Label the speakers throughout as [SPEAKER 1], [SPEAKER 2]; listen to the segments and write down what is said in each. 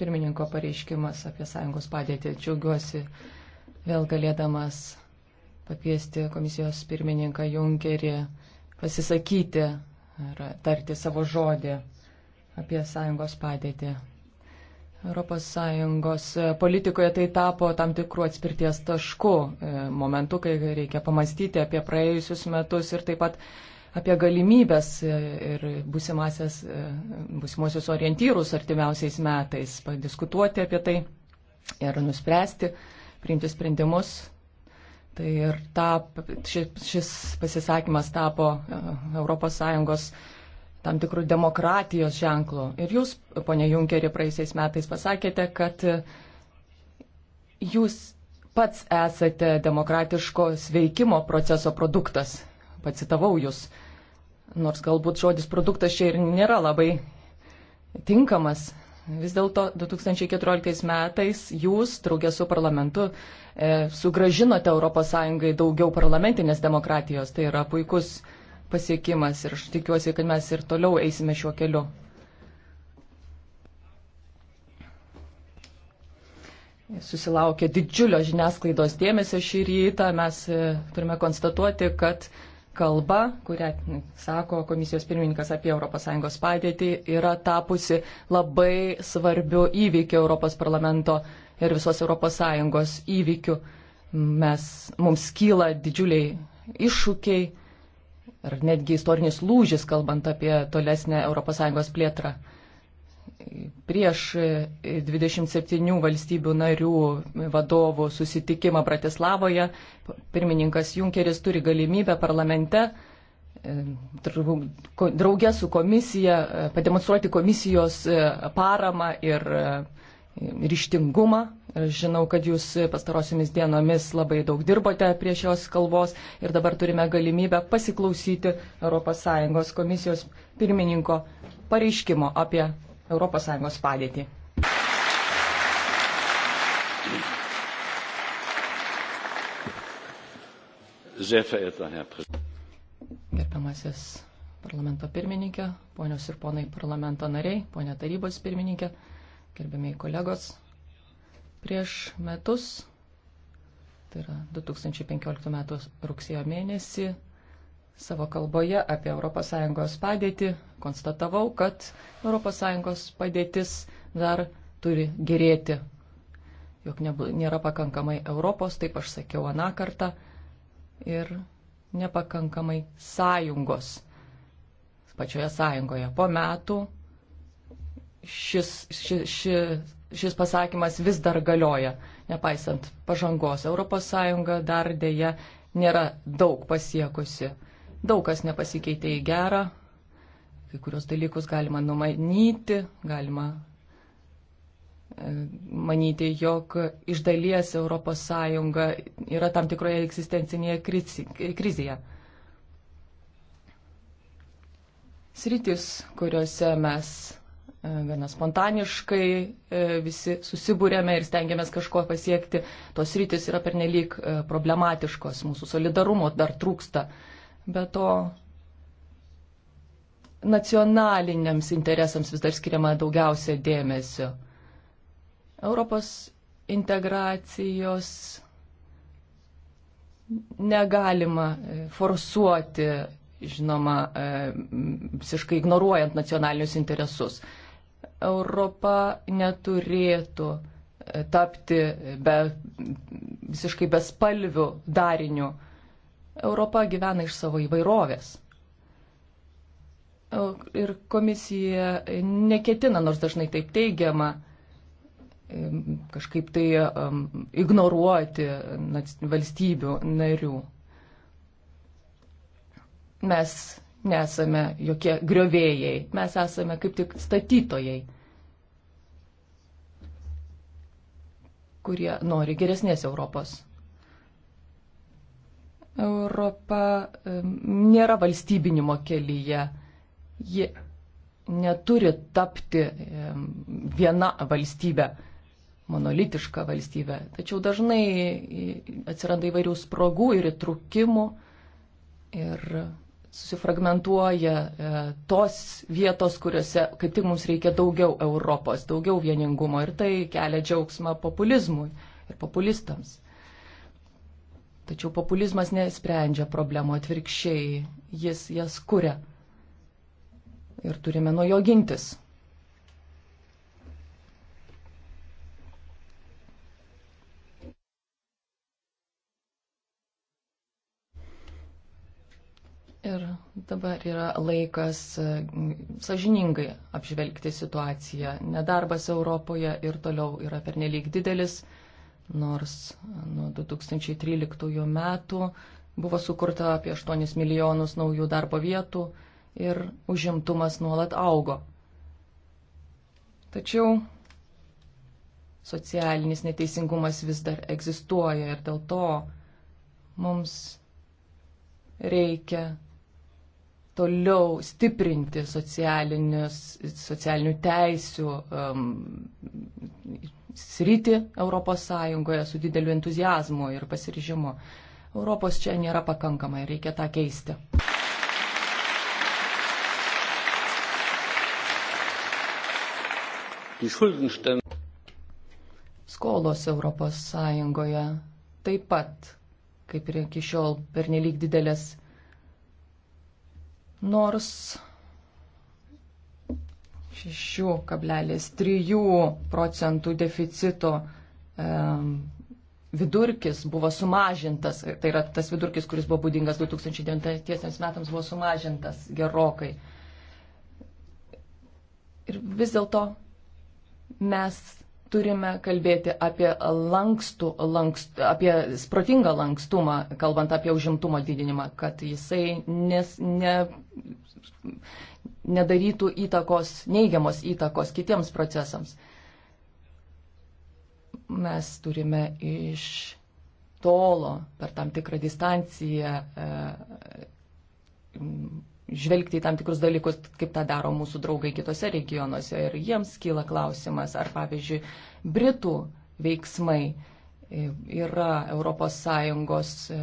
[SPEAKER 1] pirmininko pareiškimas apie sąjungos padėtį. Džiaugiuosi vėl galėdamas pakviesti komisijos pirmininką Junkerį pasisakyti ir tarti savo žodį apie sąjungos padėtį. ES politikoje tai tapo tam tikrų atspirties taškų e, momentų, kai reikia pamastyti apie praėjusius metus ir taip pat apie galimybės ir būsimosius orientyrus artimiausiais metais, padiskutuoti apie tai ir nuspręsti, priimti sprendimus. Tai ir ta, šis pasisakymas tapo ES tam tikrų demokratijos ženklų. Ir jūs, ponė Junkerį, praeisiais metais pasakėte, kad jūs pats esate demokratiško sveikimo proceso produktas pacitavau jūs, nors galbūt žodis produktas čia ir nėra labai tinkamas. Vis dėlto 2014 metais jūs, draugė su parlamentu, e, sugražinote ES daugiau parlamentinės demokratijos. Tai yra puikus pasiekimas ir aš tikiuosi, kad mes ir toliau eisime šiuo keliu. Susilaukė didžiulio žiniasklaidos dėmesio šį rytą. Mes e, turime konstatuoti, kad kalba, kurią sako komisijos pirmininkas apie ES padėtį, yra tapusi labai svarbiu įvykiu Europos parlamento ir visos ES įvykiu. Mes, mums kyla didžiuliai iššūkiai ir netgi istorinis lūžis, kalbant apie tolesnę ES plėtrą prieš 27 valstybių narių vadovų susitikimą Bratislavoje pirmininkas Junkeris turi galimybę parlamente e, draugė su komisija e, pademonstruoti komisijos e, paramą ir ryštingumą. Žinau, kad jūs pastarosiomis dienomis labai daug dirbote prie šios kalbos ir dabar turime galimybę pasiklausyti ES komisijos pirmininko pareiškimo apie ES padėtį. Gerbiamasis parlamento pirmininkė, ponios ir ponai parlamento nariai, ponia tarybos pirmininkė, gerbėmiai kolegos, prieš metus, tai yra 2015 m. rugsėjo mėnesį, savo kalboje apie ES padėtį konstatavau, kad ES padėtis dar turi gerėti. Jok nėra pakankamai Europos, taip aš sakiau aną kartą, ir nepakankamai sąjungos pačioje sąjungoje. Po metų šis, ši, ši, šis pasakymas vis dar galioja, nepaisant pažangos. ES dar dėja nėra daug pasiekusi. Daug kas nepasikeitė į gerą, kai kurios dalykus galima numanyti, galima e, manyti, jog iš dalies ES yra tam tikroje egzistencinėje krizėje. Sritis, kuriuose mes e, gana spontaniškai e, visi susibūrėme ir stengiamės kažko pasiekti, tos rytis yra pernelyg problematiškos, mūsų solidarumo dar trūksta. Be to, nacionaliniams interesams vis dar skiriama daugiausia dėmesio. Europos integracijos negalima e, forsuoti, žinoma, e, visiškai ignoruojant nacionalinius interesus. Europa neturėtų e, tapti be, visiškai bespalvių darinių Europa gyvena iš savo įvairovės. E, ir komisija neketina, nors dažnai taip teigiama, e, kažkaip tai um, ignoruoti valstybių narių. Mes nesame jokie griovėjai, mes esame kaip tik statytojai, kurie nori geresnės Europos. Europa nėra valstybinimo kelyje. Ji neturi tapti viena valstybė, monolitiška valstybė. Tačiau dažnai atsiranda įvairių spragų ir įtrukimų ir susifragmentuoja e, tos vietos, kuriuose kaip tik mums reikia daugiau Europos, daugiau vieningumo ir tai kelia džiaugsmą populizmui ir populistams. Tačiau populizmas nesprendžia problemų atvirkščiai, jis jas kuria. Ir turime nuo jo gintis. Ir dabar yra laikas e, sažiningai apžvelgti situaciją. Nedarbas Europoje ir toliau yra pernelyg didelis nors nuo 2013 metų buvo sukurta apie 8 milijonus naujų darbo vietų ir užimtumas nuolat augo. Tačiau socialinis neteisingumas vis dar egzistuoja ir dėl to mums reikia toliau stiprinti socialinių teisių um, sritį ES su dideliu entuzijazmu ir pasiryžimu. Europos čia nėra pakankamai, reikia tą keisti. Skolos ES taip pat, kaip ir iki šiol, pernelyg didelės, nors 6,3 procentų deficito vidurkis buvo sumažintas, tai yra tas vidurkis, kuris buvo būdingas 2009 metams, buvo sumažintas gerokai. Ir vis dėlto mes turime kalbėti apie lankstų, lankst, apie sprotingą lankstumą, kalbant apie užimtumo didinimą, kad jisai nes, ne, nedarytų įtakos, neigiamos įtakos kitiems procesams. Mes turime iš tolo, per tam tikrą distanciją e, žvelgti į tam tikrus dalykus, kaip tą daro mūsų draugai kitose regionuose. Ir jiems kyla klausimas, ar pavyzdžiui, Britų veiksmai e, yra ES e,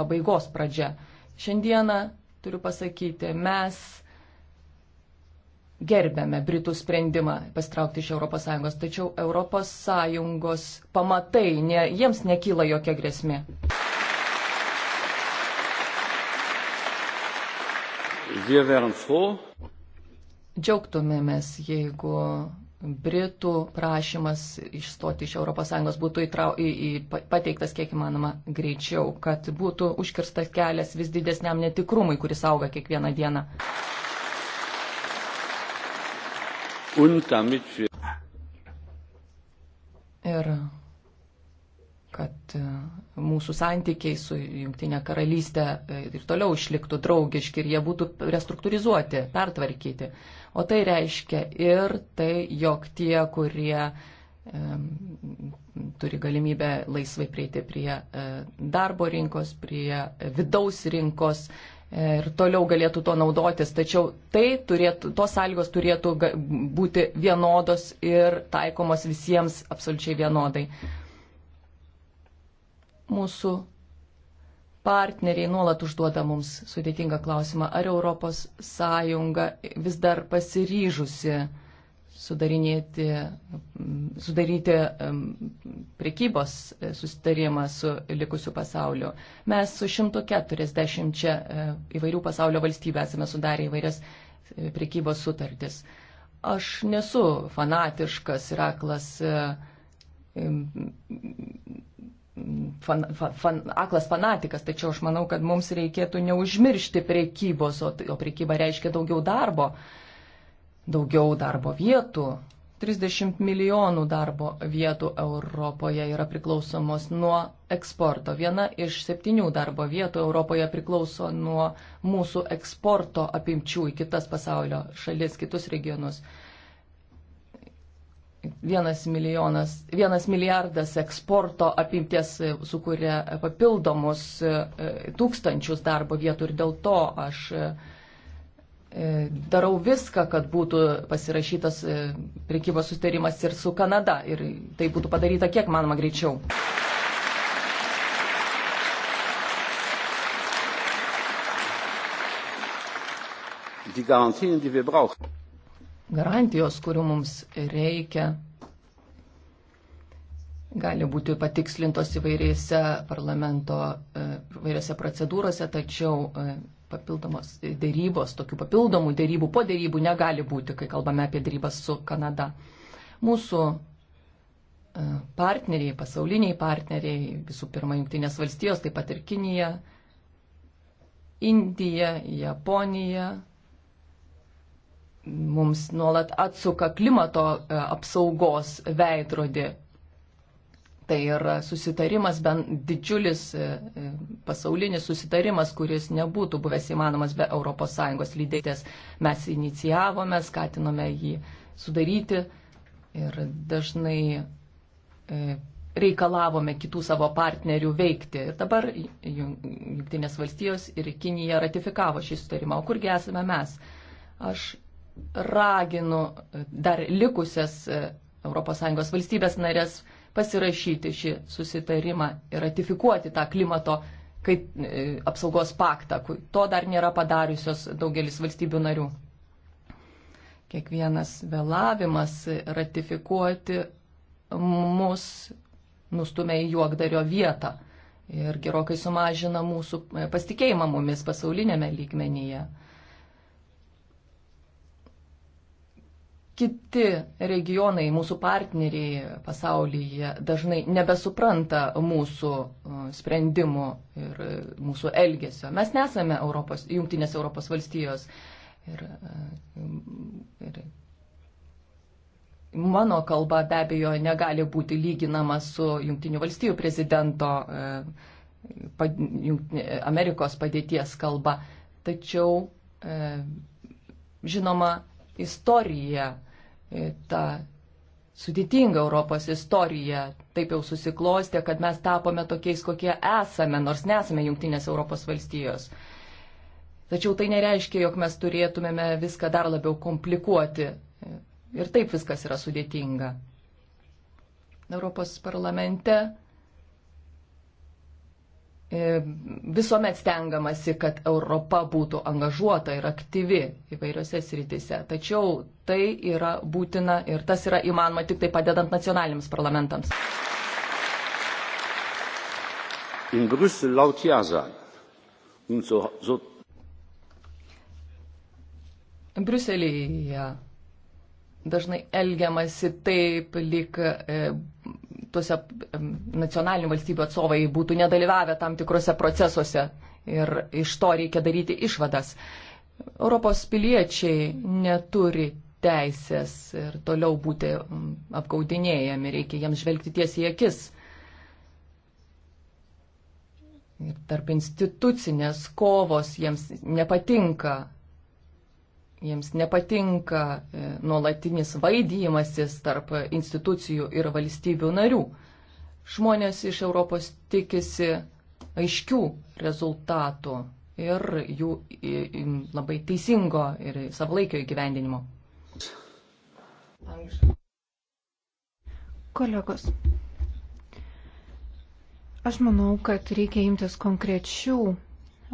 [SPEAKER 1] pabaigos pradžia. Šiandieną, turiu pasakyti, mes gerbėme Britų sprendimą pastraukti iš ES, tačiau ES pamatai, ne, jiems nekyla jokia grėsmė. Džiaugtumėmės, jeigu Britų prašymas išstoti iš ES būtų įtrau, į, į, pateiktas kiek įmanoma greičiau, kad būtų užkirstas kelias vis didesniam netikrumui, kuris auga kiekvieną dieną.
[SPEAKER 2] Ir
[SPEAKER 1] kad e, mūsų santykiai su Junktinė karalystė e, ir toliau išliktų draugiški ir jie būtų restruktūrizuoti, pertvarkyti. O tai reiškia ir tai, jog tie, kurie e, turi galimybę laisvai prieiti prie e, darbo rinkos, prie vidaus rinkos, ir toliau galėtų to naudotis. Tačiau tai turėtų, tos sąlygos turėtų būti vienodos ir taikomos visiems absoliučiai vienodai. Mūsų partneriai nuolat užduoda mums sudėtingą klausimą, ar ES vis dar pasiryžusi sudarinėti, sudaryti prekybos susitarimą su likusiu pasauliu. Mes su 140 e, įvairių pasaulio valstybių esame sudarę įvairias e, prekybos sutartis. Aš nesu fanatiškas ir aklas, e, fan, fan, aklas fanatikas, tačiau aš manau, kad mums reikėtų neužmiršti prekybos, o, o prekyba reiškia daugiau darbo. Uh, daugiau darbo vietų. 30 milijonų darbo vietų Europoje yra priklausomos nuo eksporto. Viena iš septynių darbo vietų Europoje priklauso nuo mūsų eksporto apimčių į kitas pasaulio šalis, kitus regionus. Vienas, milijonas, vienas milijardas eksporto apimties sukuria papildomus e, tūkstančius darbo vietų ir dėl to aš e, E, darau viską, kad būtų pasirašytas e, prekybos sustarimas ir su Kanada ir tai būtų padaryta kiek manoma greičiau. Garantijos, kurių mums reikia, gali būti patikslintos įvairiose parlamento, e, įvairiose procedūrose, tačiau papildomos dėrybos, tokių papildomų dėrybų po dėrybų negali būti, kai kalbame apie dėrybas su Kanada. Mūsų e, partneriai, pasauliniai partneriai, visų pirma, Junktinės valstijos, taip pat ir Kinija, Indija, Japonija, mums nuolat atsuka klimato e, apsaugos veidrodį Tai yra susitarimas, bent didžiulis e, e, pasaulinis susitarimas, kuris nebūtų buvęs įmanomas be ES lydeitės. Mes inicijavome, skatinome jį sudaryti ir dažnai e, reikalavome kitų savo partnerių veikti. Ir dabar Junktinės valstijos ir Kinija ratifikavo šį sutarimą. O kurgi esame mes? Aš raginu dar likusias ES valstybės narės pasirašyti šį susitarimą ir ratifikuoti tą klimato kaip, e, apsaugos paktą. To dar nėra padariusios daugelis valstybių narių. Kiekvienas vėlavimas ratifikuoti mus nustumia į juokdario vietą ir gerokai sumažina mūsų e, pasitikėjimą mumis pasaulinėme lygmenyje. kiti regionai, mūsų partneriai pasaulyje dažnai nebesupranta mūsų uh, sprendimų ir uh, mūsų elgesio. Mes nesame Europos, Jungtinės Europos valstijos. Ir, uh, ir mano kalba be abejo negali būti lyginama su Jungtinių valstijų prezidento Amerikos padėties kalba. Tačiau, žinoma, istorija tą sudėtingą Europos istoriją. Taip jau susiklostė, kad mes tapome tokiais, kokie esame, nors nesame Junktinės Europos valstijos. Tačiau tai nereiškia, jog mes turėtumėme viską dar labiau komplikuoti. Ir taip viskas yra sudėtinga. Europos parlamente E, visuomet stengiamasi, kad Europa būtų angažuota ir aktyvi įvairiose sritise. Tačiau tai yra būtina ir tas yra įmanoma tik tai padedant nacionaliniams parlamentams.
[SPEAKER 2] In Brüssel laut Ja sein. Und so, so
[SPEAKER 1] Briuselyje dažnai elgiamasi taip, lyg e, tuose nacionalinių valstybių atstovai būtų nedalyvavę tam tikrose procesuose ir iš to reikia daryti išvadas. Europos piliečiai neturi teisės ir toliau būti apgaudinėjami, reikia jiems žvelgti tiesiai į akis. Ir tarp institucinės kovos jiems nepatinka jiems nepatinka e, nuolatinis vaidymasis tarp institucijų ir valstybių narių. Žmonės iš Europos tikisi aiškių rezultatų ir jų labai teisingo ir savlaikio įgyvendinimo.
[SPEAKER 3] Kolegos, aš manau, kad reikia imtis konkrečių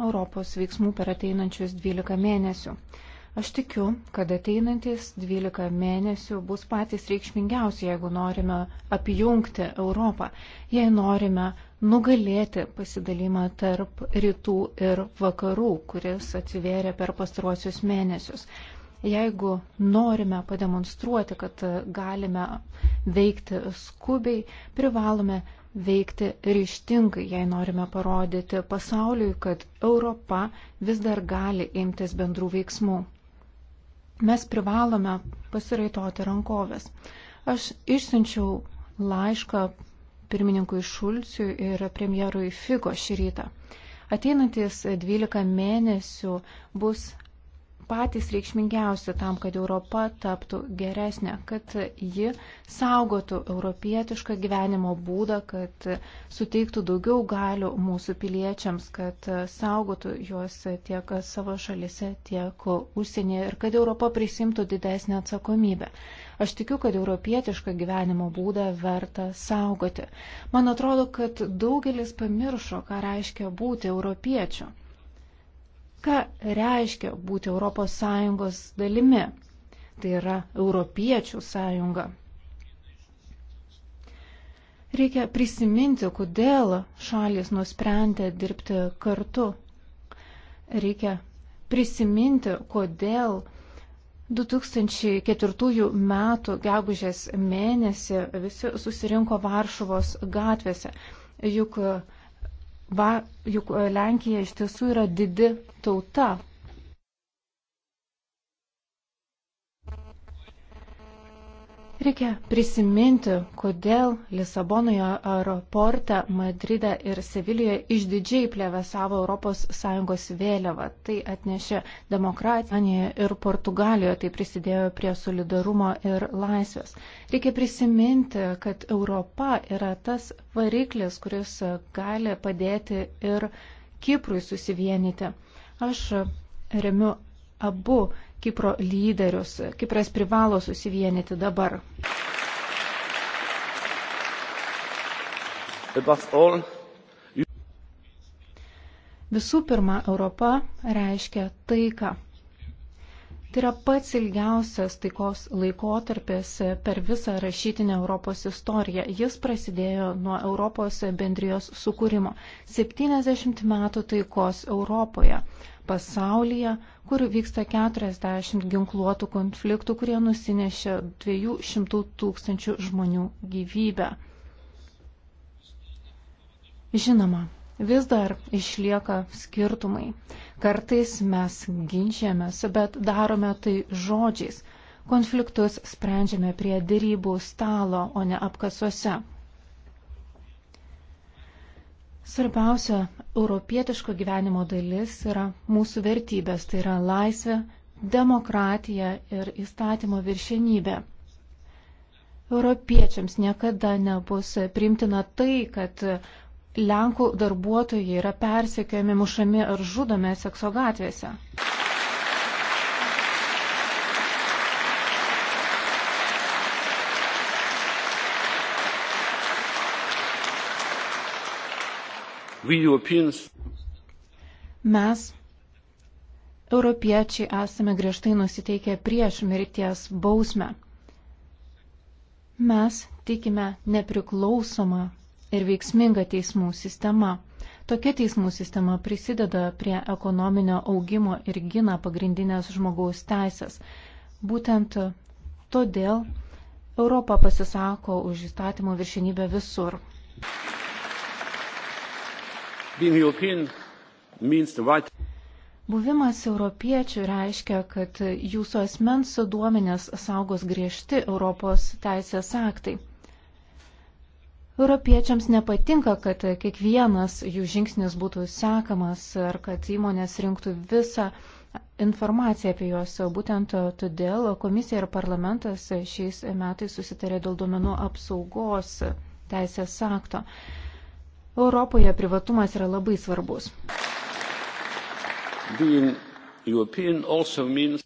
[SPEAKER 3] Europos veiksmų per ateinančius 12 mėnesių. Aš tikiu, kad ateinantis 12 mėnesių bus patys reikšmingiausi, jeigu norime apjungti Europą, jei norime nugalėti pasidalymą tarp rytų ir vakarų, kuris atsivėrė per pastaruosius mėnesius. Jeigu norime pademonstruoti, kad galime veikti skubiai, privalome veikti ryštingai, jei norime parodyti pasauliui, kad Europa vis dar gali imtis bendrų veiksmų. Mes privalome pasiraitoti rankovės. Aš išsiunčiau laišką pirmininkui Šulciui ir premjerui Figo šį rytą. Ateinantis 12 mėnesių bus patys reikšmingiausi tam, kad Europa taptų geresnė, kad ji saugotų europietišką gyvenimo būdą, kad suteiktų daugiau galių mūsų piliečiams, kad saugotų juos tiek savo šalise, tiek užsienyje ir kad Europa prisimtų didesnį atsakomybę. Aš tikiu, kad europietišką gyvenimo būdą verta saugoti. Man atrodo, kad daugelis pamiršo, ką reiškia būti europiečiu ką reiškia būti ES dalimi. Tai yra Europiečių sąjunga. Reikia prisiminti, kodėl šalis nusprendė dirbti kartu. Reikia prisiminti, kodėl 2004 m. gegužės mėnesį visi susirinko Varšuvos gatvėse. Juk Va, juk e, Lenkija iš tiesų yra didi tauta, Reikia prisiminti, kodėl Lisabonoje, aeroporte, Madride ir Sevilijoje išdidžiai plėvesavo ES vėliava. Tai atnešė demokratiją ir Portugalijoje, tai prisidėjo prie solidarumo ir laisvės. Reikia prisiminti, kad Europa yra tas variklis, kuris gali padėti ir Kiprui susivienyti. Aš remiu abu Kipro lyderius. Kipras privalo susivienyti dabar. Visų pirma, Europa reiškia taiką. Tai yra pats ilgiausias taikos laikotarpis per visą rašytinę Europos istoriją. Jis prasidėjo nuo Europos bendrijos sukūrimo. 70 metų taikos Europoje, pasaulyje, kur vyksta 40 ginkluotų konfliktų, kurie nusinešė 200 tūkstančių žmonių gyvybę. Žinoma, vis dar išlieka skirtumai. Kartais mes ginčiamės, bet darome tai žodžiais. Konfliktus sprendžiame prie dėrybų stalo, o ne apkasuose. Svarbiausia europietiško gyvenimo dalis yra mūsų vertybės, tai yra laisvė, demokratija ir įstatymo viršenybė. Europiečiams niekada nebus primtina tai, kad Lenkų darbuotojai yra persekiojami, mušami ar žudomi sekso gatvėse. Mes, europiečiai, esame griežtai nusiteikę prieš mirties bausmę. Mes tikime nepriklausomą ir veiksmingą teismų sistemą. Tokia teismų sistema prisideda prie ekonominio augimo ir gina pagrindinės žmogaus teisės. Būtent todėl Europa pasisako už įstatymų viršinybę visur. Buvimas europiečių reiškia, kad jūsų asmens duomenės saugos griežti Europos teisės aktai. Europiečiams nepatinka, kad kiekvienas jų žingsnis būtų sekamas ar kad įmonės rinktų visą informaciją apie juos. Būtent todėl komisija ir parlamentas šiais metais susitarė dėl duomenų apsaugos teisės akto. Europoje privatumas yra labai svarbus. Means...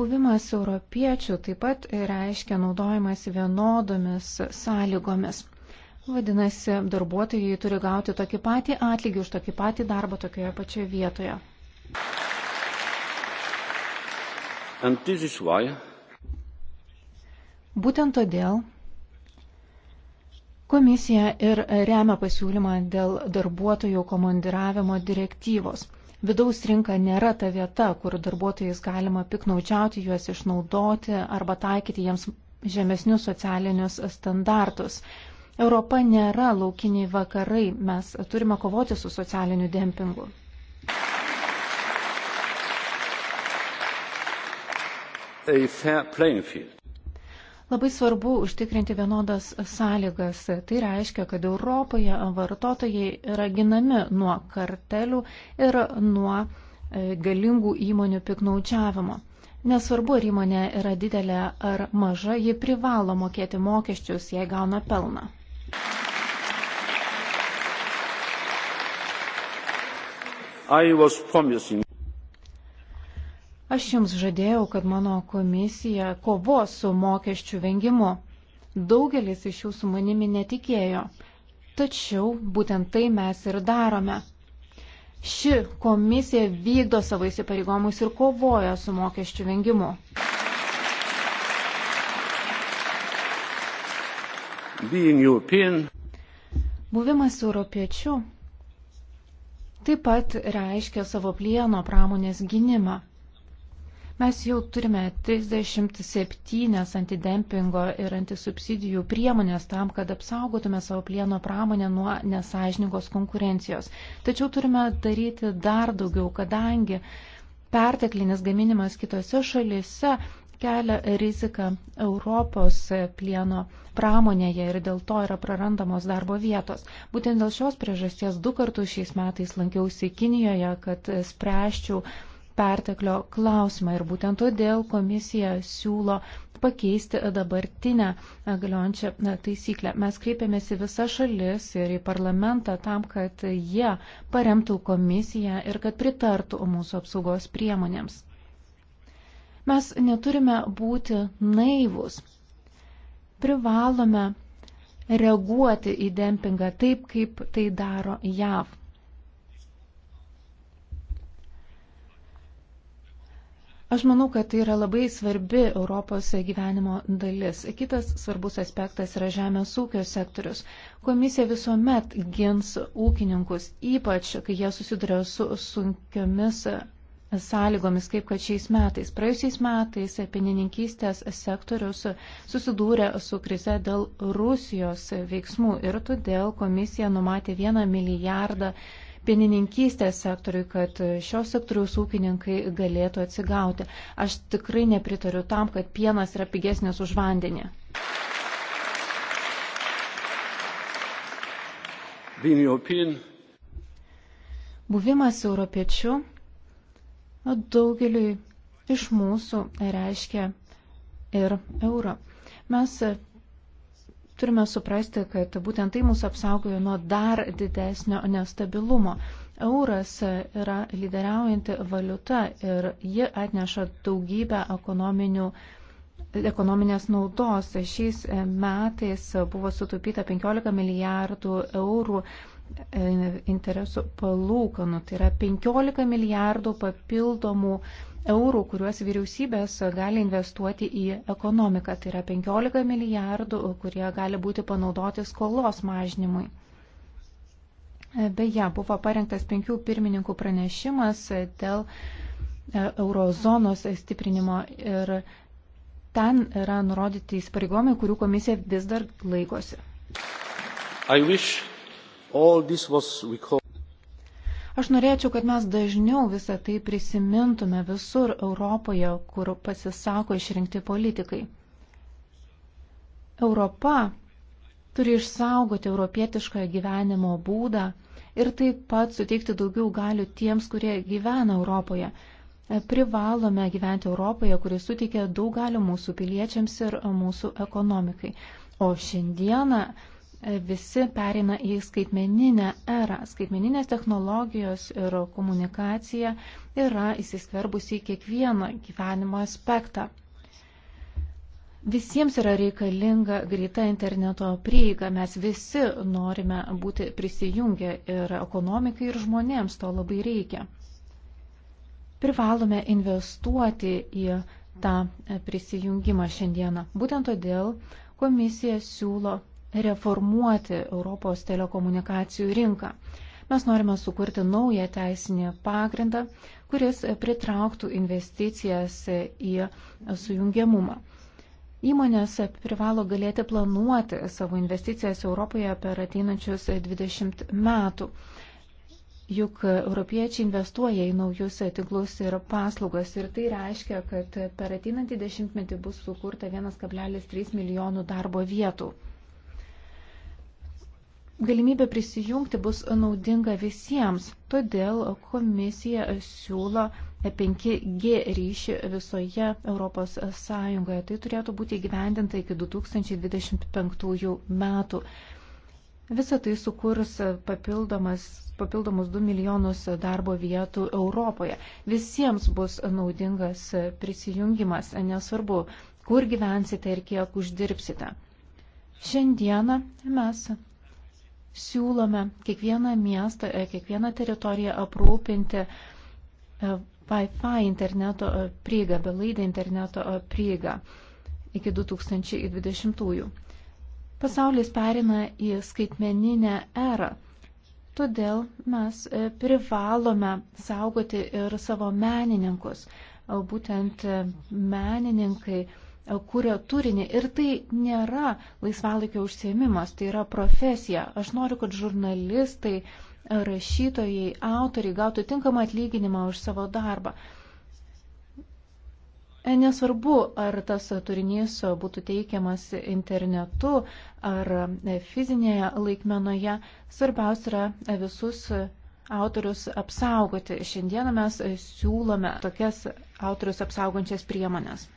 [SPEAKER 3] Buvimas europiečių taip pat reiškia naudojimas vienodomis sąlygomis. Vadinasi, darbuotojai turi gauti tokį patį atlygį už tokį patį darbą tokioje pačioje vietoje.
[SPEAKER 2] Why...
[SPEAKER 3] Būtent todėl Komisija ir remia pasiūlymą dėl darbuotojų komandiravimo direktyvos. Vidaus rinka nėra ta vieta, kur darbuotojais galima piknaudžiauti, juos išnaudoti arba taikyti jiems žemesnius socialinius standartus. Europa nėra laukiniai vakarai, mes turime kovoti su socialiniu dempingu.
[SPEAKER 2] A fair playing field
[SPEAKER 3] Labai svarbu užtikrinti vienodas sąlygas. Tai reiškia, kad Europoje vartotojai yra ginami nuo kartelių ir nuo e, galingų įmonių piknaudžiavimo. Nesvarbu, ar įmonė yra didelė ar maža, ji privalo mokėti mokesčius, jei gauna pelną. Aš jums žadėjau, kad mano komisija kovos su mokesčių vengimu. Daugelis iš jūsų manimi netikėjo. Tačiau būtent tai mes ir darome. Ši komisija vykdo savo įsipareigomus ir kovoja su mokesčių vengimu. Buvimas europiečiu taip pat reiškia savo plieno pramonės gynimą. Mes jau turime 37 antidempingo ir antisubsidijų priemonės tam, kad apsaugotume savo plieno pramonę nuo nesažiningos konkurencijos. Tačiau turime daryti dar daugiau, kadangi perteklinis gaminimas kitose šalise kelia riziką Europos plieno pramonėje ir dėl to yra prarandamos darbo vietos. Būtent dėl šios priežasties du kartus šiais metais lankiausi Kinijoje, kad spręščiau perteklio klausimą. Ir būtent todėl komisija siūlo pakeisti dabartinę galiojančią taisyklę. Mes kreipėmės į visas šalis ir į parlamentą tam, kad jie paremtų komisiją ir kad pritartų mūsų apsaugos priemonėms. Mes neturime būti naivus. Privalome reaguoti į dempingą taip, kaip tai daro JAV. Aš manau, kad tai yra labai svarbi Europos gyvenimo dalis. Kitas svarbus aspektas yra žemės ūkio sektorius. Komisija visuomet gins ūkininkus, ypač kai jie susiduria su sunkiomis sąlygomis, kaip kad šiais metais. Praėjusiais metais pienininkystės sektorius susidūrė su krize dėl Rusijos veiksmų ir todėl komisija numatė vieną milijardą pienininkystės sektoriui, kad šios sektoriaus ūkininkai galėtų atsigauti. Aš tikrai nepritariu tam, kad pienas yra pigesnis už vandenį. Buvimas europiečių daugeliui iš mūsų reiškia ir eurą. Mes Turime suprasti, kad būtent tai mūsų apsaugojo nuo dar didesnio nestabilumo. Euras yra lyderiaujanti valiuta ir ji atneša daugybę ekonominių ekonominės naudos. Šiais metais buvo sutaupyta 15 milijardų eurų e, interesų palūkanų. Tai yra 15 milijardų papildomų eurų, kuriuos vyriausybės gali investuoti į ekonomiką. Tai yra 15 milijardų, kurie gali būti panaudoti skolos mažinimui. Beje, buvo parengtas penkių pirmininkų pranešimas dėl e, eurozonos stiprinimo ir ten yra nurodyti įsipareigomai, kurių komisija vis dar laikosi. Aš norėčiau, kad mes dažniau visą tai prisimintume visur Europoje, kur pasisako išrinkti politikai. Europa turi išsaugoti europietišką gyvenimo būdą ir taip pat suteikti daugiau galių tiems, kurie gyvena Europoje. Privalome gyventi Europoje, kuris suteikia daug galių mūsų piliečiams ir mūsų ekonomikai. O šiandieną visi pereina į skaitmeninę erą. Skaitmeninės technologijos ir komunikacija yra įsiskverbusi į kiekvieną gyvenimo aspektą. Visiems yra reikalinga greita interneto prieiga. Mes visi norime būti prisijungę ir ekonomikai, ir žmonėms to labai reikia. Privalome investuoti į tą prisijungimą šiandieną. Būtent todėl komisija siūlo reformuoti Europos telekomunikacijų rinką. Mes norime sukurti naują teisinį pagrindą, kuris pritrauktų investicijas į sujungiamumą. Įmonės privalo galėti planuoti savo investicijas Europoje per ateinančius 20 metų. Juk europiečiai investuoja į naujus tinklus ir paslaugas ir tai reiškia, kad per ateinantį dešimtmetį bus sukurta 1,3 milijonų darbo vietų. Galimybė prisijungti bus naudinga visiems, todėl komisija siūlo 5G ryšį visoje ES. Tai turėtų būti įgyvendinta iki 2025 metų. Visą tai sukurs papildomus 2 milijonus darbo vietų Europoje. Visiems bus naudingas prisijungimas, nesvarbu, kur gyvensite ir kiek uždirbsite. Šiandieną mes siūlome kiekvieną miestą, e, kiekvieną teritoriją aprūpinti e, Wi-Fi interneto e, prieigą, belaidę interneto prieigą iki 2020-ųjų. Pasaulis perina į skaitmeninę erą. Todėl mes privalome saugoti ir savo menininkus. Būtent menininkai kuria turinį ir tai nėra laisvalaikio užsiemimas, tai yra profesija. Aš noriu, kad žurnalistai, rašytojai, autoriai gautų tinkamą atlyginimą už savo darbą. Nesvarbu, ar tas turinys būtų teikiamas internetu ar fizinėje laikmenoje, svarbiausia yra visus autorius apsaugoti. Šiandieną mes siūlome tokias autorius apsaugančias priemonės.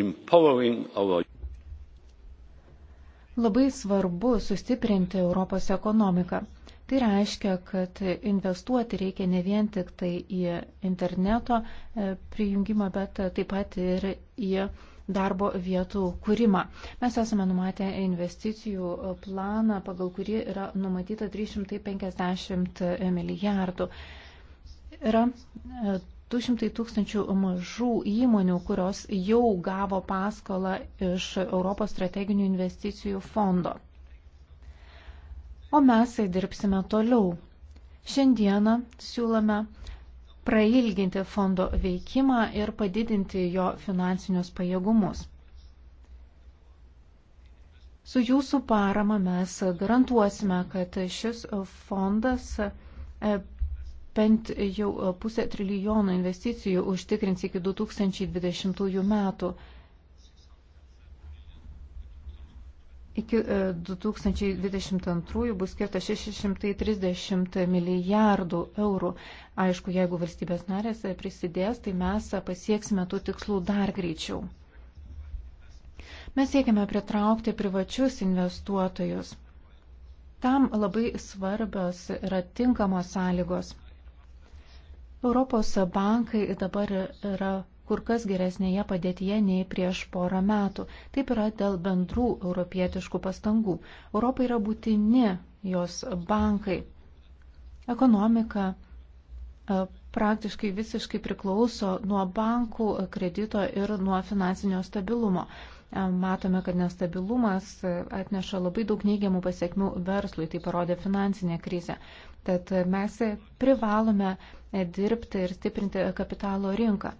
[SPEAKER 2] Our...
[SPEAKER 3] Labai svarbu sustiprinti Europos ekonomiką. Tai reiškia, kad investuoti reikia ne vien tik tai į interneto e, prijungimą, bet taip pat ir į darbo vietų kūrimą. Mes esame numatę investicijų planą, pagal kurį yra numatyta 350 milijardų. Yra e, 200 tūkstančių mažų įmonių, kurios jau gavo paskolą iš Europos strateginių investicijų fondo. O mes tai dirbsime toliau. Šiandieną siūlome prailginti fondo veikimą ir padidinti jo finansinius pajėgumus. Su jūsų parama mes garantuosime, kad šis fondas bent jau pusę trilijono investicijų užtikrins iki 2020 metų. Iki 2022 e, bus skirta 630 milijardų eurų. Aišku, jeigu valstybės narės prisidės, tai mes pasieksime tų tikslų dar greičiau. Mes siekiame pritraukti privačius investuotojus. Tam labai svarbios yra tinkamos sąlygos. Europos bankai dabar yra kur kas geresnėje padėtyje nei prieš porą metų. Taip yra dėl bendrų europietiškų pastangų. Europai yra būtini jos bankai. Ekonomika e, praktiškai visiškai priklauso nuo bankų kredito ir nuo finansinio stabilumo matome, kad nestabilumas atneša labai daug neigiamų pasiekmių verslui, tai parodė finansinė krizė. Tad mes privalome dirbti ir stiprinti kapitalo rinką.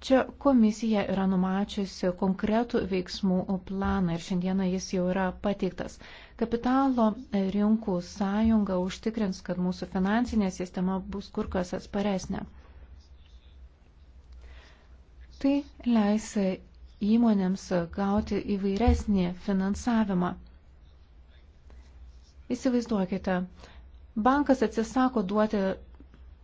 [SPEAKER 3] Čia komisija yra numačiusi konkretų veiksmų planą ir šiandieną jis jau yra pateiktas. Kapitalo rinkų sąjunga užtikrins, kad mūsų finansinė sistema bus kur kas atsparesnė. Tai leis įmonėms gauti įvairesnį finansavimą. Įsivaizduokite, bankas atsisako duoti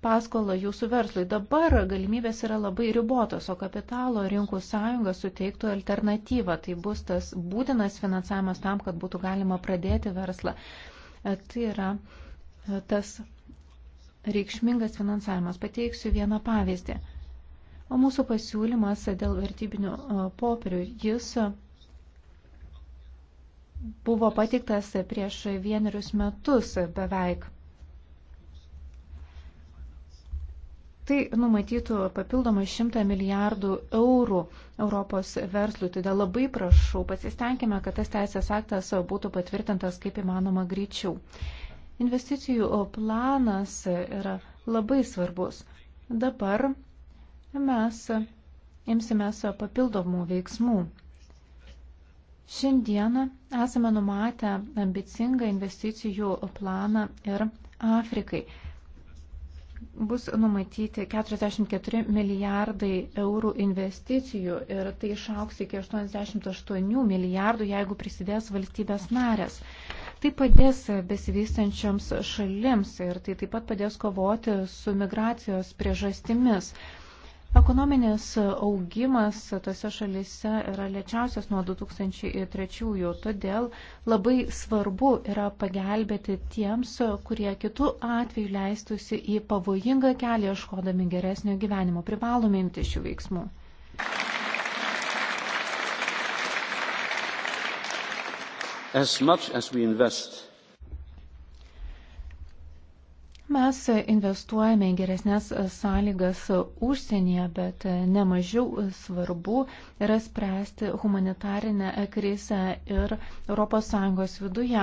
[SPEAKER 3] paskolą jūsų verslui. Dabar galimybės yra labai ribotos, o kapitalo rinkų sąjunga suteiktų alternatyvą. Tai bus tas būtinas finansavimas tam, kad būtų galima pradėti verslą. E, tai yra e, tas reikšmingas finansavimas. Pateiksiu vieną pavyzdį. O mūsų pasiūlymas dėl vertybinių popierių, jis buvo patiktas prieš vienerius metus beveik. Tai numatytų papildomą 100 milijardų eurų Europos verslui. Todėl labai prašau, pasistengime, kad tas teisės aktas būtų patvirtintas kaip įmanoma greičiau. Investicijų planas yra labai svarbus. Dabar mes imsimės papildomų veiksmų. Šiandieną esame numatę ambicingą investicijų planą ir Afrikai. Bus numatyti 44 milijardai eurų investicijų ir tai išauks iki 88 milijardų, jeigu prisidės valstybės narės. Tai padės besivystančioms šalims ir tai taip pat padės kovoti su migracijos priežastimis. Ekonominis augimas tose šalise yra lėčiausias nuo 2003-ųjų, todėl labai svarbu yra pagelbėti tiems, kurie kitų atveju leistusi į pavojingą kelią, ieškodami geresnio gyvenimo. Privalome imti šių veiksmų.
[SPEAKER 2] As much as we invest
[SPEAKER 3] Mes investuojame į geresnės sąlygas užsienyje, bet nemažiau svarbu yra spręsti humanitarinę krizę ir ES viduje.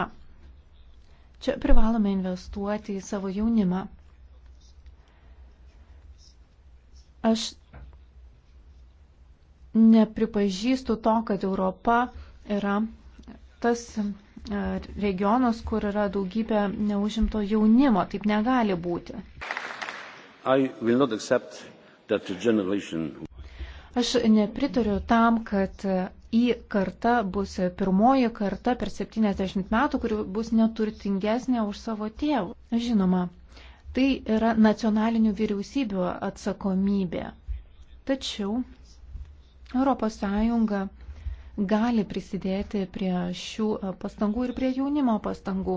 [SPEAKER 3] Čia privalome investuoti į savo jaunimą. Aš nepripažįstu to, kad Europa yra tas E, regionus, kur yra daugybė neužimto jaunimo. Taip negali būti.
[SPEAKER 2] Generation...
[SPEAKER 3] Aš nepritariu tam, kad į karta bus pirmoji karta per 70 metų, kuri bus neturtingesnė už savo tėvų. Žinoma, tai yra nacionalinių vyriausybių atsakomybė. Tačiau ES gali prisidėti prie šių e, pastangų ir prie jaunimo pastangų.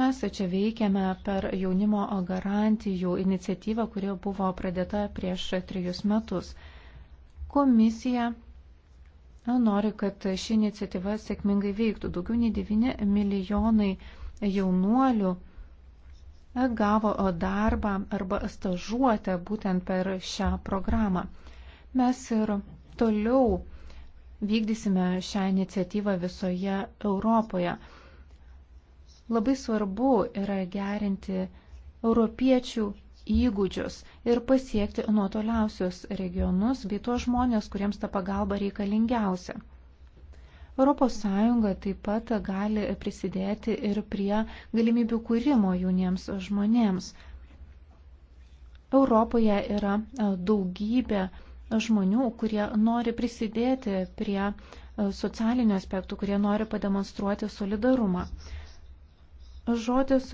[SPEAKER 3] Mes čia veikiame per jaunimo garantijų iniciatyvą, kuri buvo pradėta prieš trejus metus. Komisija nori, kad ši iniciatyva sėkmingai veiktų. Daugiau nei 9 milijonai jaunuolių gavo darbą arba stažuotę būtent per šią programą. Mes ir toliau vykdysime šią iniciatyvą visoje Europoje. Labai svarbu yra gerinti europiečių įgūdžius ir pasiekti nuo toliausius regionus bei tuos žmonės, kuriems ta pagalba reikalingiausia. ES taip pat gali prisidėti ir prie galimybių kūrimo jauniems žmonėms. Europoje yra daugybė žmonių, kurie nori prisidėti prie e, socialinių aspektų, kurie nori pademonstruoti solidarumą. Žodis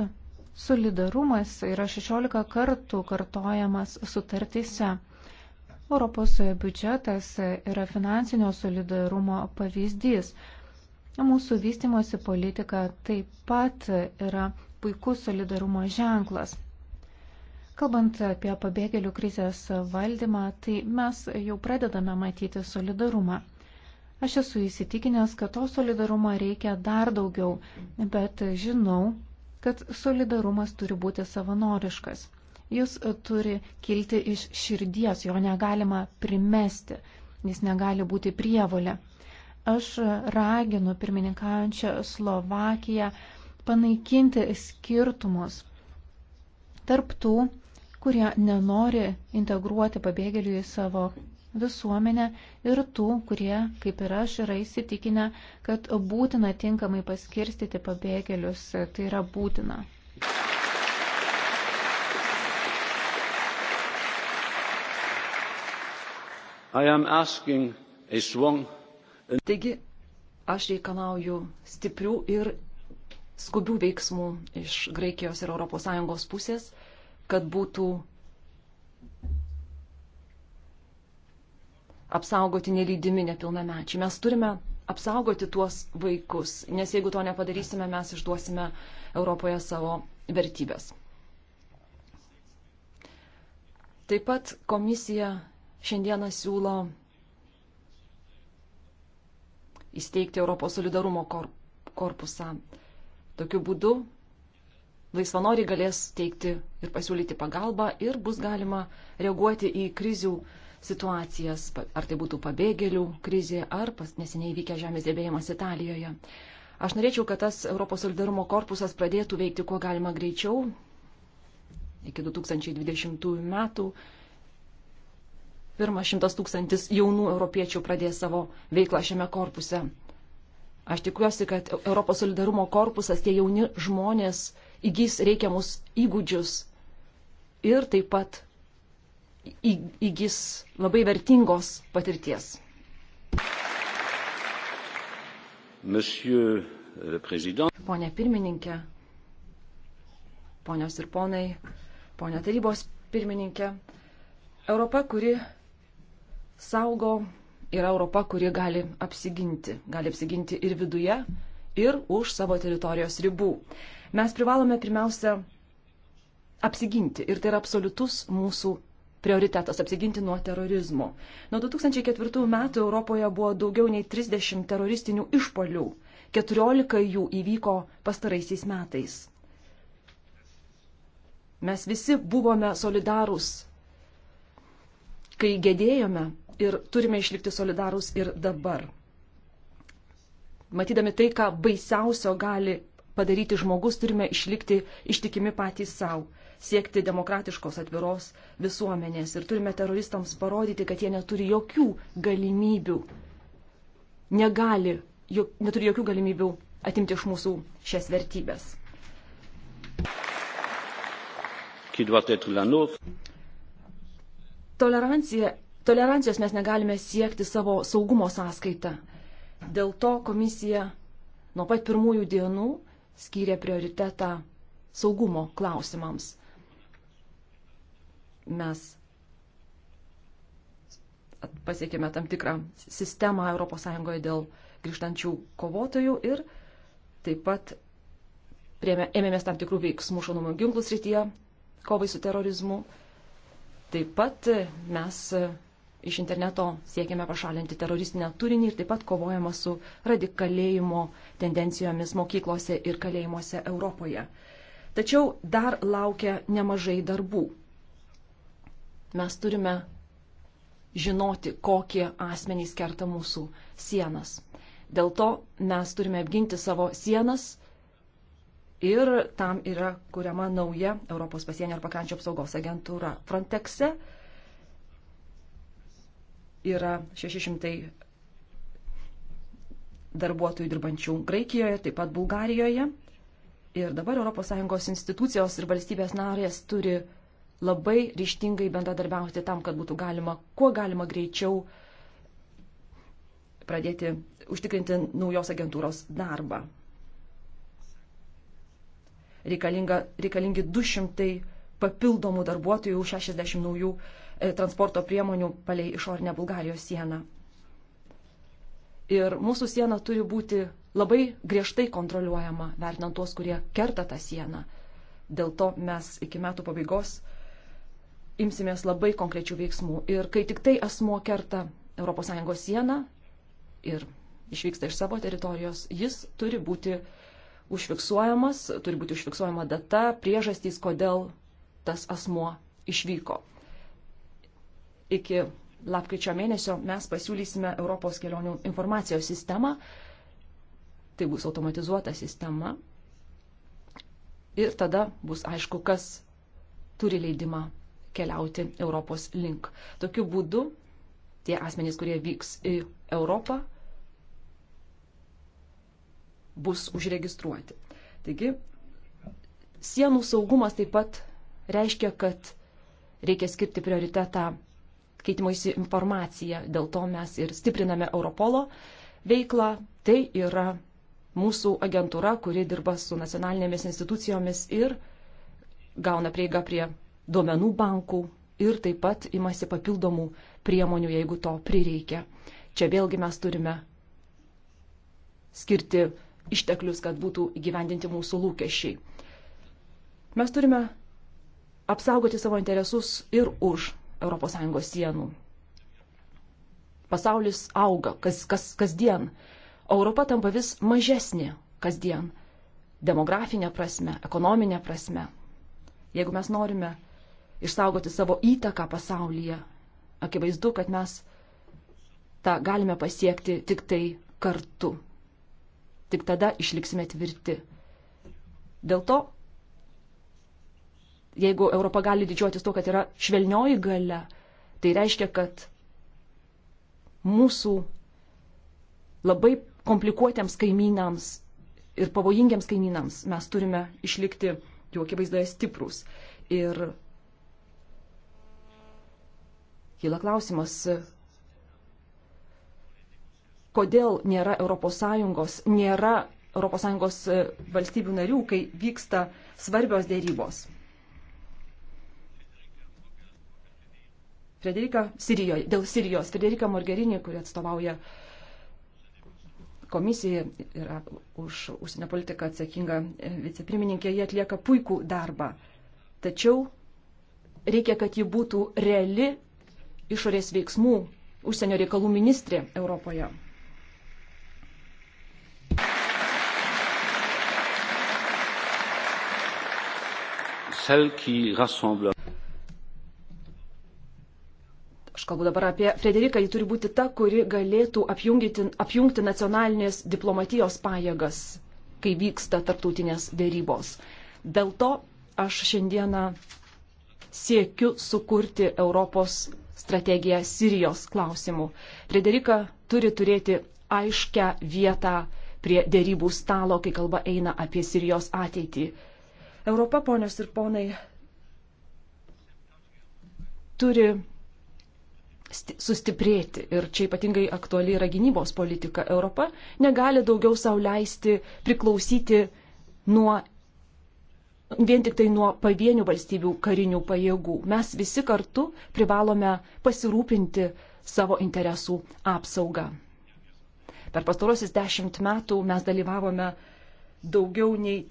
[SPEAKER 3] solidarumas yra 16 kartų kartojamas sutartyse. Europos biudžetas yra finansinio solidarumo pavyzdys. Mūsų vystimosi politika taip pat yra puikus solidarumo ženklas. Kalbant apie pabėgėlių krizės valdymą, tai mes jau pradedame matyti solidarumą. Aš esu įsitikinęs, kad to solidarumo reikia dar daugiau, bet žinau, kad solidarumas turi būti savanoriškas. Jis turi kilti iš širdies, jo negalima primesti, jis negali būti prievolė. Aš raginu pirmininkaujančią Slovakiją panaikinti skirtumus tarp tų, kurie nenori integruoti pabėgėlių į savo visuomenę ir tų, kurie, kaip ir aš, yra įsitikinę, kad būtina tinkamai paskirstyti pabėgėlius. Tai yra būtina.
[SPEAKER 2] Strong... Taigi,
[SPEAKER 4] aš reikalauju stiprių ir skubių veiksmų iš Graikijos ir ES pusės kad būtų apsaugoti nelydimi nepilnamečiai. Mes turime apsaugoti tuos vaikus, nes jeigu to nepadarysime, mes išduosime Europoje savo vertybės. Taip pat komisija šiandieną siūlo įsteigti Europos solidarumo korpusą. Tokiu būdu laisvanoriai galės teikti ir pasiūlyti pagalbą ir bus galima reaguoti į krizių situacijas, ar tai būtų pabėgėlių krizė, ar neseniai įvykę žemės drebėjimas Italijoje. Aš norėčiau, kad tas Europos solidarumo korpusas pradėtų veikti kuo galima greičiau, iki 2020 metų. Pirmas šimtas tūkstantis jaunų europiečių pradės savo veiklą šiame korpuse. Aš tikiuosi, kad Europos solidarumo korpusas, tie jauni žmonės, įgys reikiamus įgūdžius ir taip pat įgys labai vertingos patirties. Pone pirmininkė, ponios ir ponai, ponė tarybos pirmininkė, Europa, kuri saugo, yra Europa, kuri gali apsiginti. Gali apsiginti ir viduje, ir už savo teritorijos ribų. Mes privalome pirmiausia apsiginti ir tai yra absoliutus mūsų prioritetas - apsiginti nuo terorizmo. Nuo 2004 metų Europoje buvo daugiau nei 30 teroristinių išpolių, 14 jų įvyko pastaraisiais metais. Mes visi buvome solidarūs, kai gedėjome ir turime išlikti solidarūs ir dabar. Matydami tai, ką baisiausio gali padaryti žmogus, turime išlikti ištikimi patys savo, siekti demokratiškos atviros visuomenės ir turime teroristams parodyti, kad jie neturi jokių galimybių, negali, jo, neturi jokių galimybių atimti iš mūsų šias vertybės. Tolerancija, tolerancijos mes negalime siekti savo saugumo sąskaitą. Dėl to komisija nuo pat pirmųjų dienų skyrė prioritetą saugumo klausimams. Mes pasiekėme tam tikrą sistemą ES dėl grįžtančių kovotojų ir taip pat priemė, ėmėmės tam tikrų veiksmų šaunamų ginklų srityje kovai su terorizmu. Taip pat mes iš interneto siekiame pašalinti teroristinę turinį ir taip pat kovojama su radikalėjimo tendencijomis mokyklose ir kalėjimuose Europoje. Tačiau dar laukia nemažai darbų. Mes turime žinoti, kokie asmenys kerta mūsų sienas. Dėl to mes turime apginti savo sienas ir tam yra kuriama nauja Europos pasienio ir pakrančio apsaugos agentūra. Frontexe yra 600 darbuotojų dirbančių Graikijoje, taip pat Bulgarijoje. Ir dabar ES institucijos ir valstybės narės turi labai ryštingai bendradarbiauti tam, kad būtų galima, kuo galima greičiau pradėti užtikrinti naujos agentūros darbą. Reikalinga, reikalingi 200 papildomų darbuotojų, 60 naujų darbuotojų E, transporto priemonių palei išorinę Bulgarijos sieną. Ir mūsų siena turi būti labai griežtai kontroliuojama, vertinant tuos, kurie kerta tą sieną. Dėl to mes iki metų pabaigos imsimės labai konkrečių veiksmų. Ir kai tik tai asmuo kerta ES sieną ir išvyksta iš savo teritorijos, jis turi būti užfiksuojamas, turi būti užfiksuojama data, priežastys, kodėl tas asmuo išvyko iki lapkričio mėnesio mes pasiūlysime Europos kelionių informacijos sistemą. Tai bus automatizuota sistema. Ir tada bus aišku, kas turi leidimą keliauti Europos link. Tokiu būdu tie asmenys, kurie vyks į Europą, bus užregistruoti. Taigi, sienų saugumas taip pat reiškia, kad reikia skirti prioritetą keitimosi informacija. Dėl to mes ir stipriname Europolo veiklą. Tai yra mūsų agentūra, kuri dirba su nacionalinėmis institucijomis ir gauna prieigą prie duomenų bankų ir taip pat imasi papildomų priemonių, jeigu to prireikia. Čia vėlgi mes turime skirti išteklius, kad būtų įgyvendinti mūsų lūkesčiai. Mes turime apsaugoti savo interesus ir už ES sienų. Pasaulis auga kas, kas, kasdien. Europa tampa vis mažesnė kasdien. Demografinė prasme, ekonominė prasme. Jeigu mes norime išsaugoti savo įtaką pasaulyje, akivaizdu, kad mes tą galime pasiekti tik tai kartu. Tik tada išliksime tvirti. Dėl to jeigu Europa gali didžiuotis tuo, kad yra švelnioji gale, tai reiškia, kad mūsų labai komplikuotiems kaimynams ir pavojingiems kaimynams mes turime išlikti jų akivaizdoje stiprus. Ir kyla klausimas, kodėl nėra ES, nėra ES e, valstybių narių, kai vyksta svarbios dėrybos. Frederika Sirijoje, dėl Sirijos. Frederika Morgerini, kuri atstovauja komisija, yra už užsienio politiką atsakinga e, vicepirmininkė, jie atlieka puikų darbą. Tačiau reikia, kad ji būtų reali išorės veiksmų užsienio reikalų ministrė Europoje.
[SPEAKER 2] celle qui rassemble
[SPEAKER 4] Aš kalbu dabar apie Frederiką, ji turi būti ta, kuri galėtų apjungti, apjungti nacionalinės diplomatijos pajėgas, kai vyksta tarptautinės dėrybos. Dėl to aš šiandieną siekiu sukurti Europos strategiją Sirijos klausimų. Frederika turi turėti aiškę vietą prie dėrybų stalo, kai kalba eina apie Sirijos ateitį. Europa, ponios ir ponai, turi sustiprėti. Ir čia ypatingai aktuali yra gynybos politika. Europa negali daugiau sauliaisti priklausyti nuo, vien tik tai nuo pavienių valstybių karinių pajėgų. Mes visi kartu privalome pasirūpinti savo interesų apsaugą. Per pastarosius dešimt metų mes dalyvavome daugiau nei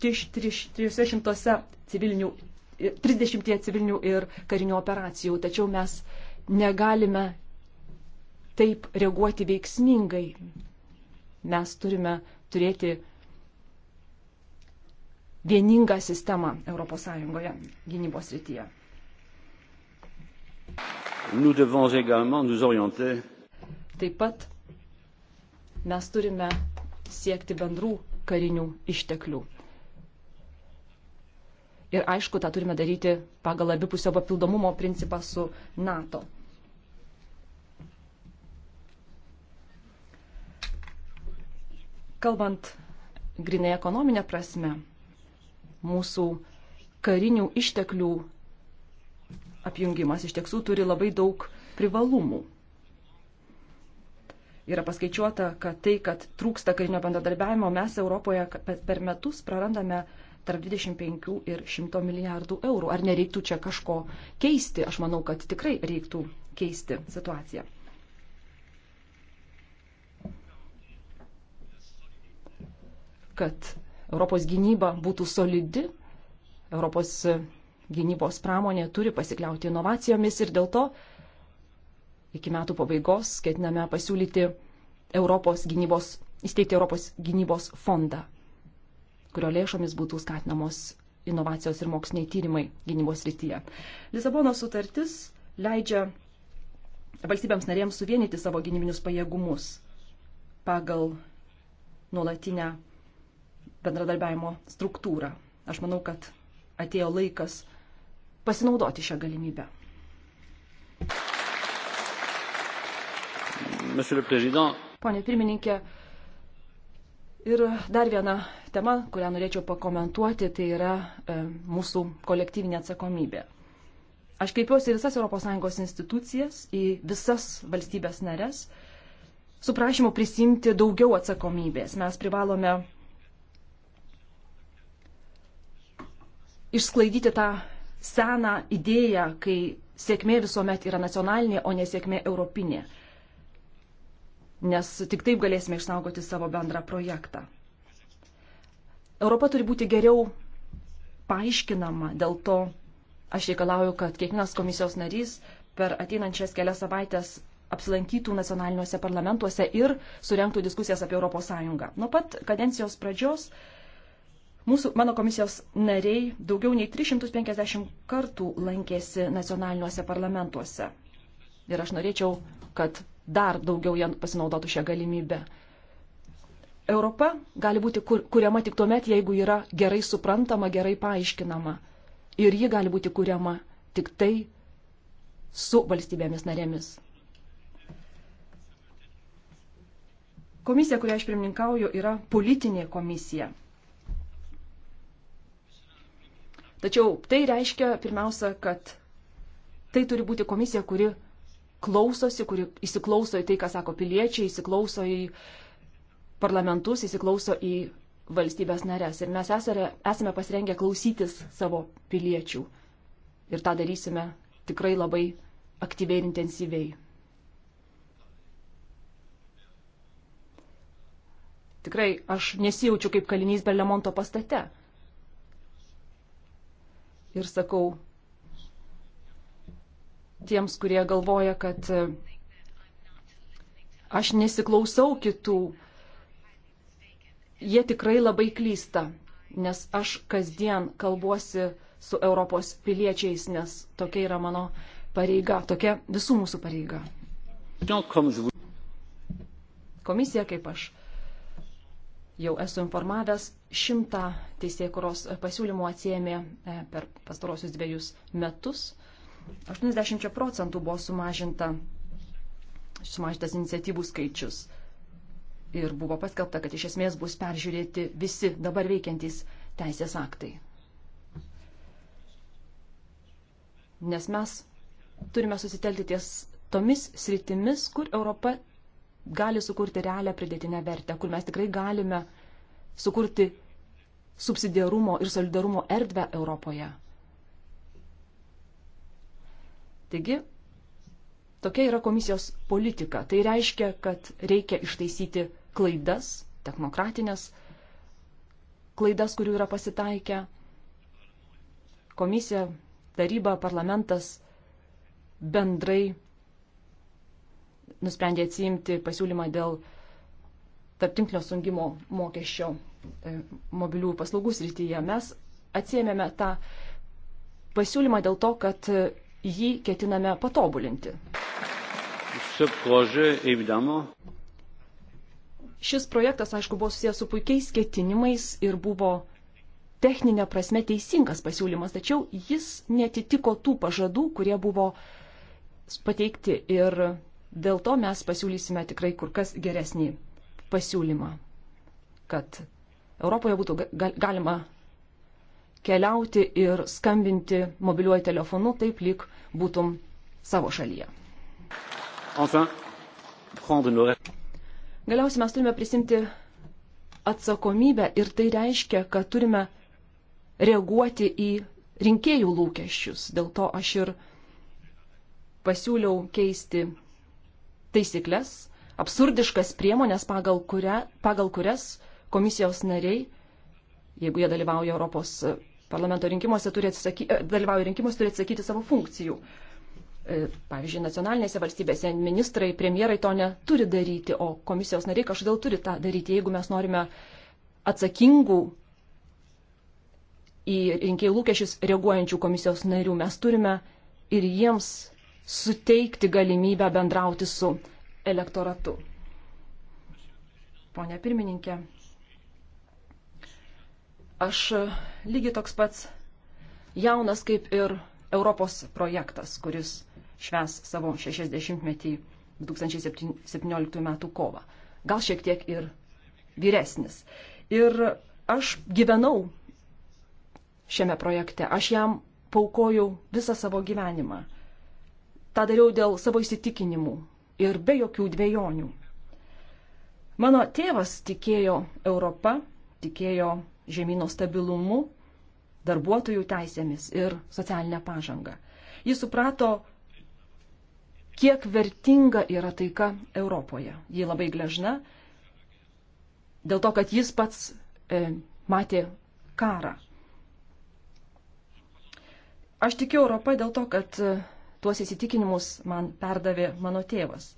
[SPEAKER 4] 300 civilinių 30 civilinių ir karinių operacijų, tačiau mes negalime taip reaguoti veiksmingai. Mes turime turėti vieningą sistemą ES gynybos rytyje. Taip pat mes turime siekti bendrų karinių išteklių. Ir aišku, tą turime daryti pagal abipusio papildomumo principą su NATO. Kalbant grinai ekonominę prasme, mūsų karinių išteklių apjungimas iš tiesų turi labai daug privalumų. Yra paskaičiuota, kad tai, kad trūksta karinio bendradarbiavimo, mes Europoje per metus prarandame tarp 25 ir 100 milijardų eurų. Ar nereiktų čia kažko keisti? Aš manau, kad tikrai reiktų keisti situaciją. Kad Europos gynyba būtų solidi, Europos gynybos pramonė turi pasikliauti inovacijomis ir dėl to iki metų pabaigos ketiname pasiūlyti Europos gynybos, įsteigti Europos gynybos fondą kurio lėšomis būtų skatinamos inovacijos ir moksliniai tyrimai gynybos rytyje. Lisabono sutartis leidžia valstybėms narėms suvienyti savo gynybinius pajėgumus pagal nuolatinę bendradarbiavimo struktūrą. Aš manau, kad atėjo laikas pasinaudoti šią galimybę. Pone pirmininkė, Ir dar viena tema, kurią norėčiau pakomentuoti, tai yra e, mūsų kolektyvinė atsakomybė. Aš kreipiuosi į visas ES institucijas, į visas valstybės nares, su prašymu prisimti daugiau atsakomybės. Mes privalome išsklaidyti tą seną idėją, kai sėkmė visuomet yra nacionalinė, o nesėkmė europinė nes tik taip galėsime išsaugoti savo bendrą projektą. Europa turi būti geriau paaiškinama, dėl to aš reikalauju, kad kiekvienas komisijos narys per ateinančias kelias savaitės apsilankytų nacionaliniuose parlamentuose ir surenktų diskusijas apie ES. Nuo pat kadencijos pradžios mūsų, mano komisijos nariai daugiau nei 350 kartų lankėsi nacionaliniuose parlamentuose. Ir aš norėčiau, kad dar daugiau jie pasinaudotų šią galimybę. Europa gali būti kur, kuriama tik tuo met, jeigu yra gerai suprantama, gerai paaiškinama. Ir ji gali būti kuriama tik tai su valstybėmis narėmis. Komisija, kurią aš pirmininkauju, yra politinė komisija. Tačiau tai reiškia pirmiausia, kad tai turi būti komisija, kuri klausosi, kuri įsiklauso į tai, ką sako piliečiai, įsiklauso į parlamentus, įsiklauso į valstybės narės. Ir mes esare, esame pasirengę klausytis savo piliečių. Ir tą darysime tikrai labai aktyviai ir intensyviai. Tikrai aš nesijaučiu kaip kalinys Berlemonto pastate. Ir sakau, tiems, kurie galvoja, kad e, aš nesiklausau kitų. Jie tikrai labai klysta, nes aš kasdien kalbuosi su Europos piliečiais, nes tokia yra mano pareiga, tokia visų mūsų pareiga. Komisija, kaip aš jau esu informavęs, šimtą teisėkuros pasiūlymų atsiemė e, per pastarosius dviejus metus 80 procentų buvo sumažinta, sumažintas iniciatyvų skaičius. Ir buvo paskelbta, kad iš esmės bus peržiūrėti visi dabar veikiantys teisės aktai. Nes mes turime susitelti ties tomis sritimis, kur Europa gali sukurti realią pridėtinę vertę, kur mes tikrai galime sukurti subsidiarumo ir solidarumo erdvę Europoje Taigi, tokia yra komisijos politika. Tai reiškia, kad reikia ištaisyti klaidas, technokratinės klaidas, kurių yra pasitaikę. Komisija, taryba, parlamentas bendrai nusprendė atsiimti pasiūlymą dėl tarptinklinio sungimo mokesčio e, mobilių paslaugų srityje. Mes atsiemėme tą pasiūlymą dėl to, kad jį ketiname patobulinti. Šis projektas, aišku, buvo susijęs su puikiais ketinimais ir buvo techninė prasme teisingas pasiūlymas, tačiau jis netitiko tų pažadų, kurie buvo pateikti ir dėl to mes pasiūlysime tikrai kur kas geresnį pasiūlymą, kad Europoje būtų galima keliauti ir skambinti mobiliuoju telefonu taip, lyg būtum savo šalyje.
[SPEAKER 2] Enfin, Galiausiai
[SPEAKER 4] mes turime prisimti atsakomybę ir tai reiškia, kad turime reaguoti į rinkėjų lūkesčius. Dėl to aš ir pasiūliau keisti taisyklės, absurdiškas priemonės, pagal, kuria, pagal kurias komisijos nariai, jeigu jie dalyvauja Europos parlamento rinkimuose turi atsisakyti, e, dalyvauja rinkimuose, turi atsakyti savo funkcijų. E, pavyzdžiui, nacionalinėse valstybėse ministrai, premjerai to neturi daryti, o komisijos nariai kažkodėl turi tą daryti, jeigu mes norime atsakingų į rinkėjų lūkesčius reaguojančių komisijos narių. Mes turime ir jiems suteikti galimybę bendrauti su elektoratu. Pone pirmininkė, aš lygiai toks pats jaunas kaip ir Europos projektas, kuris šves savo 60-metį 2017 m. kovą. Gal šiek tiek ir vyresnis. Ir aš gyvenau šiame projekte, aš jam paukojau visą savo gyvenimą. Ta dariau dėl savo įsitikinimų ir be jokių dviejonių. Mano tėvas tikėjo Europą, tikėjo žemynų stabilumu, darbuotojų teisėmis ir socialinę pažangą. Jis suprato, kiek vertinga yra taika Europoje. Ji labai gležna dėl to, kad jis pats e, matė karą. Aš tikiu Europą dėl to, kad e, tuos įsitikinimus man perdavė mano tėvas.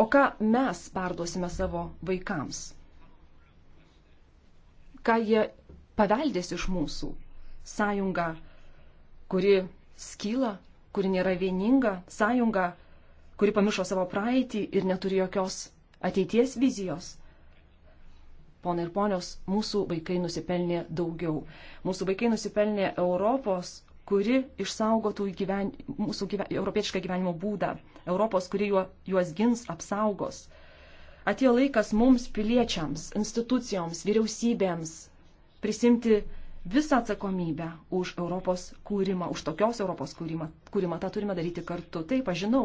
[SPEAKER 4] O ką mes perduosime savo vaikams? ką jie paveldės iš mūsų. Sąjunga, kuri skyla, kuri nėra vieninga, sąjunga, kuri pamiršo savo praeitį ir neturi jokios ateities vizijos. Pona ir ponios, mūsų vaikai nusipelnė daugiau. Mūsų vaikai nusipelnė Europos, kuri išsaugotų gyven, mūsų gyven, europietišką gyvenimo būdą. Europos, kuri juo, juos gins, apsaugos. Atėjo laikas mums, piliečiams, institucijoms, vyriausybėms prisimti visą atsakomybę už Europos kūrimą, už tokios Europos kūrimą. kūrimą. Ta turime daryti kartu. Taip, aš žinau,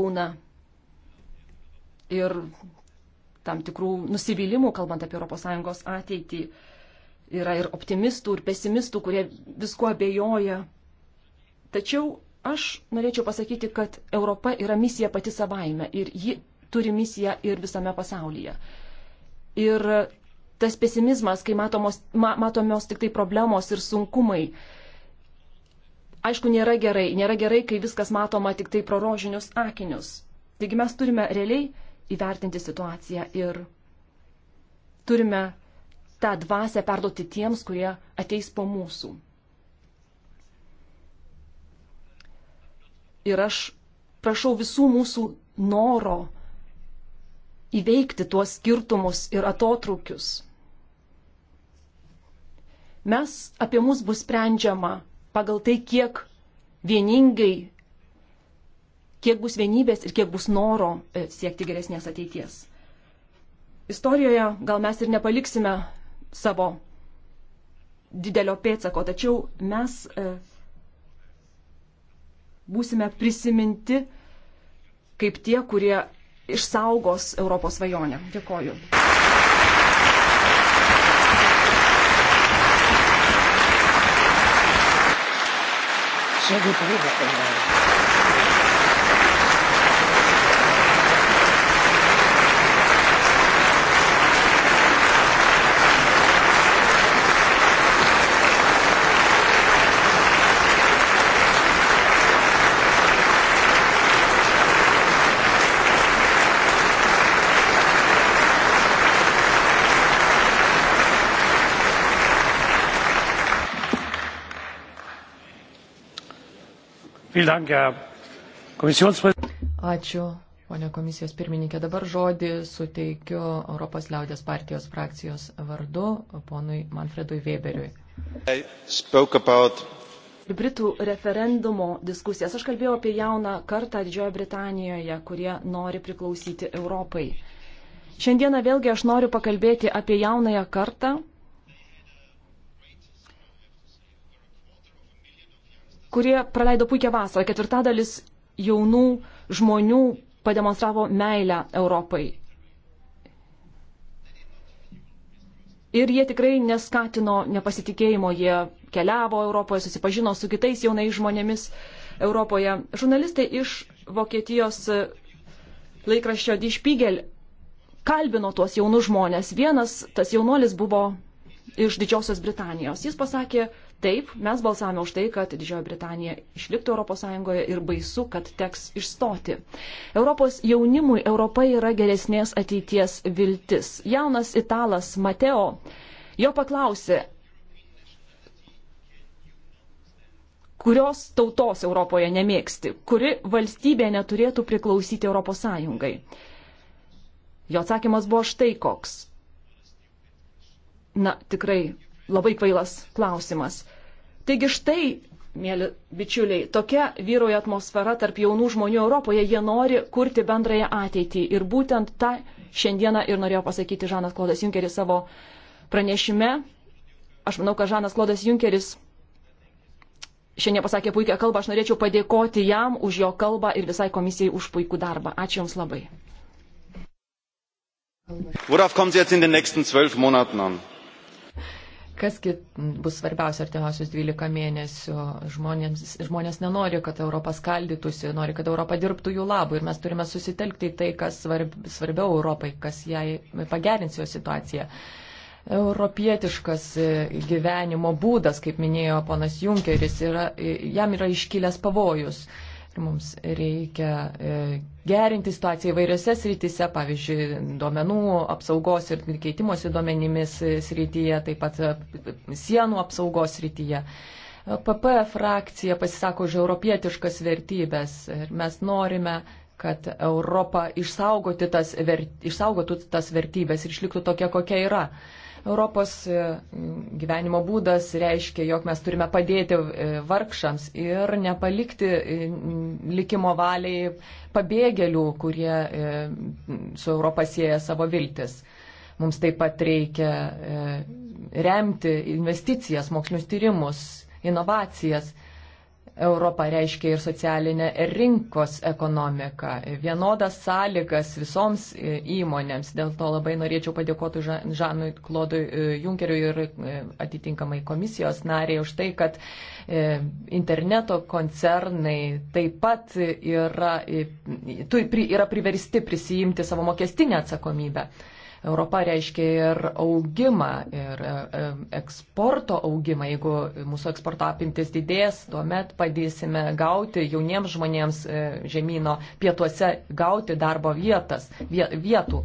[SPEAKER 4] būna ir tam tikrų nusivylimų, kalbant apie ES ateitį. Yra ir optimistų, ir pesimistų, kurie visko abejoja. Tačiau aš norėčiau pasakyti, kad Europa yra misija pati savaime ir ji turi misiją ir visame pasaulyje. Ir tas pesimizmas, kai matomos, ma, matomos tik tai problemos ir sunkumai, aišku, nėra gerai. Nėra gerai, kai viskas matoma tik tai prorožinius akinius. Taigi mes turime realiai įvertinti situaciją ir turime tą dvasę perduoti tiems, kurie ateis po mūsų. Ir aš prašau visų mūsų noro įveikti tuos skirtumus ir atotrukius. Mes apie mus bus sprendžiama pagal tai, kiek vieningai, kiek bus vienybės ir kiek bus noro e, siekti geresnės ateities. Istorijoje gal mes ir nepaliksime savo didelio pėtsako, tačiau mes e, būsime prisiminti kaip tie, kurie išsaugos Europos svajonę. Dėkoju.
[SPEAKER 5] Čia būtų vyko kalbėjimas.
[SPEAKER 2] Ačiū, ponia
[SPEAKER 1] komisijos pirmininkė. Dabar žodį suteikiu Europos liaudės partijos frakcijos vardu ponui Manfredui Weberiui. Britų
[SPEAKER 4] referendumo diskusijas. Aš kalbėjau apie jauną kartą Didžiojo Britanijoje, kurie nori priklausyti Europai. Šiandieną vėlgi aš noriu pakalbėti apie jaunąją kartą, kurie praleido puikią vasarą. Ketvirtadalis jaunų žmonių pademonstravo meilę Europai. Ir jie tikrai neskatino nepasitikėjimo, jie keliavo Europoje, susipažino su kitais jaunais žmonėmis Europoje. Žurnalistai iš Vokietijos laikraščio Dišpygel kalbino tuos jaunus žmonės. Vienas tas jaunuolis buvo iš Didžiosios Britanijos. Jis pasakė, Taip, mes balsavome už tai, kad Didžioji Britanija išliktų ES ir baisu, kad teks išstoti. Europos jaunimui Europa yra geresnės ateities viltis. Jaunas italas Mateo jo paklausė, kurios tautos Europoje nemėgsti, kuri valstybė neturėtų priklausyti ES. Jo atsakymas buvo štai koks. Na, tikrai labai kvailas klausimas. Taigi štai, mėly bičiuliai, tokia vyroja atmosfera tarp jaunų žmonių Europoje, jie nori kurti bendrąją ateitį. Ir būtent tą šiandieną ir norėjo pasakyti Žanas Klodas Junkeris savo pranešime. Aš manau, kad Žanas Klodas Junkeris šiandien pasakė puikią kalbą. Aš norėčiau padėkoti jam už jo kalbą ir visai komisijai už puikų darbą. Ačiū Jums labai.
[SPEAKER 3] Worauf kommen Sie jetzt in den nächsten zwölf Monaten an?
[SPEAKER 1] kas bus svarbiausia artimiausius 12 mėnesių. Žmonės, žmonės nenori, kad Europa skaldytųsi, nori, kad Europa dirbtų jų labui ir mes turime susitelkti į tai, kas svarb, svarbiau Europai, kas jai pagerins jo situaciją. Europietiškas e, gyvenimo būdas, kaip minėjo ponas Junkeris, yra, e, jam yra iškilęs pavojus. Ir mums reikia e, gerinti situaciją įvairiose srityse, pavyzdžiui, duomenų apsaugos ir keitimosi duomenimis e, srityje, taip pat e, sienų apsaugos srityje. PP frakcija pasisako už europietiškas vertybės ir mes norime kad Europa tas, ver, išsaugotų tas vertybės ir išliktų tokia, kokia yra. Europos e, gyvenimo būdas reiškia, jog mes turime padėti e, vargšams ir nepalikti e, likimo valiai pabėgėlių, kurie su Europą sieja savo viltis. Mums taip pat reikia remti investicijas, mokslinius tyrimus, inovacijas Europa reiškia ir socialinę ir rinkos ekonomiką, vienodas sąlygas visoms e, įmonėms. Dėl to labai norėčiau padėkoti Žanui Klodui e, Junkeriui ir e, atitinkamai komisijos nariai už tai, kad interneto koncernai taip pat yra, yra priversti prisijimti savo mokestinę atsakomybę. Europa reiškia ir augimą, ir e, e, eksporto augimą. Jeigu mūsų eksporto apimtis didės, tuomet padėsime gauti jauniems žmonėms e, žemynų pietuose gauti darbo vietas, vietų.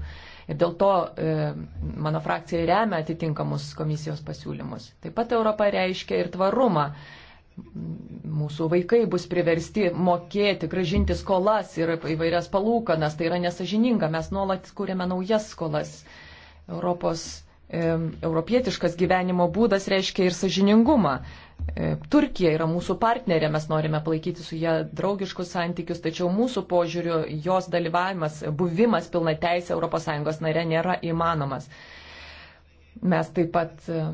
[SPEAKER 1] Ir dėl to e, mano frakcija remia atitinkamus komisijos pasiūlymus. Taip pat Europa reiškia ir tvarumą mūsų vaikai bus priversti mokėti, gražinti skolas ir įvairias palūkanas. Tai yra nesažininga, mes nuolat kūrėme naujas skolas. Europos, e, europietiškas gyvenimo būdas reiškia ir sažiningumą. E, Turkija yra mūsų partnerė, mes norime palaikyti su ją draugiškus santykius, tačiau mūsų požiūriu jos dalyvavimas, buvimas pilna teisė ES nare nėra įmanomas. Mes taip pat e,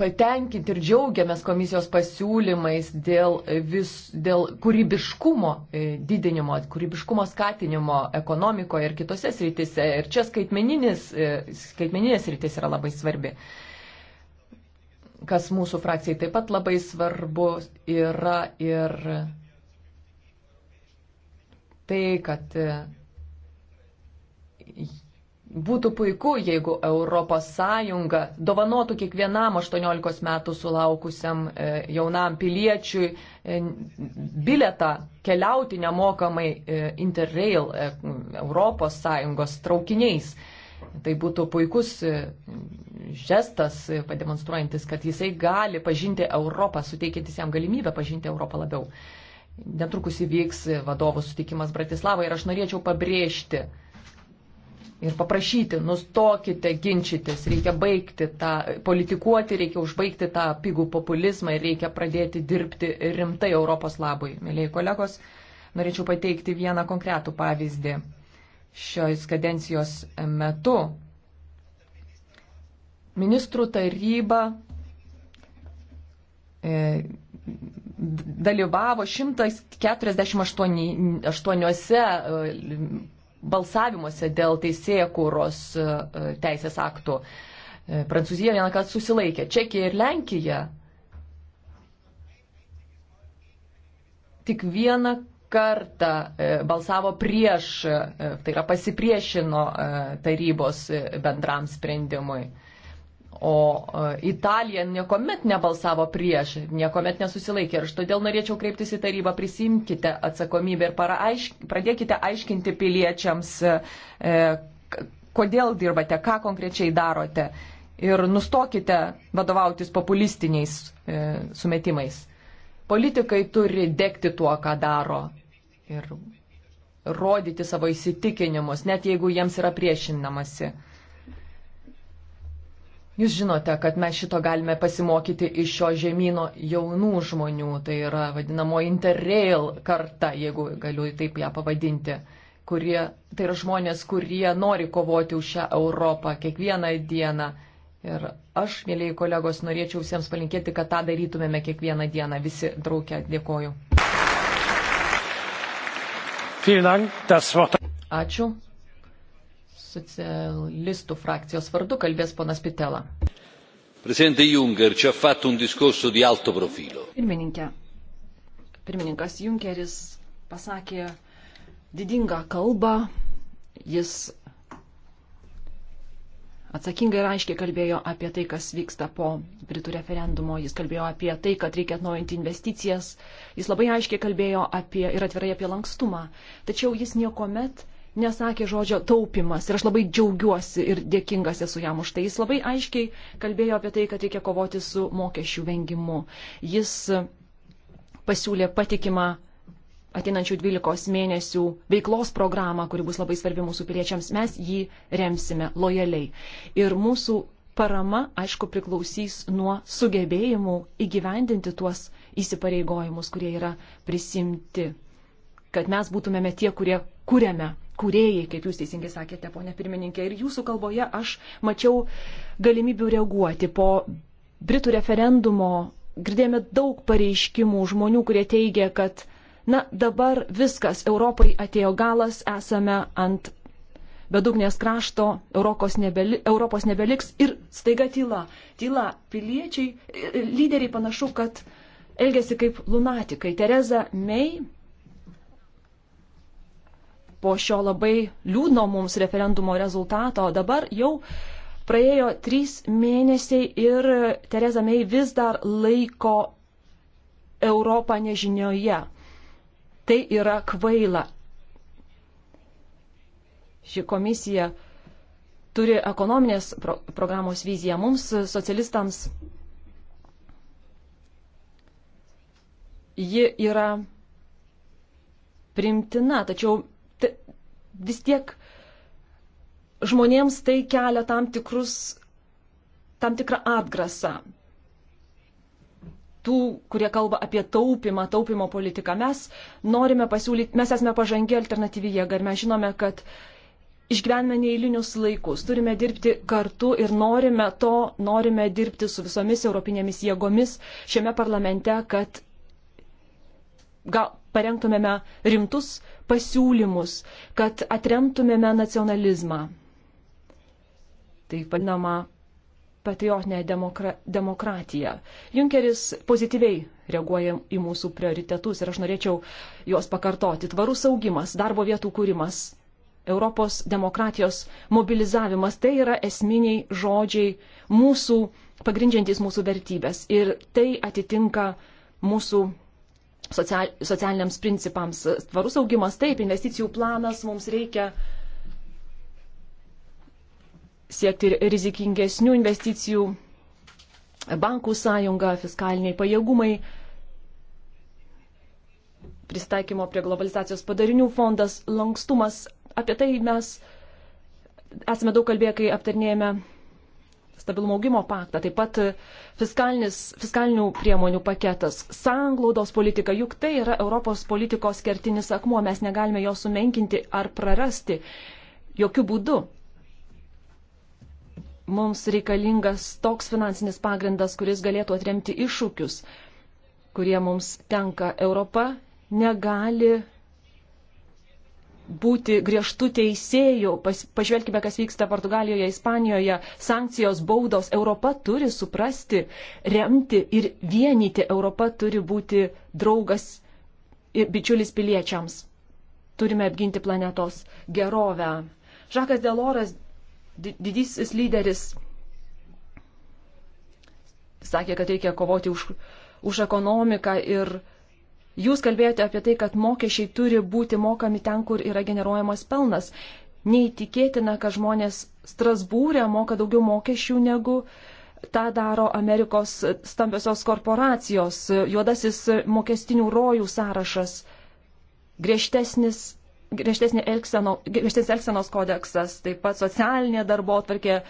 [SPEAKER 1] patenkinti ir džiaugiamės komisijos pasiūlymais dėl, vis, dėl kūrybiškumo e, didinimo, kūrybiškumo skatinimo ekonomikoje ir kitose srityse. Ir čia e, skaitmeninė sritis yra labai svarbi. Kas mūsų frakcijai taip pat labai svarbu yra ir tai, kad e, Būtų puiku, jeigu ES dovanotų kiekvienam 18 metų sulaukusiam e, jaunam piliečiui e, biletą keliauti nemokamai e, Interrail ES traukiniais. Tai būtų puikus žestas, pademonstruojantis, kad jisai gali pažinti Europą, suteikiantis jam galimybę pažinti Europą labiau. Netrukus įvyks vadovų sutikimas Bratislavoje ir aš norėčiau pabrėžti, ir paprašyti, nustokite ginčytis, reikia baigti tą, politikuoti, reikia užbaigti tą pigų populizmą ir reikia pradėti dirbti rimtai Europos labui. Mėlyje kolegos, norėčiau pateikti vieną konkretų pavyzdį. Šios kadencijos metu ministrų taryba e, dalyvavo 148 aštuoniuose, e, balsavimuose dėl teisėkūros e, teisės aktų. E, Prancūzija vieną kartą susilaikė, Čekija ir Lenkija tik vieną kartą e, balsavo prieš, tai yra pasipriešino tarybos bendram sprendimui. O e, Italija niekuomet nebalsavo prieš, niekuomet nesusilaikė. Ir aš todėl norėčiau kreiptis į tarybą, prisimkite atsakomybę ir paaišk, pradėkite aiškinti piliečiams, e, kodėl dirbate, ką konkrečiai darote. Ir nustokite vadovautis populistiniais e, sumetimais. Politikai turi dėkti tuo, ką daro. Ir rodyti savo įsitikinimus, net jeigu jiems yra priešinamasi. Jūs žinote, kad mes šito galime pasimokyti iš šio žemynų jaunų žmonių, tai yra vadinamo interrail karta, jeigu galiu taip ją pavadinti, kurie, tai yra žmonės, kurie nori kovoti už šią Europą kiekvieną dieną. Ir aš, mėlyje kolegos, norėčiau visiems palinkėti, kad tą darytumėme kiekvieną dieną. Visi draugė, dėkoju. Ačiū socialistų frakcijos vardu kalbės ponas Pitela.
[SPEAKER 2] Prezidentė Juncker čia fatto un discorso di alto profilo.
[SPEAKER 4] Pirmininkė. Pirmininkas Junkeris pasakė didingą kalbą. Jis atsakingai ir aiškiai kalbėjo apie tai, kas vyksta po Britų referendumo, jis kalbėjo apie tai, kad reikia atnaujinti investicijas, jis labai aiškiai kalbėjo apie ir atvirai apie lankstumą. Tačiau jis niekuomet nesakė žodžio taupimas ir aš labai džiaugiuosi ir dėkingas esu jam už tai. Jis labai aiškiai kalbėjo apie tai, kad reikia kovoti su mokesčių vengimu. Jis pasiūlė patikimą ateinančių 12 mėnesių veiklos programą, kuri bus labai svarbi mūsų piliečiams. Mes jį remsime lojaliai. Ir mūsų parama, aišku, priklausys nuo sugebėjimų įgyvendinti tuos įsipareigojimus, kurie yra prisimti, kad mes būtumėme tie, kurie kūrėme kūrėjai, kaip jūs teisingai sakėte, ponė pirmininkė. Ir jūsų kalboje aš mačiau galimybių reaguoti. Po Britų referendumo girdėjome daug pareiškimų žmonių, kurie teigia, kad na dabar viskas, Europai atėjo galas, esame ant bedugnės krašto, Europos, nebeli, Europos nebeliks ir staiga tyla. Tyla, piliečiai, e, e, lyderiai panašu, kad elgesi kaip lunatikai. Tereza May po šio labai liūdno mums referendumo rezultato. Dabar jau praėjo trys mėnesiai ir Tereza Mei vis dar laiko Europą nežinioje. Tai yra kvaila. Ši komisija turi ekonominės pro programos viziją. Mums, socialistams, ji yra primtina, tačiau vis tiek žmonėms tai kelia tam, tikrus, tam tikrą atgrasą. Tų, kurie kalba apie taupimą, taupimo politiką, mes norime pasiūlyti, mes esame pažangi alternatyvi jėga ir mes žinome, kad išgyvename neįlinius laikus, turime dirbti kartu ir norime to, norime dirbti su visomis europinėmis jėgomis šiame parlamente, kad gal, parengtumėme rimtus pasiūlymus, kad atremtumėme nacionalizmą. Taip vadinama patriotinė demokra demokratija. Junkeris pozityviai reaguoja į mūsų prioritetus ir aš norėčiau juos pakartoti. Tvarus augimas, darbo vietų kūrimas, Europos demokratijos mobilizavimas - tai yra esminiai žodžiai mūsų, pagrindžiantys mūsų vertybės. Ir tai atitinka mūsų social, socialiniams principams. Tvarus augimas taip, investicijų planas mums reikia siekti rizikingesnių investicijų, bankų sąjunga, fiskaliniai pajėgumai, pristaikymo prie globalizacijos padarinių fondas, lankstumas. Apie tai mes esame daug kalbėję, kai aptarnėjame stabilumo augimo paktą, taip pat fiskalinių priemonių paketas, sanglaudos politika, juk tai yra Europos politikos kertinis akmuo, mes negalime jo sumenkinti ar prarasti jokių būdų. Mums reikalingas toks finansinis pagrindas, kuris galėtų atremti iššūkius, kurie mums tenka. Europa negali būti griežtų teisėjų. Pas, pažvelkime, kas vyksta Portugalijoje, Ispanijoje. Sankcijos, baudos. Europa turi suprasti, remti ir vienyti. Europa turi būti draugas ir bičiulis piliečiams. Turime apginti planetos gerovę. Žakas Deloras, didysis lyderis, sakė, kad reikia kovoti už, už ekonomiką ir Jūs kalbėjote apie tai, kad mokesčiai turi būti mokami ten, kur yra generuojamas pelnas. Neįtikėtina, kad žmonės Strasbūrė moka daugiau mokesčių negu tą daro Amerikos stambiosios korporacijos, juodasis mokestinių rojų sąrašas, griežtesnis Elkseno, griežtesnis Elksenos kodeksas, taip pat socialinė darbo atvarkė.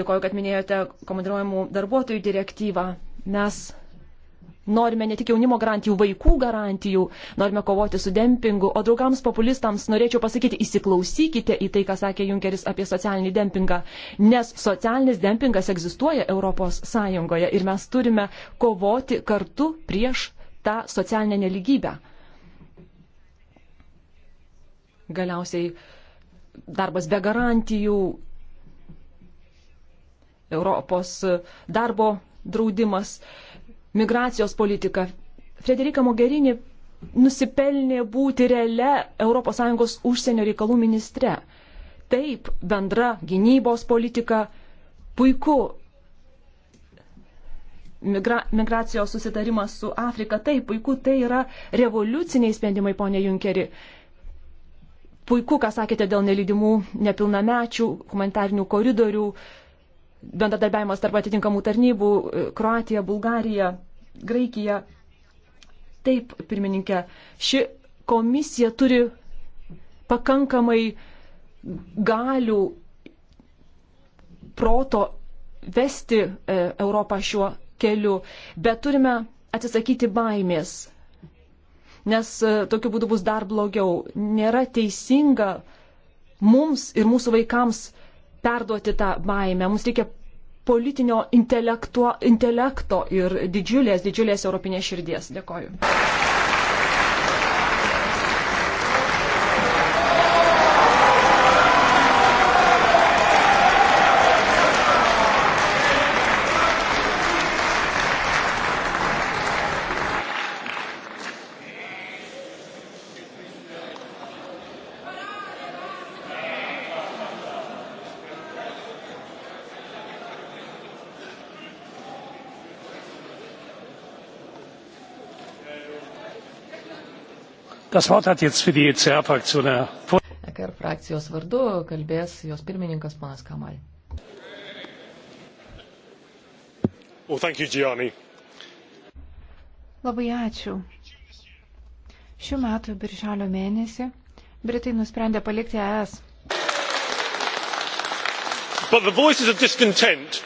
[SPEAKER 4] Dėkoju, kad minėjote komandiruojamų darbuotojų direktyvą. Mes Norime ne tik jaunimo garantijų, vaikų garantijų, norime kovoti su dempingu, o draugams populistams norėčiau pasakyti, įsiklausykite į tai, ką sakė Junkeris apie socialinį dempingą, nes socialinis dempingas egzistuoja Europos Sąjungoje ir mes turime kovoti kartu prieš tą socialinę neligybę. Galiausiai darbas be garantijų, Europos darbo draudimas migracijos politika. Frederika Mogherini nusipelnė būti realia ES užsienio reikalų ministre. Taip, bendra gynybos politika, puiku. Migra migracijos susitarimas su Afrika, taip, puiku, tai yra revoliuciniai sprendimai, ponė Junkeri. Puiku, ką sakėte dėl nelydimų nepilnamečių, humanitarinių koridorių, uh, bendradarbiavimas tarp atitinkamų tarnybų e, - Kroatija, Bulgarija, Graikija. Taip, pirmininkė, ši komisija turi pakankamai galių proto vesti e, Europą šiuo keliu, bet turime atsisakyti baimės, nes e, tokiu būdu bus dar blogiau. Nėra teisinga mums ir mūsų vaikams perduoti tą baimę. Mums reikia politinio intelekto ir didžiulės, didžiulės europinės širdies. Dėkoju.
[SPEAKER 2] E
[SPEAKER 1] EKR frakcijos vardu kalbės jos pirmininkas ponas Kamal.
[SPEAKER 2] Well, thank you, Gianni.
[SPEAKER 1] Labai
[SPEAKER 3] ačiū. Šių metų birželio mėnesį Britai nusprendė palikti ES.
[SPEAKER 2] But the voices of discontent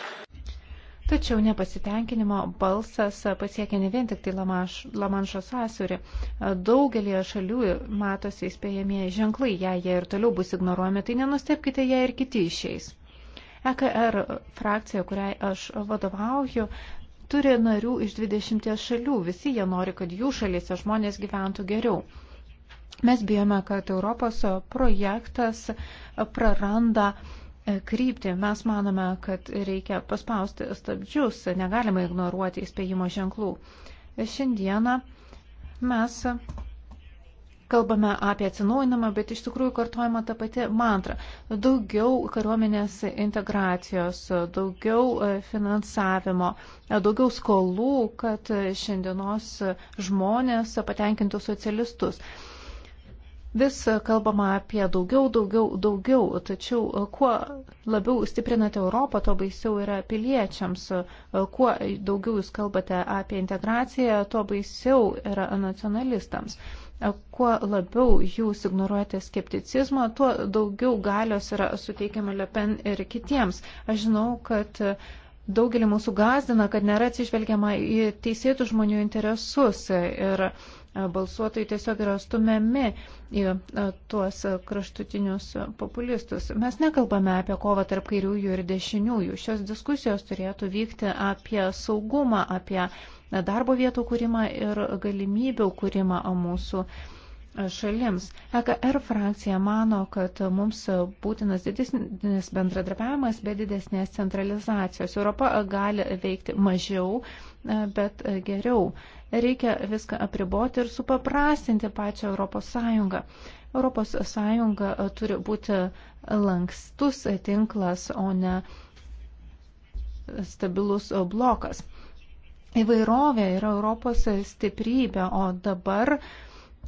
[SPEAKER 3] Tačiau nepasitenkinimo balsas pasiekia ne vien tik tai Lamanš, Lamanšo sąsiurį. Daugelį šalių matosi įspėjamieji ženklai, jei jie ir toliau bus ignoruojami, tai nenustepkite, jei ir kiti išeis. EKR frakcija, kuriai aš vadovauju, turi narių iš 20 šalių. Visi jie nori, kad jų šalyse žmonės gyventų geriau. Mes bijome, kad Europos projektas praranda kryptį. Mes manome, kad reikia paspausti stabdžius, negalima ignoruoti įspėjimo ženklų. Šiandieną mes kalbame apie atsinaujinimą, bet iš tikrųjų kartuojama ta pati mantra. Daugiau kariuomenės integracijos, daugiau e, finansavimo, e, daugiau skolų, kad šiandienos žmonės patenkintų socialistus. Vis kalbama apie daugiau, daugiau, daugiau, tačiau e, kuo labiau stiprinate Europą, to baisiau yra piliečiams. E, kuo daugiau jūs kalbate apie integraciją, to baisiau yra nacionalistams. E, kuo labiau jūs ignoruojate skepticizmą, tuo daugiau galios yra suteikiama Le Pen ir kitiems. Aš žinau, kad daugelį mūsų gazdina, kad nėra atsižvelgiama į teisėtų žmonių interesus. Ir balsuotojai tiesiog yra stumiami į e, tuos kraštutinius populistus. Mes nekalbame apie kovą tarp kairiųjų ir dešiniųjų. Šios diskusijos turėtų vykti apie saugumą, apie darbo vietų kūrimą ir galimybių kūrimą mūsų šalims. EKR frakcija mano, kad mums būtinas didesnis bendradarbiavimas be didesnės centralizacijos. Europa gali veikti mažiau, e, bet geriau. Reikia viską apriboti ir supaprastinti pačią Europos Sąjungą. Europos Sąjunga e, turi būti lankstus tinklas, o ne stabilus blokas. Įvairovė yra Europos stiprybė, o dabar uh,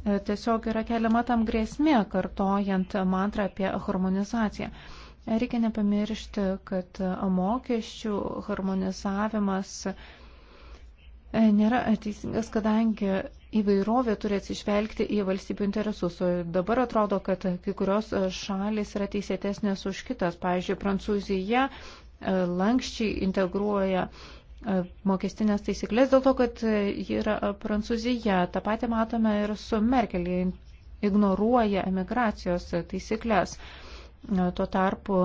[SPEAKER 3] E, tiesiog yra keliama tam grėsmė, kartojant mantrą apie harmonizaciją. E, reikia nepamiršti, kad mokesčių harmonizavimas e, nėra teisingas, kadangi įvairovė turi atsižvelgti į valstybių interesus. O dabar atrodo, kad kai kurios šalis yra teisėtesnės už kitas. Pavyzdžiui, Prancūzija lankščiai integruoja E, mokestinės taisyklės dėl to, kad ji yra e, Prancūzija. Ta patį matome ir su Merkel, ji ignoruoja emigracijos taisyklės. E, tuo tarpu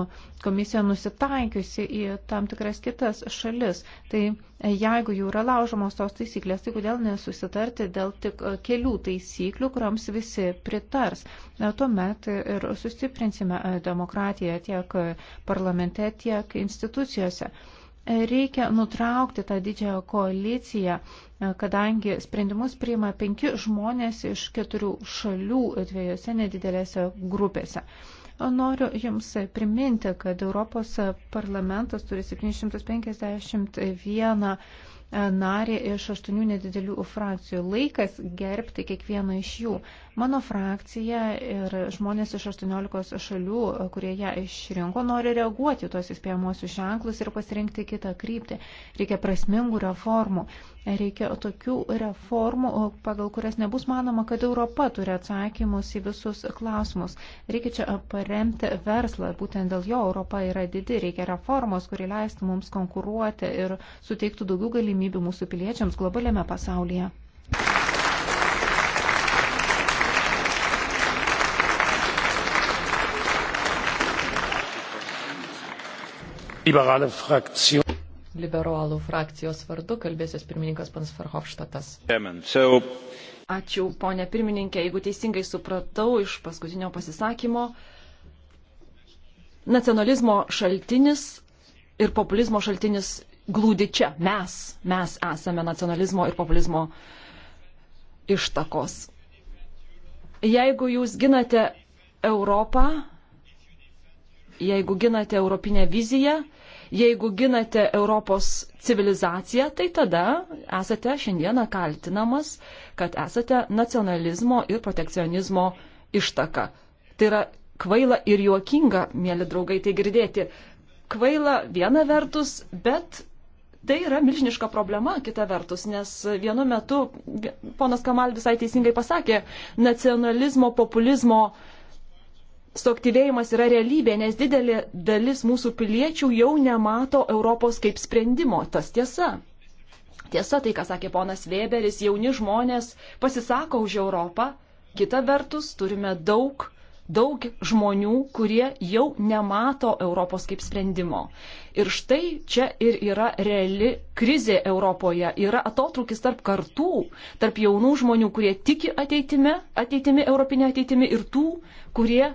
[SPEAKER 3] komisija nusitaikiusi į tam tikras kitas šalis. Tai jeigu jau yra laužomos tos taisyklės, tai kodėl nesusitarti dėl tik kelių taisyklių, kuriams visi pritars. Tuomet ir sustiprinsime demokratiją tiek parlamente, tiek institucijose. Reikia nutraukti tą didžiąją koaliciją, e, kadangi sprendimus priima penki žmonės iš keturių šalių dviejose nedidelėse grupėse. Noriu Jums priminti, kad Europos parlamentas turi 751 e, narį iš aštuonių nedidelių frakcijų. Laikas gerbti kiekvieną iš jų. Mano frakcija ir žmonės iš 18 šalių, kurie ją išrinko, nori reaguoti tuos įspėjamosius ženklus ir pasirinkti kitą kryptį. Reikia prasmingų reformų. Reikia tokių reformų, pagal kurias nebus manoma, kad Europa turi atsakymus į visus klausimus. Reikia čia paremti verslą. Būtent dėl jo Europa yra didi. Reikia reformos, kuri leistų mums konkuruoti ir suteiktų daugiau galimybių mūsų piliečiams globaliame pasaulyje.
[SPEAKER 2] liberalų frakcijų.
[SPEAKER 1] Liberalų frakcijos vardu kalbėsis pirmininkas Pans Farhofštatas. So... Ačiū, ponė pirmininkė. Jeigu teisingai supratau iš paskutinio pasisakymo,
[SPEAKER 4] nacionalizmo šaltinis ir populizmo šaltinis glūdi čia. Mes, mes esame nacionalizmo ir populizmo ištakos. Jeigu jūs ginate Europą, jeigu ginate europinę viziją, Jeigu ginate Europos civilizaciją, tai tada esate šiandieną kaltinamas, kad esate nacionalizmo ir protekcionizmo ištaka. Tai yra kvaila ir juokinga, mėly draugai, tai girdėti. Kvaila viena vertus, bet tai yra milžiniška problema kita vertus, nes vienu metu ponas Kamal visai teisingai pasakė, nacionalizmo, populizmo uh, suaktyvėjimas yra realybė, nes didelė dalis mūsų piliečių jau nemato Europos kaip sprendimo. Tas tiesa. Tiesa, tai, ką sakė ponas Weberis, jauni žmonės pasisako už Europą. Kita vertus, turime daug, daug žmonių, kurie jau nemato Europos kaip sprendimo. Ir štai čia ir yra reali krizė Europoje. Yra atotrukis tarp kartų, tarp jaunų žmonių, kurie tiki ateitimi, ateitimi, europinė ateitimi ir tų, kurie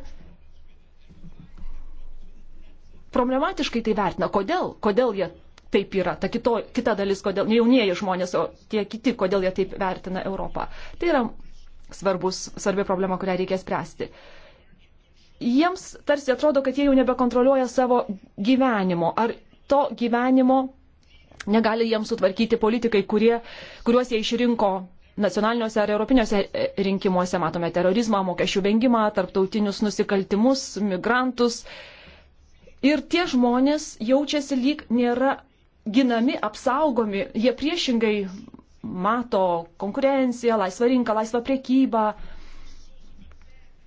[SPEAKER 4] problematiškai tai vertina. Kodėl? Kodėl jie taip yra? Ta kito, kita dalis, kodėl ne jaunieji žmonės, o tie kiti, kodėl jie taip vertina Europą. Tai yra svarbus, svarbi problema, kurią reikia spręsti. Jiems tarsi atrodo, kad jie jau nebekontroliuoja savo gyvenimo. Ar to gyvenimo negali jiems sutvarkyti politikai, kurie, kuriuos jie išrinko nacionaliniuose ar europiniuose e, rinkimuose matome terorizmą, mokesčių vengimą, tarptautinius nusikaltimus, migrantus, Ir tie žmonės jaučiasi lyg nėra ginami, apsaugomi, jie priešingai mato konkurenciją, laisvą rinką, laisvą priekybą,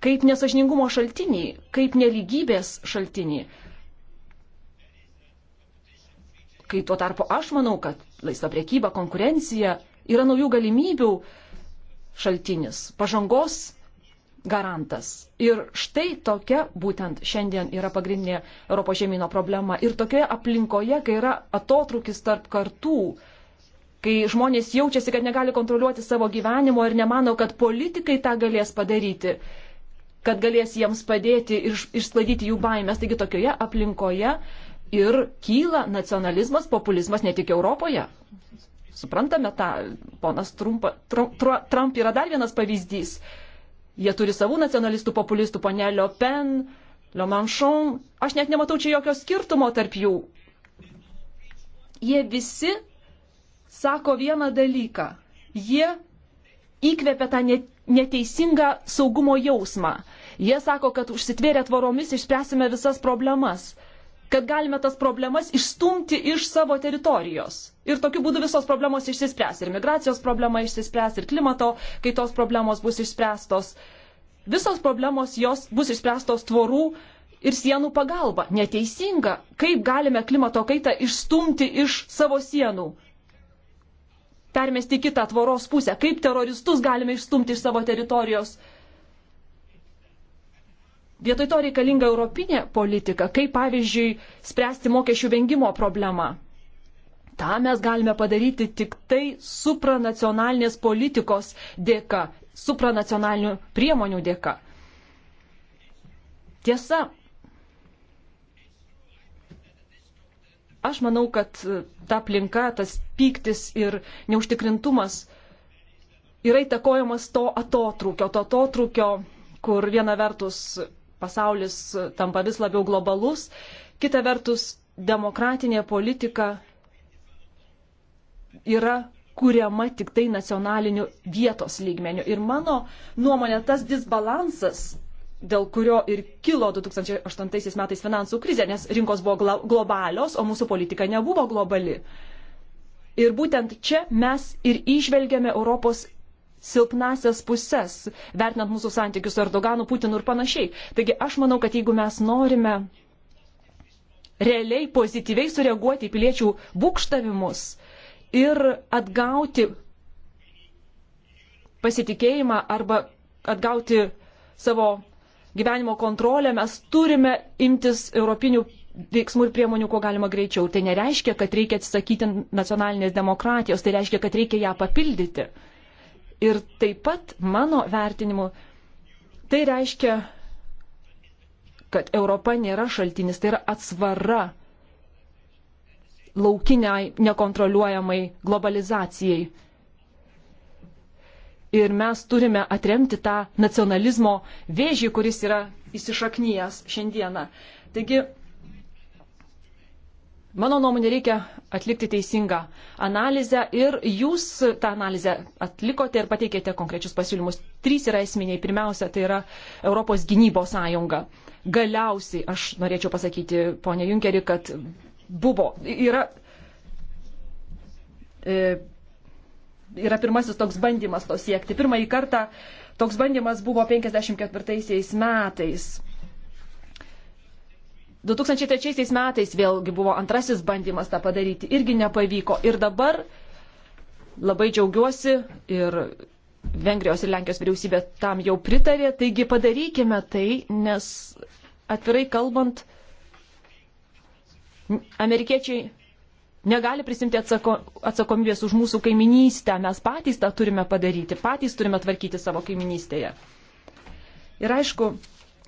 [SPEAKER 4] kaip nesažningumo šaltinį, kaip neligybės šaltinį. Kai tuo tarpu aš manau, kad laisva priekyba, konkurencija yra naujų galimybių šaltinis, pažangos garantas. Ir štai tokia būtent šiandien yra pagrindinė Europos žemynų problema. Ir tokioje aplinkoje, kai yra atotrukis tarp kartų, kai žmonės jaučiasi, kad negali kontroliuoti savo gyvenimo ir nemano, kad politikai tą galės padaryti, kad galės jiems padėti ir išsklaidyti jų baimės. Taigi tokioje aplinkoje ir kyla nacionalizmas, populizmas ne tik Europoje. Suprantame tą, ponas Trump, Trump, Trump yra dar vienas pavyzdys. Uh, Jie turi savų nacionalistų, populistų, ponė Le Pen, Le Manchon. Aš net nematau čia jokio skirtumo tarp jų. Jie visi sako vieną dalyką. Jie įkvėpia tą neteisingą saugumo jausmą. Jie sako, kad užsitvėrę tvoromis išspręsime visas problemas kad galime tas problemas išstumti iš savo teritorijos. Ir tokiu būdu visos problemos išsispręs. Ir migracijos problema išsispręs, ir klimato kaitos problemos bus išspręstos. Visos problemos jos bus išspręstos tvorų ir sienų pagalba. Neteisinga, kaip galime klimato kaitą išstumti iš savo sienų. Permesti kitą tvoros pusę, kaip teroristus galime išstumti iš savo teritorijos Vietoj to reikalinga europinė politika, kaip pavyzdžiui spręsti mokesčių vengimo problemą. Ta mes galime padaryti tik tai supranacionalinės politikos dėka, supranacionalinių priemonių dėka. Tiesa, aš manau, kad ta aplinka, tas pyktis ir neužtikrintumas yra įtakojamas to atotrūkio, to atotrūkio, kur viena vertus pasaulis tampa vis labiau globalus. Kita vertus, demokratinė politika yra kuriama tik tai nacionaliniu vietos lygmeniu. Ir mano nuomonė tas disbalansas, dėl kurio ir kilo 2008 metais finansų krizė, nes rinkos buvo globalios, o mūsų politika nebuvo globali. Ir būtent čia mes ir išvelgiame Europos silpnasias puses, vertinant mūsų santykius su Erdoganu, Putinu ir panašiai. Taigi aš manau, kad jeigu mes norime realiai pozityviai sureaguoti į piliečių būkštavimus ir atgauti pasitikėjimą arba atgauti savo gyvenimo kontrolę, mes turime imtis europinių veiksmų ir priemonių, kuo galima greičiau. Tai nereiškia, kad reikia atsisakyti nacionalinės demokratijos, tai reiškia, kad reikia ją papildyti. Ir taip pat mano vertinimu tai reiškia, kad Europa nėra šaltinis, tai yra atsvara laukiniai nekontroliuojamai globalizacijai. Ir mes turime atremti tą nacionalizmo vėžį, kuris yra įsišaknyjęs šiandieną. Taigi Mano nuomonė reikia atlikti teisingą analizę ir jūs tą analizę atlikote ir pateikėte konkrečius pasiūlymus. Trys yra esminiai. Pirmiausia, tai yra Europos gynybos sąjunga. Galiausiai, aš norėčiau pasakyti, ponė Junkeri, kad buvo, yra, e, yra pirmasis toks bandymas to siekti. Pirmąjį kartą toks bandymas buvo 54 metais 2003 metais vėlgi buvo antrasis bandymas tą padaryti, irgi nepavyko. Ir dabar labai džiaugiuosi ir Vengrijos ir Lenkijos vyriausybė tam jau pritarė, taigi padarykime tai, nes atvirai kalbant, amerikiečiai negali prisimti atsako, atsakomybės už mūsų kaiminystę, mes patys tą turime padaryti, patys turime tvarkyti savo kaiminystėje. Ir aišku,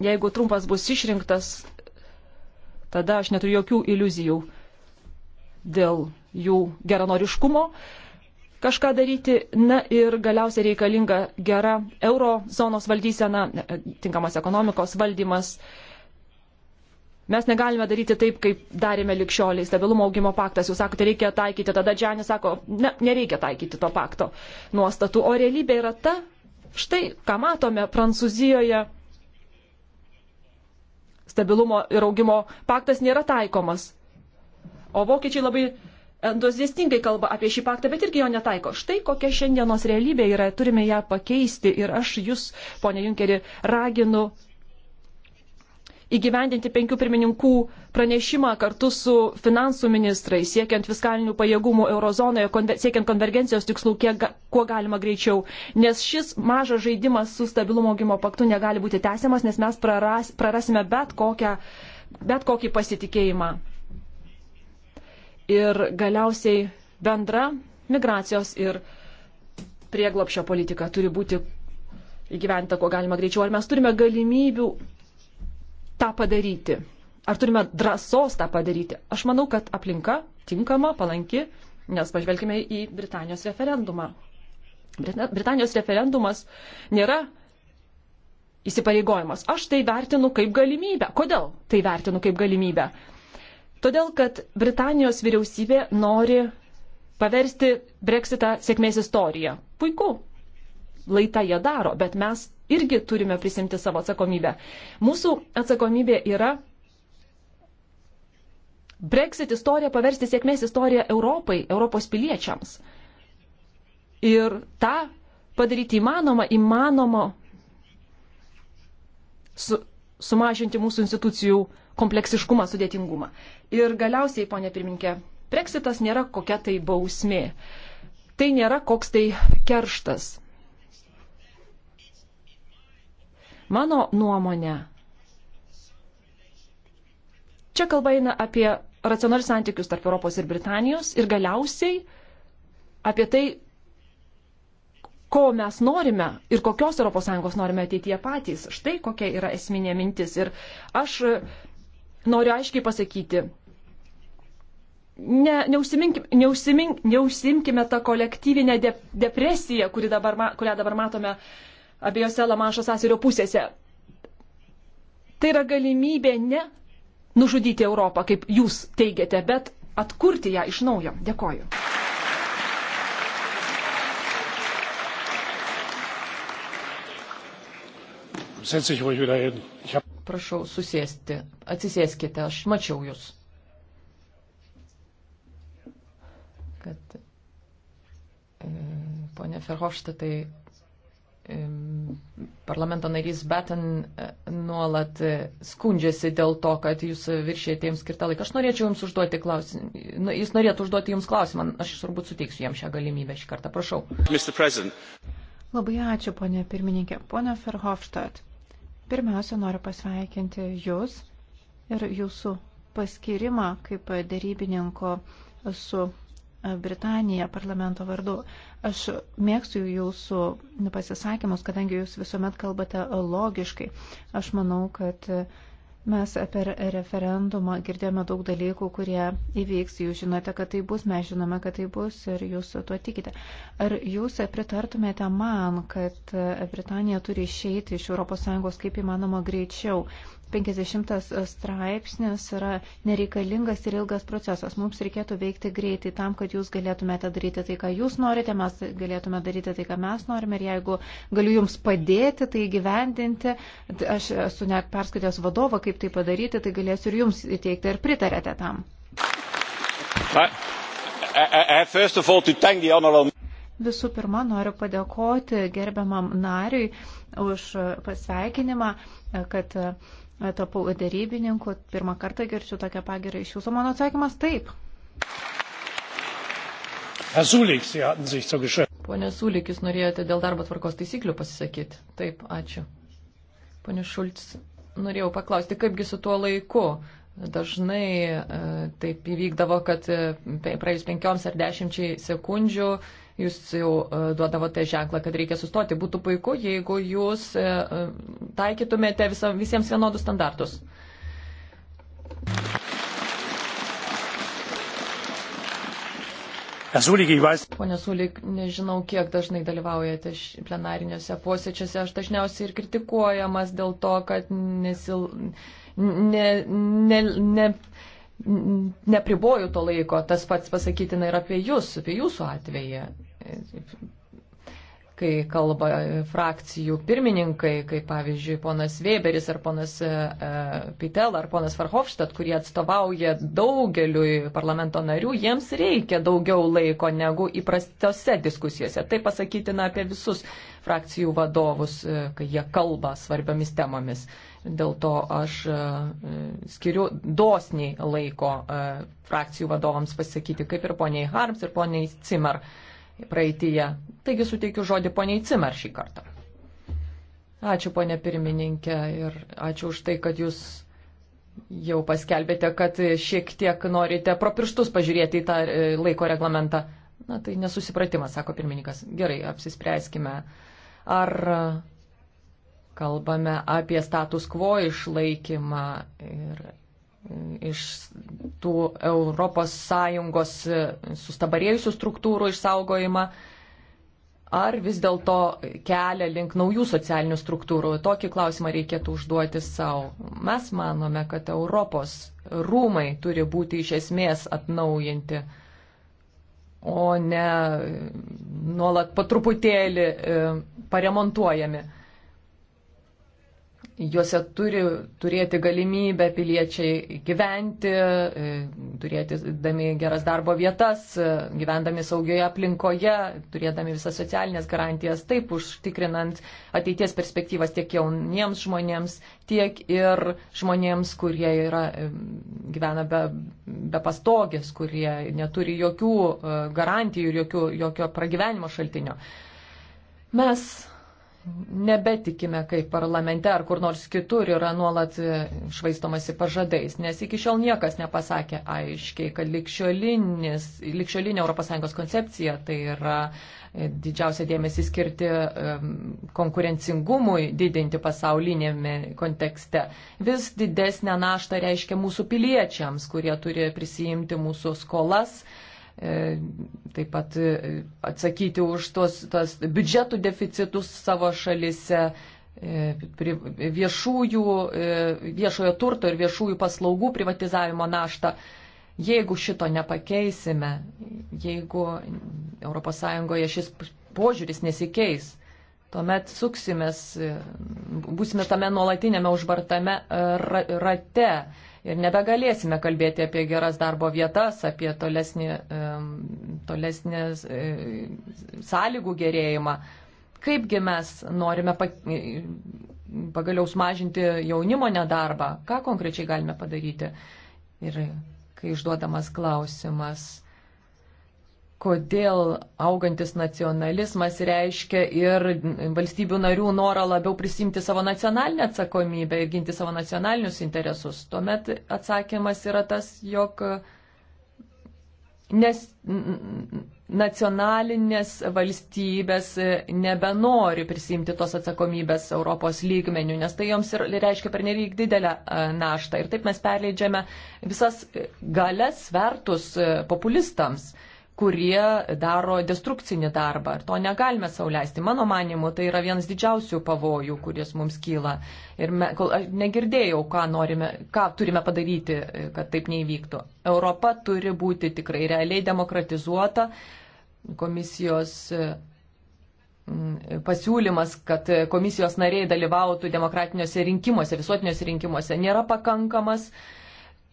[SPEAKER 4] jeigu Trumpas bus išrinktas, tada aš neturiu jokių iliuzijų dėl jų geranoriškumo kažką daryti. Na ir galiausiai reikalinga gera euro zonos valdysena, tinkamas ekonomikos valdymas. Mes negalime daryti taip, kaip darėme likščioliai. Stabilumo augimo paktas, jūs sakote, reikia taikyti, tada Džianis sako, ne, nereikia taikyti to pakto nuostatų. O realybė yra ta, štai ką matome Prancūzijoje stabilumo ir augimo paktas nėra taikomas. O vokiečiai labai entuziastingai kalba apie šį paktą, bet irgi jo netaiko. Štai kokia šiandienos realybė yra, turime ją pakeisti ir aš jūs, ponė Junkeri, raginu įgyvendinti penkių pirmininkų pranešimą kartu su finansų ministrai, siekiant fiskalinių pajėgumų eurozonoje, konver siekiant konvergencijos tikslų, kiek, kuo galima greičiau. Nes šis mažas žaidimas su stabilumo augimo paktu negali būti tęsiamas, nes mes praras, prarasime bet, kokią, bet kokį pasitikėjimą. Ir galiausiai bendra migracijos ir prieglopšio politika turi būti įgyventa, kuo galima greičiau. Ar mes turime galimybių tą padaryti? Ar turime drąsos tą padaryti? Aš manau, kad aplinka tinkama, palanki, nes pažvelgime į Britanijos referendumą. Britanijos referendumas nėra įsipareigojimas. Aš tai vertinu kaip galimybę. Kodėl tai vertinu kaip galimybę? Todėl, kad Britanijos vyriausybė nori paversti breksitą sėkmės istoriją. Puiku, laitą jie daro, bet mes irgi turime prisimti savo atsakomybę. Mūsų atsakomybė yra Brexit istoriją paversti sėkmės istoriją Europai, Europos piliečiams. Ir tą padaryti įmanoma, įmanoma su, sumažinti mūsų institucijų kompleksiškumą, sudėtingumą. Ir galiausiai, ponė pirminkė, Brexitas nėra kokia tai bausmė. Tai nėra koks tai kerštas. Mano nuomonė, čia kalba eina apie racionalius santykius tarp Europos ir Britanijos ir galiausiai apie tai, ko mes norime ir kokios ES norime ateityje patys. Štai kokia yra esminė mintis. Ir aš e, noriu aiškiai pasakyti, ne, neužsimink, neužsimink, neužsimkime tą kolektyvinę de, depresiją, dabar, kurią dabar matome abiejose Lamanšo sąsirio pusėse. Tai yra galimybė ne nužudyti Europą, kaip jūs teigiate, bet atkurti ją iš naujo. Dėkoju.
[SPEAKER 2] Prašau
[SPEAKER 1] susėsti. Atsisėskite, aš mačiau jūs. Kad e, ponė Ferhofštatai parlamento narys Batten e, nuolat e, skundžiasi dėl to, kad jūs viršėjate jums skirtą laiką. Aš norėčiau jums užduoti klausimą. Jis norėtų užduoti jums klausimą. Aš turbūt suteiksiu jam šią galimybę šį kartą. Prašau. Labai
[SPEAKER 3] ačiū, ponė pirmininkė. Pone Ferhofstadt, pirmiausia, noriu pasveikinti jūs ir jūsų paskirimą kaip darybininko su Britaniją parlamento vardu. Aš mėgstu jūsų pasisakymus, kadangi jūs visuomet kalbate logiškai. Aš manau, kad mes per referendumą girdėjome daug dalykų, kurie įvyks. Jūs žinote, kad tai bus, mes žinome, kad tai bus ir jūs tuo tikite. Ar jūs pritartumėte man, kad Britanija turi išeiti iš ES kaip įmanoma greičiau? 50 e, straipsnis yra nereikalingas ir ilgas procesas. Mums reikėtų veikti greitai tam, kad jūs galėtumėte daryti tai, ką jūs norite, mes galėtume daryti tai, ką mes norime ir jeigu galiu jums padėti tai gyvendinti, aš esu net perskaitęs vadovą, kaip tai padaryti, tai galėsiu ir jums įteikti, ar pritarėte tam.
[SPEAKER 2] First of all, to thank the honorable
[SPEAKER 3] Visų pirma, noriu padėkoti gerbiamam nariui už pasveikinimą, kad tapau darybininku, pirmą kartą girčiu tokią pagirą iš jūsų. Mano atsakymas taip.
[SPEAKER 2] Pone
[SPEAKER 1] Sulik, jūs norėjote dėl darbo tvarkos taisyklių pasisakyti. Taip, ačiū. Pone Šulc, norėjau paklausti, kaipgi su tuo laiku? Dažnai e, taip įvykdavo, kad e, praėjus penkioms ar dešimčiai sekundžių Jūs jau e, duodavote ženklą, kad reikia sustoti. Būtų puiku, jeigu jūs e, e, taikytumėte visam, visiems vienodus standartus. Pone Sulik, nežinau, kiek dažnai dalyvaujate plenariniuose posėčiuose. Aš dažniausiai ir kritikuojamas dėl to, kad nesil... ne, ne, ne, nepriboju to laiko. Tas pats pasakytina ir apie jūs, apie jūsų atveju kai kalba frakcijų pirmininkai, kaip pavyzdžiui ponas Weberis ar ponas e, e, Pitel ar ponas Farhofstadt, kurie atstovauja daugeliui parlamento narių, jiems reikia daugiau laiko negu įprastose diskusijose. Tai pasakytina apie visus frakcijų vadovus, e, kai jie kalba svarbiomis temomis. Dėl to aš skiriu dosniai laiko frakcijų vadovams pasakyti, kaip ir poniai Harms ir poniai Cimer praeitįje. Taigi suteikiu žodį poniai Cimer šį kartą. Ačiū ponė pirmininkė ir ačiū už tai, kad jūs jau paskelbėte, kad šiek tiek norite pro pirštus pažiūrėti į tą e, laiko reglamentą. Na tai nesusipratimas, sako pirmininkas. Gerai, apsispręskime. Ar kalbame apie status quo išlaikymą ir iš tų ES sustabarėjusių struktūrų išsaugojimą, ar vis dėlto kelia link naujų socialinių struktūrų. Tokį klausimą reikėtų užduoti savo. Mes manome, kad Europos rūmai turi būti iš esmės atnaujinti, o ne nuolat patruputėlį e, paremontuojami juose turi turėti galimybę piliečiai gyventi, e, turėti dami geras darbo vietas, e, gyvendami saugioje aplinkoje, turėdami visas socialinės garantijas, taip užtikrinant ateities perspektyvas tiek jauniems žmonėms, tiek ir žmonėms, kurie yra, e, gyvena be, be pastogės, kurie neturi jokių garantijų ir jokių, jokio pragyvenimo šaltinio. Mes nebetikime, kaip parlamente ar kur nors kitur yra nuolat e, švaistomasi pažadais, nes iki šiol niekas nepasakė aiškiai, kad likščiolinė ES koncepcija tai yra e, didžiausia dėmesį skirti konkurencingumui didinti pasaulinėme kontekste. Vis didesnę naštą reiškia mūsų piliečiams, kurie turi prisijimti mūsų skolas E, taip pat e, atsakyti už tos, tos biudžetų deficitus savo šalise, e, viešųjų, viešojo turto ir viešųjų paslaugų privatizavimo naštą. Jeigu šito nepakeisime, jeigu ES šis požiūris nesikeis, tuomet suksimės, būsime tame nuolatinėme užbartame rate ir nebegalėsime kalbėti apie geras darbo vietas, apie tolesnį, tolesnį e, sąlygų gerėjimą. Kaipgi mes norime e, pagaliau sumažinti jaunimo nedarbą, ką konkrečiai galime padaryti. Ir kai išduodamas klausimas kodėl augantis nacionalizmas reiškia ir valstybių narių norą labiau prisimti savo nacionalinę atsakomybę ir ginti savo nacionalinius interesus. Tuomet atsakymas yra tas, jog nes nacionalinės valstybės nebenori prisimti tos atsakomybės Europos lygmenių, nes tai joms ir reiškia pernelyg didelę naštą. Ir taip mes perleidžiame visas galias svertus e, populistams kurie daro destrukcinį darbą. Ir to negalime sauliaisti. Mano manimu, tai yra vienas didžiausių pavojų, kuris mums kyla. Ir me, kol, aš negirdėjau, ką, norime, ką turime padaryti, kad taip neįvyktų. Europa turi būti tikrai realiai demokratizuota. Komisijos mm, pasiūlymas, kad komisijos nariai dalyvautų demokratiniuose rinkimuose, visuotiniuose rinkimuose, nėra pakankamas. Uh,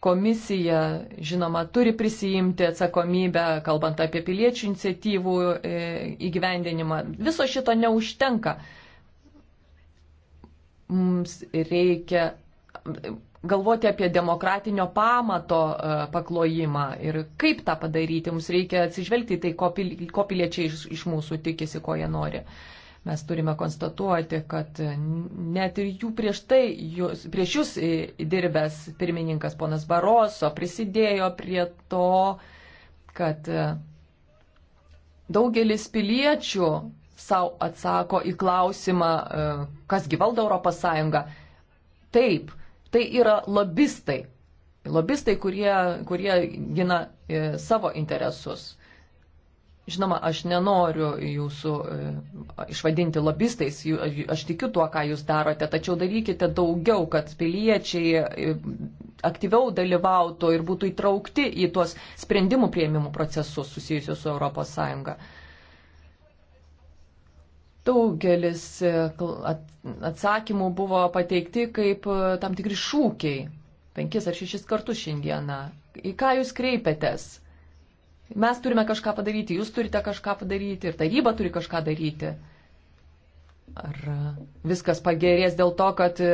[SPEAKER 1] Komisija, žinoma, turi prisijimti atsakomybę, kalbant apie piliečių iniciatyvų e, įgyvendinimą. Viso šito neužtenka. Mums reikia galvoti apie demokratinio pamato e, paklojimą ir kaip tą padaryti. Mums reikia atsižvelgti į tai, ko piliečiai iš mūsų tikisi, ko jie nori. Uh, Mes turime konstatuoti, kad net ir jų prieš tai, jūs, prieš jūs dirbęs pirmininkas ponas Baroso prisidėjo prie to, kad e, daugelis piliečių savo atsako į klausimą, e, kas gyvaldo Europos Sąjungą. Taip, tai yra lobistai. Lobistai, kurie, kurie gina e, savo interesus. Žinoma, aš nenoriu jūsų e, išvadinti lobistais, aš tikiu tuo, ką jūs darote, tačiau darykite daugiau, kad piliečiai e, aktyviau dalyvautų ir būtų įtraukti į tuos sprendimų prieimimų procesus susijusius su ES. Daugelis e, atsakymų buvo pateikti kaip tam tikri šūkiai, penkis ar šešis kartus šiandieną. Į ką jūs kreipiatės? Mes turime kažką padaryti, jūs turite kažką padaryti ir taryba turi kažką daryti. Ar viskas pagerės dėl to, kad e,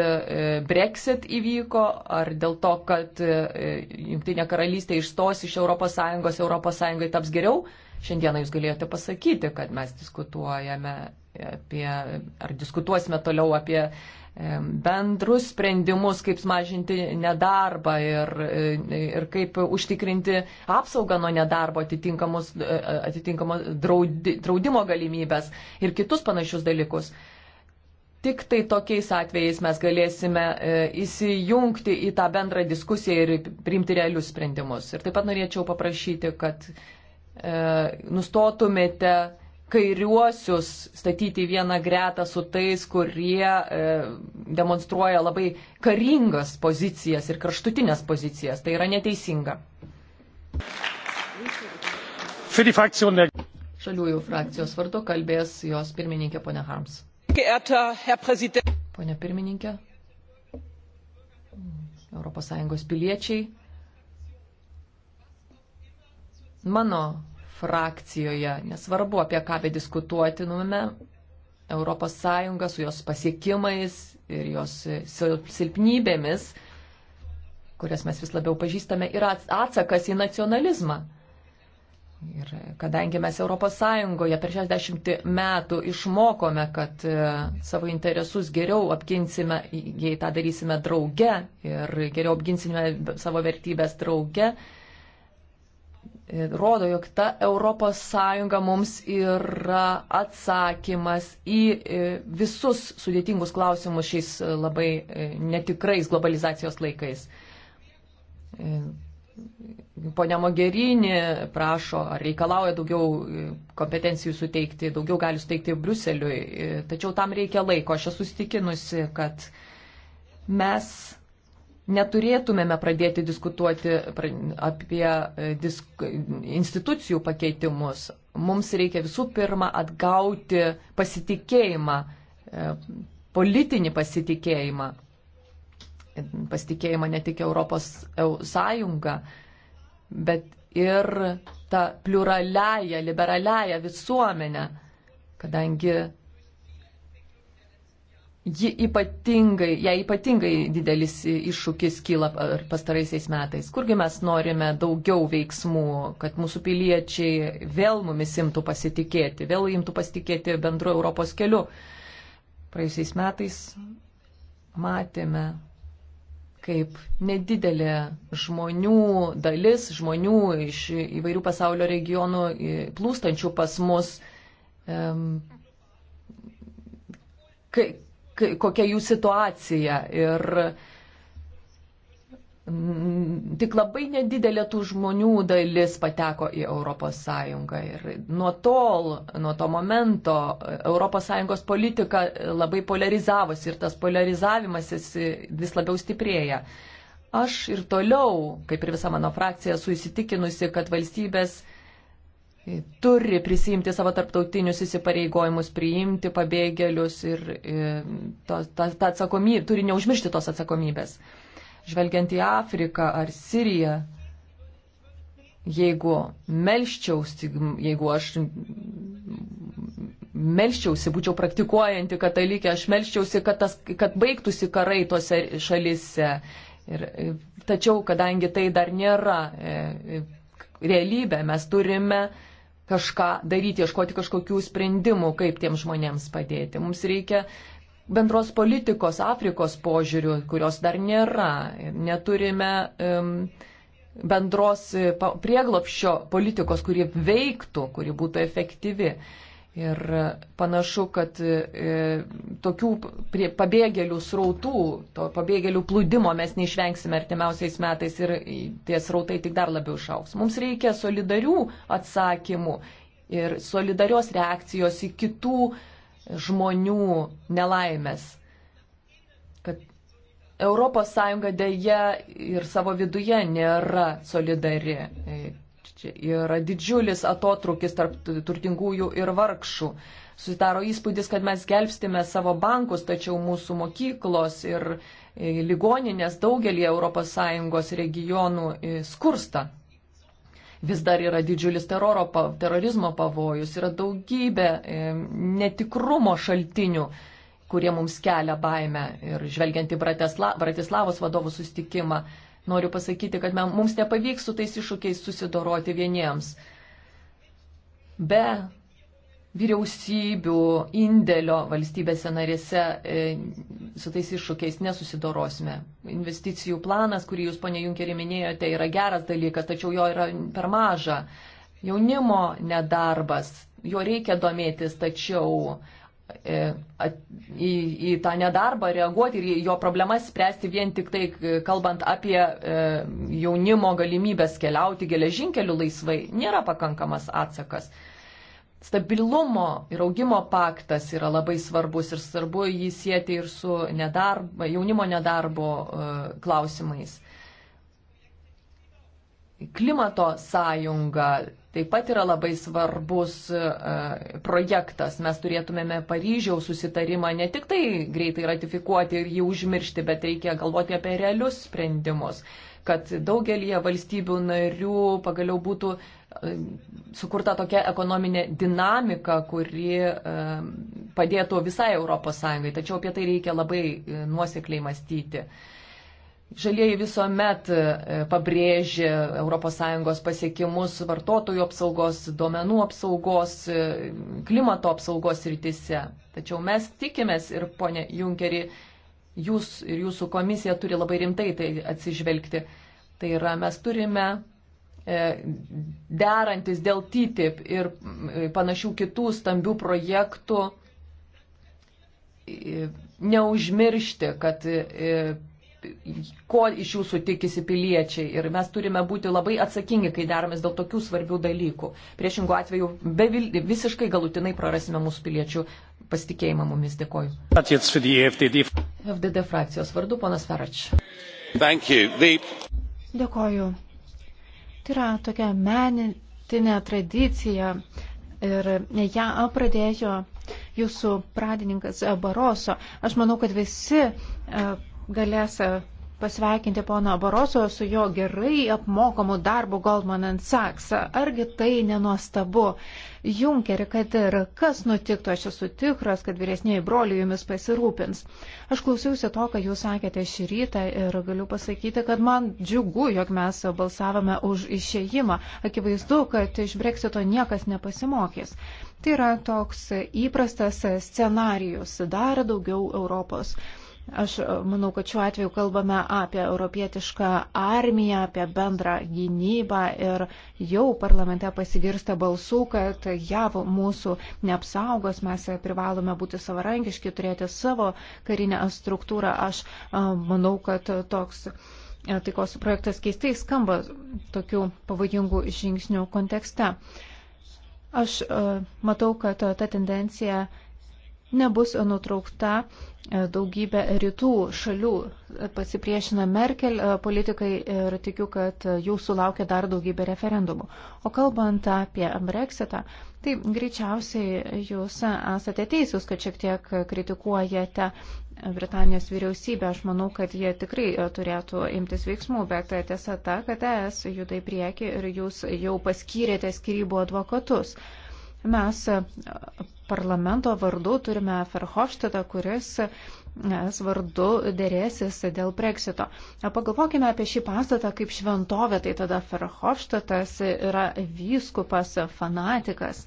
[SPEAKER 1] Brexit įvyko, ar dėl to, kad e, Junktinė karalystė išstos iš ES, ES taps geriau? Šiandieną jūs galėjote pasakyti, kad mes diskutuojame apie, ar diskutuosime toliau apie bendrus sprendimus, kaip mažinti nedarbą ir, e, ir kaip užtikrinti apsaugą nuo nedarbo atitinkamos, e, atitinkamos draudi, draudimo galimybės ir kitus panašius dalykus. Tik tai tokiais atvejais mes galėsime e, įsijungti į tą bendrą diskusiją ir priimti realius sprendimus. Ir taip pat norėčiau paprašyti, kad nustotumėte kairiuosius statyti vieną gretą su tais, kurie e, demonstruoja labai karingas pozicijas ir kraštutinės pozicijas. Tai yra neteisinga. Žaliųjų frakcijos vardu kalbės jos pirmininkė ponė Harms. Pone pirmininkė, ES piliečiai, mano frakcijoje. Nesvarbu, apie ką bediskutuotinumėme, ES su jos pasiekimais ir jos e, silpnybėmis, kurias mes vis labiau pažįstame, yra atsakas į nacionalizmą. Ir kadangi mes ES per 60 metų išmokome, kad e, savo interesus geriau apginsime, jei tą darysime drauge ir geriau apginsime savo vertybės drauge, rodo, jog ta ES mums yra atsakymas į e, visus sudėtingus klausimus šiais e, labai e, netikrais globalizacijos laikais. Pone Mogerini prašo ar reikalauja daugiau kompetencijų suteikti, daugiau gali suteikti Bruseliui, tačiau tam reikia laiko. Aš esu stikinusi, kad mes neturėtumėme pradėti diskutuoti apie e, disk, institucijų pakeitimus. Mums reikia visų pirma atgauti pasitikėjimą, e, politinį pasitikėjimą, pasitikėjimą ne tik Europos e Sąjunga, bet ir tą pluraliają, liberaliają visuomenę, kadangi ji ypatingai, jai ypatingai didelis iššūkis kyla pastaraisiais metais. Kurgi mes norime daugiau veiksmų, kad mūsų piliečiai vėl mumis imtų pasitikėti, vėl imtų pasitikėti bendru Europos keliu. Praėjusiais metais matėme, kaip nedidelė žmonių dalis, žmonių iš įvairių pasaulio regionų plūstančių pas mus, um, kai, kokia jų situacija. Ir mm, tik labai nedidelė tų žmonių dalis pateko į ES. Ir nuo tol, nuo to momento ES politika labai polarizavosi ir tas polarizavimas vis labiau stiprėja. Aš ir toliau, kaip ir visa mano frakcija, esu įsitikinusi, kad valstybės turi prisimti savo tarptautinius įsipareigojimus, priimti pabėgėlius ir ta, e, ta, ta atsakomybė, turi neužmiršti tos atsakomybės. Žvelgiant į Afriką ar Siriją, jeigu melščiausi, jeigu aš melščiausi, būčiau praktikuojanti katalikė, aš melščiausi, kad, tas, kad baigtųsi karai tose šalise. Ir, e, tačiau, kadangi tai dar nėra e, realybė, mes turime kažką daryti, ieškoti kažkokių sprendimų, kaip tiem žmonėms padėti. Mums reikia bendros politikos Afrikos požiūrių, kurios dar nėra. Neturime um, bendros e, prieglopščio politikos, kuri veiktų, kuri būtų efektyvi. Ir panašu, kad e, tokių prie, pabėgėlių srautų, to pabėgėlių plūdimo mes neišvengsime artimiausiais metais ir tie srautai tik dar labiau išauks. Mums reikia solidarių atsakymų ir solidarios reakcijos į kitų žmonių nelaimės. Kad ES dėja ir savo viduje nėra solidari. E, Čia yra didžiulis atotrukis tarp turtingųjų ir vargšų. Susidaro įspūdis, kad mes gelbstime savo bankus, tačiau mūsų mokyklos ir e, ligoninės daugelį ES regionų e, skursta. Vis dar yra didžiulis teroro, terorizmo pavojus, yra daugybė e, netikrumo šaltinių, kurie mums kelia baimę. Ir žvelgiant į Bratislavos vadovų sustikimą, Noriu pasakyti, kad mums nepavyks su tais iššūkiais susidoroti vieniems. Be vyriausybių indėlio valstybėse narėse e, su tais iššūkiais nesusidorosime. Investicijų planas, kurį jūs, ponė Junkerį, minėjote, yra geras dalykas, tačiau jo yra per maža. Jaunimo nedarbas, jo reikia domėtis, tačiau E, į, į tą nedarbą reaguoti ir jo problemas spręsti vien tik tai, kalbant apie e, jaunimo galimybės keliauti geležinkeliu laisvai, nėra pakankamas atsakas. Stabilumo ir augimo paktas yra labai svarbus ir svarbu jį sėti ir su nedarba, jaunimo nedarbo e, klausimais klimato sąjunga taip pat yra labai svarbus e, projektas. Mes turėtumėme Paryžiaus susitarimą ne tik tai greitai ratifikuoti ir jį užmiršti, bet reikia galvoti apie realius sprendimus, kad daugelie valstybių narių pagaliau būtų e, sukurta tokia ekonominė dinamika, kuri e, padėtų visai ES. Tačiau apie tai reikia labai nuosekliai mąstyti. Žalieji visuomet e, pabrėžė ES pasiekimus vartotojų apsaugos, duomenų apsaugos, e, klimato apsaugos rytise. Tačiau mes tikimės ir, ponė Junkeri, jūs ir jūsų komisija turi labai rimtai tai atsižvelgti. Tai yra, mes turime e, derantis dėl TTIP ir panašių kitų stambių projektų neužmiršti, kad ko iš jūsų tikisi piliečiai. Ir mes turime būti labai atsakingi, kai daromės dėl tokių svarbių dalykų. Priešingų atveju bevil, visiškai galutinai prarasime mūsų piliečių pasitikėjimą mumis. Dėkoju. FDD frakcijos vardu, ponas Ferač.
[SPEAKER 2] The...
[SPEAKER 3] Dėkoju. Tai yra tokia menintinė tradicija ir ją pradėjo jūsų pradininkas Baroso. Aš manau, kad visi e, galės e, pasveikinti pono Baroso su jo gerai apmokamu darbu Goldman Sachs. Argi tai nenuostabu? Junkeri, kad ir kas nutiktų, aš esu tikras, kad vyresniai broliai jumis pasirūpins. Aš klausiausi to, ką jūs sakėte šį rytą ir galiu pasakyti, kad man džiugu, jog mes balsavome už išėjimą. Akivaizdu, kad iš breksito niekas nepasimokys. Tai yra toks įprastas scenarijus. Dar daugiau Europos. Aš e, manau, kad šiuo atveju kalbame apie europietišką armiją, apie bendrą gynybą ir jau parlamente pasigirsta balsų, kad jav mūsų neapsaugos, mes privalome būti savarankiški, turėti savo karinę struktūrą. Aš e, manau, kad toks e, taikos projektas keistai skamba tokių pavojingų žingsnių kontekste. Aš matau, kad ta tendencija nebus nutraukta e, daugybė rytų šalių pasipriešina Merkel e, politikai ir tikiu, kad jų sulaukia dar daugybė referendumų. O kalbant apie Brexitą, tai greičiausiai jūs esate teisūs, kad šiek tiek kritikuojate Britanijos vyriausybę. Aš manau, kad jie tikrai e, turėtų imtis veiksmų, bet tiesa ta, kad es juda į priekį ir jūs jau paskyrėte skirybų advokatus. Mes parlamento vardu turime Ferhofštatą, kuris e, svardu dėrėsis dėl breksito. E, pagalvokime apie šį pastatą kaip šventovę, tai tada Ferhofštatas yra vyskupas fanatikas.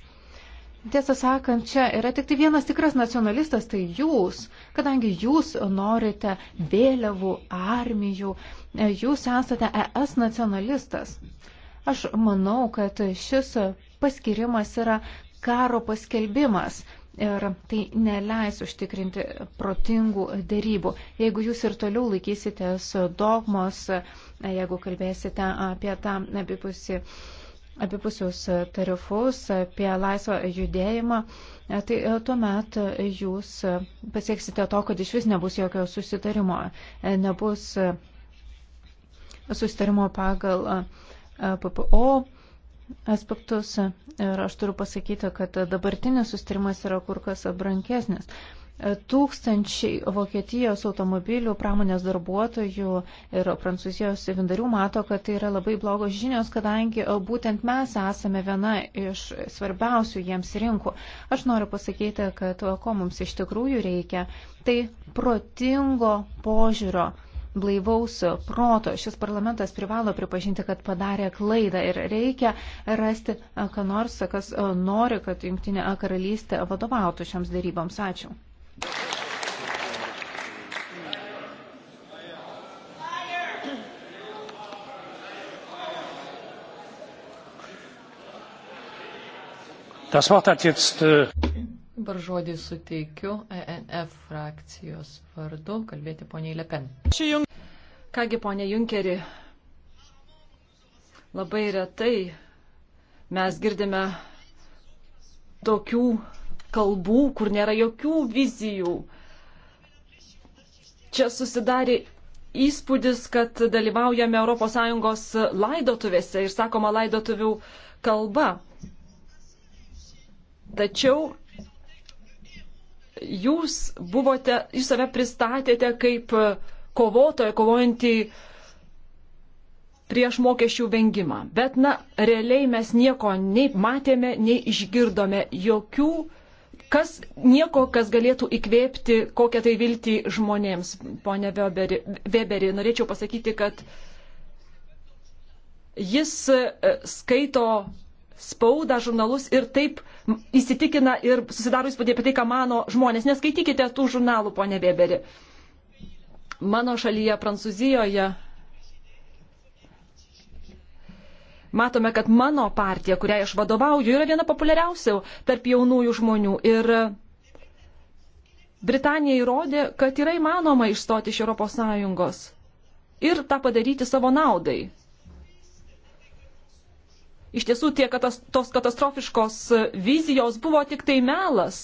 [SPEAKER 3] Tiesą sakant, čia yra tik tai vienas tikras nacionalistas, tai jūs, kadangi jūs norite vėliavų, armijų, e, jūs esate ES nacionalistas. Aš manau, kad šis paskirimas yra karo paskelbimas ir tai neleis užtikrinti protingų dėrybų. Jeigu jūs ir toliau laikysitės dogmos, jeigu kalbėsite apie tą abipusį abipusius tarifus, apie laisvą judėjimą, tai tuomet jūs pasieksite to, kad iš vis nebus jokio susitarimo, nebus susitarimo pagal PPO aspektus ir aš turiu pasakyti, kad dabartinis sustarimas yra kur kas brankesnis. Tūkstančiai Vokietijos automobilių pramonės darbuotojų ir Prancūzijos vindarių mato, kad tai yra labai blogos žinios, kadangi būtent mes esame viena iš svarbiausių jiems rinkų. Aš noriu pasakyti, kad ko mums iš tikrųjų reikia, tai protingo požiūrio blaivaus proto. Šis parlamentas privalo pripažinti, kad padarė klaidą ir reikia rasti, ką nors, kas nori, kad Junktinė karalystė vadovautų šiams daryboms. Ačiū.
[SPEAKER 2] Das Wort hat jetzt äh
[SPEAKER 1] Dabar žodį suteikiu ENF frakcijos vardu kalbėti poniai Lepen. Kągi, ponė Junkeri,
[SPEAKER 4] labai retai mes girdime tokių kalbų, kur nėra jokių vizijų. Čia susidarė įspūdis, kad dalyvaujame ES laidotuvėse ir sakoma laidotuvių kalba. Tačiau jūs buvote, jūs save pristatėte kaip e, kovotoją, kovojantį prieš mokesčių vengimą. Bet, na, realiai mes nieko nei matėme, nei išgirdome jokių, kas, nieko, kas galėtų įkvėpti kokią tai viltį žmonėms. Pone Weberi, Weberi norėčiau pasakyti, kad jis e, skaito spaudą, žurnalus ir taip įsitikina ir susidaro įspūdį apie tai, ką mano žmonės. Neskaitykite tų žurnalų, ponė Weberi. Mano šalyje, Prancūzijoje, matome, kad mano partija, kuriai aš vadovauju, yra viena populiariausių tarp jaunųjų žmonių. Ir Britanija įrodė, kad yra įmanoma išstoti iš ES ir tą padaryti savo naudai iš tiesų tie, katas, tos katastrofiškos e, vizijos buvo tik tai melas.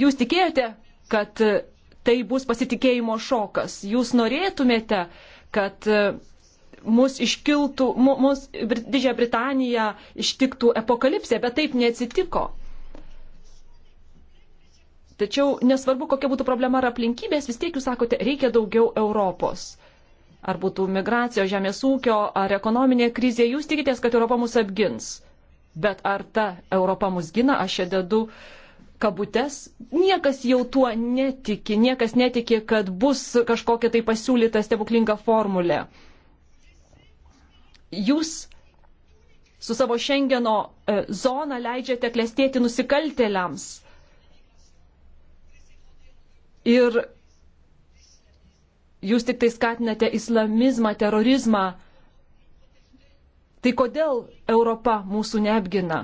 [SPEAKER 4] Jūs tikėjote, kad e, tai bus pasitikėjimo šokas. Jūs norėtumėte, kad e, mus iškiltų, mus Didžiąją Britaniją ištiktų apokalipsė, bet taip neatsitiko. Tačiau nesvarbu, kokia būtų problema ar aplinkybės, vis tiek jūs sakote, reikia daugiau Europos ar būtų migracijos, žemės ūkio, ar ekonominė krizė, jūs tikitės, kad Europa mus apgins. Bet ar ta Europa mus gina, aš čia dedu kabutes, niekas jau tuo netiki, niekas netiki, kad bus kažkokia tai pasiūlyta stebuklinga formulė. Jūs su savo Šengeno e, zona leidžiate klestėti nusikaltėliams. Ir jūs tik tai skatinate islamizmą, terorizmą. Tai kodėl Europa mūsų neapgina?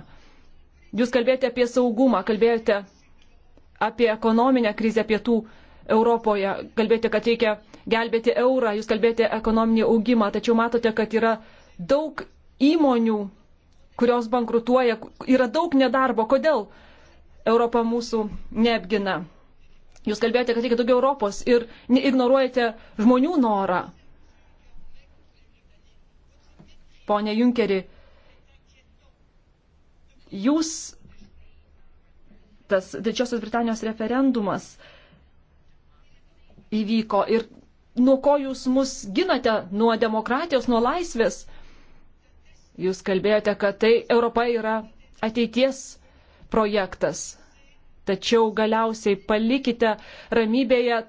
[SPEAKER 4] Jūs kalbėjote apie saugumą, kalbėjote apie ekonominę krizę pietų Europoje, kalbėjote, kad reikia gelbėti eurą, jūs kalbėjote ekonominį augimą, tačiau matote, kad yra daug įmonių, kurios bankrutuoja, yra daug nedarbo. Kodėl Europa mūsų neapgina? Jūs kalbėjote, kad reikia daugiau Europos ir ignoruojate žmonių norą. Pone Junkeri, jūs tas Didžiosios Britanijos referendumas įvyko ir nuo ko jūs mus ginate, nuo demokratijos, nuo laisvės. Jūs kalbėjote, kad tai Europa yra ateities projektas tačiau galiausiai palikite ramybėje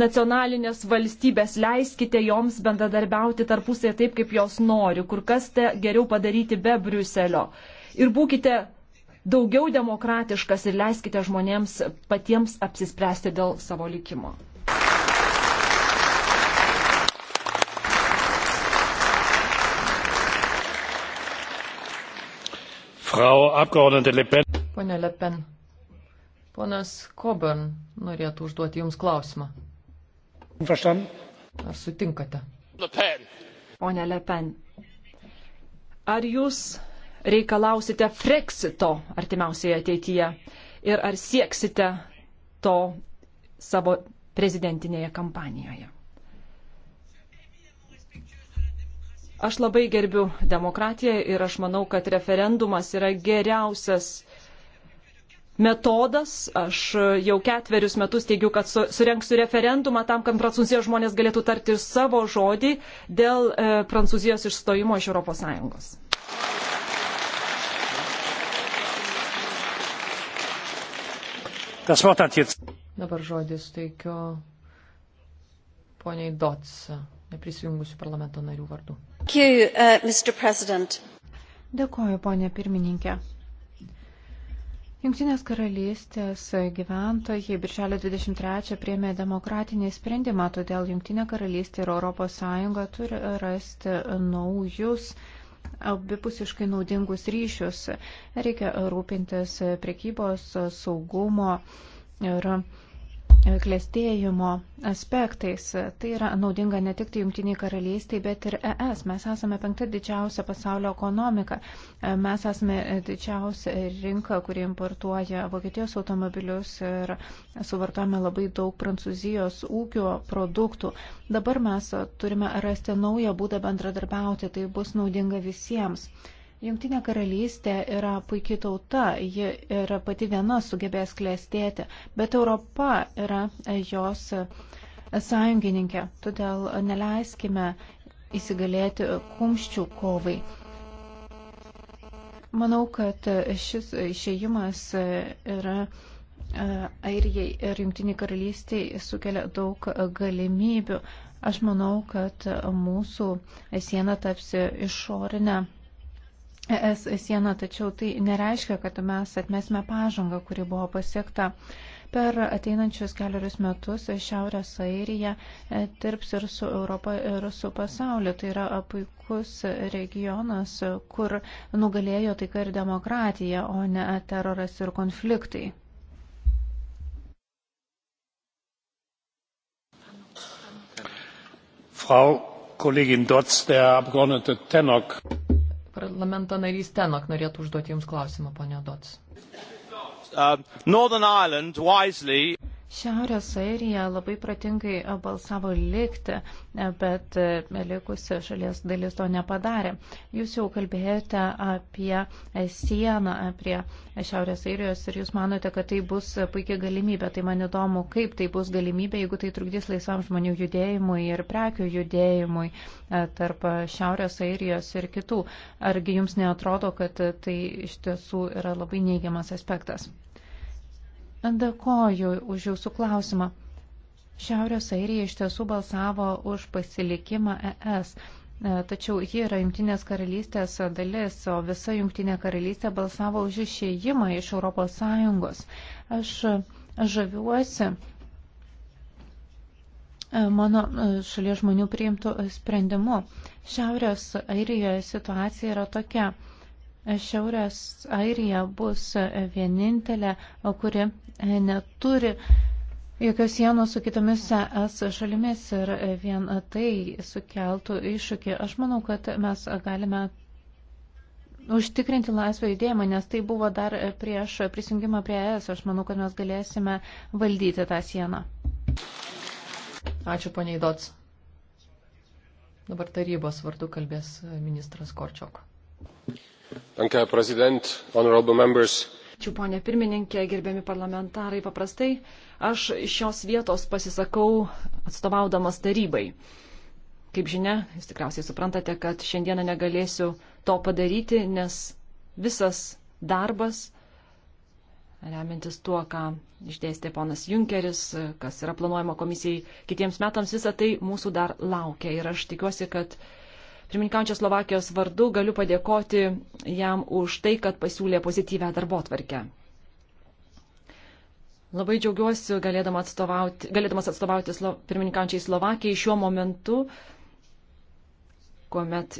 [SPEAKER 4] nacionalinės valstybės, leiskite joms bendradarbiauti tarpusėje taip, kaip jos nori, kur kas te geriau padaryti be Briuselio. Ir būkite daugiau demokratiškas ir leiskite žmonėms patiems apsispręsti dėl savo likimo.
[SPEAKER 2] Frau Abgeordnete Le Pen.
[SPEAKER 1] Pone Le Pen, Ponas Coburn norėtų užduoti Jums klausimą. Prašom. Ar sutinkate? Le Pen. Pone Le Pen, ar Jūs reikalausite
[SPEAKER 4] Frexito artimiausioje ateityje ir ar sieksite to savo prezidentinėje kampanijoje? Aš labai gerbiu demokratiją ir aš manau, kad referendumas yra geriausias metodas. Aš jau ketverius metus teigiu, kad surenksiu referendumą tam, kad prancūzijos žmonės galėtų tarti ir savo žodį dėl e, prancūzijos išstojimo iš ES.
[SPEAKER 1] Dabar žodis teikiu poniai Dots, neprisijungusių parlamento narių vardu.
[SPEAKER 3] Uh, Dėkuoju, ponė pirmininkė. Junktinės karalystės gyventojai birželio 23 priemė demokratinį sprendimą, todėl Junktinė karalystė ir ES turi rasti naujus abipusiškai naudingus ryšius. Reikia rūpintis prekybos saugumo ir klėstėjimo aspektais. Tai yra naudinga ne tik tai Junktiniai karalystiai, bet ir ES. Mes esame penkta didžiausia pasaulio ekonomika. Mes esame didžiausia rinka, kuri importuoja Vokietijos automobilius ir suvartojame labai daug Prancūzijos ūkio produktų. Dabar mes turime rasti naują būdą bendradarbiauti. Tai bus naudinga visiems. Jungtinė karalystė yra puikiai tauta, ji yra pati viena sugebės klėstėti, bet Europa yra jos sąjungininkė, todėl neleiskime įsigalėti kumščių kovai. Manau, kad šis išėjimas yra e, Airijai ir Junktiniai karalystiai sukelia daug galimybių. Aš manau, kad mūsų siena taps išorinę ES sieną, tačiau tai nereiškia, kad mes atmesime pažangą, kuri buvo pasiekta. Per ateinančius keliarius metus Šiaurės Airija e, dirbs ir su Europą, ir su pasauliu. Tai yra puikus regionas, kur nugalėjo taika ir demokratija, o ne teroras ir konfliktai.
[SPEAKER 2] Frau Kollegin Dotz, der Abgeordnete Tenok
[SPEAKER 1] parlamento narys Tenok norėtų užduoti Jums klausimą, ponė Dots. Uh, Šiaurės
[SPEAKER 3] Airija labai pratingai e, balsavo likti, e, bet e, likusi šalies dalis to nepadarė. Jūs jau kalbėjote apie sieną prie Šiaurės Airijos ir jūs manote, kad tai bus puikia galimybė. Tai man įdomu, kaip tai bus galimybė, jeigu tai trukdys laisvam žmonių judėjimui ir prekių judėjimui tarp Šiaurės Airijos ir kitų. Argi jums neatrodo, kad tai iš tiesų yra labai neigiamas aspektas? Dėkoju už jūsų klausimą. Šiaurės Airija iš tiesų balsavo už pasilikimą ES, e, tačiau ji yra Junktinės karalystės dalis, o visa Junktinė karalystė balsavo už išėjimą iš ES. Aš žaviuosi e, mano e, šalies žmonių priimtų sprendimu. Šiaurės Airijoje situacija yra tokia. Šiaurės Airija bus vienintelė, kuri neturi jokios sienos su kitomis ES šalimis ir vien tai sukeltų iššūkį. Aš manau, kad mes galime užtikrinti laisvą judėjimą, nes tai buvo dar prieš prisijungimą prie ES. Aš manau, kad mes galėsime valdyti tą sieną.
[SPEAKER 1] Ačiū, poniai Dots. Dabar tarybos vardu kalbės ministras Korčiok.
[SPEAKER 2] Danke, Herr Präsident, honorable
[SPEAKER 5] members.
[SPEAKER 4] Ačiū, ponė pirmininkė, gerbiami parlamentarai. Paprastai aš iš šios vietos pasisakau atstovaudamas tarybai. Kaip žinia, jūs tikriausiai suprantate, kad šiandieną negalėsiu to padaryti, nes visas darbas, remiantis tuo, ką išdėstė ponas Junkeris, kas yra planuojama komisijai kitiems metams, visa tai mūsų dar laukia. Ir aš tikiuosi, kad uh, Pirmininkaujančios Slovakijos vardu galiu padėkoti jam už tai, kad pasiūlė pozityvę darbo tvarkę. Labai džiaugiuosi galėdama atstovauti, galėdamas atstovauti slo, pirmininkaujančiai Slovakijai šiuo momentu, kuomet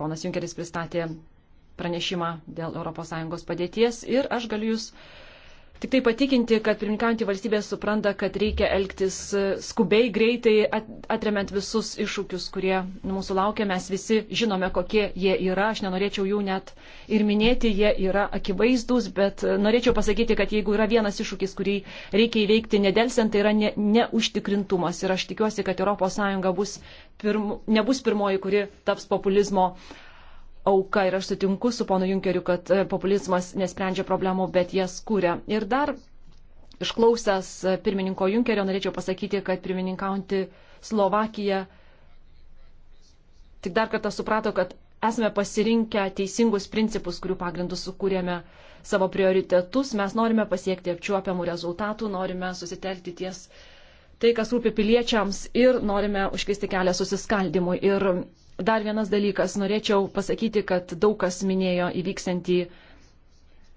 [SPEAKER 4] ponas Junkeris pristatė pranešimą dėl ES padėties ir aš galiu jūs Tik tai patikinti, kad pirmininkaujantį valstybę supranta, kad reikia elgtis e, skubiai, greitai, atremiant visus iššūkius, kurie mūsų laukia. Mes visi žinome, kokie jie yra. Aš nenorėčiau jų net ir minėti, jie yra akivaizdus, bet e, norėčiau pasakyti, kad jeigu yra vienas iššūkis, kurį reikia įveikti nedelsiant, tai yra ne, neužtikrintumas. Ir aš tikiuosi, kad ES bus pirm, nebus pirmoji, kuri taps populizmo auka ir aš sutinku su ponu Junkeriu, kad e, populizmas nesprendžia problemų, bet jas kūrė. Ir dar išklausęs e, pirmininko Junkerio norėčiau pasakyti, kad pirmininkaujantį Slovakiją tik dar kartą suprato, kad esame pasirinkę teisingus principus, kurių pagrindų sukūrėme savo prioritetus, mes norime pasiekti apčiuopiamų rezultatų, norime susitelkti ties tai, kas rūpi piliečiams ir norime užkisti kelią susiskaldimui. Ir Dar vienas dalykas, norėčiau pasakyti, kad daug kas minėjo įvyksantį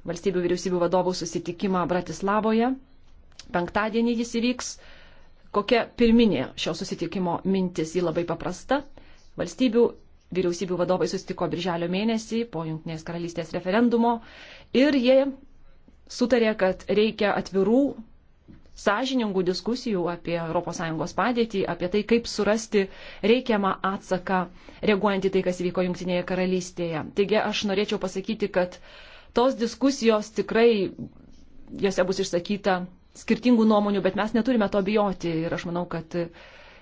[SPEAKER 4] valstybių vyriausybių vadovų susitikimą Bratislavoje. Penktadienį jis įvyks. Kokia pirminė šio susitikimo mintis, ji labai paprasta. Valstybių vyriausybių vadovai susitiko birželio mėnesį po Junktinės karalystės referendumo ir jie sutarė, kad reikia atvirų sąžiningų diskusijų apie ES padėtį, apie tai, kaip surasti reikiamą atsaką, reaguojant į tai, kas vyko Junktinėje karalystėje. Taigi aš norėčiau pasakyti, kad tos diskusijos tikrai, jose bus išsakyta skirtingų nuomonių, bet mes neturime to bijoti ir aš manau, kad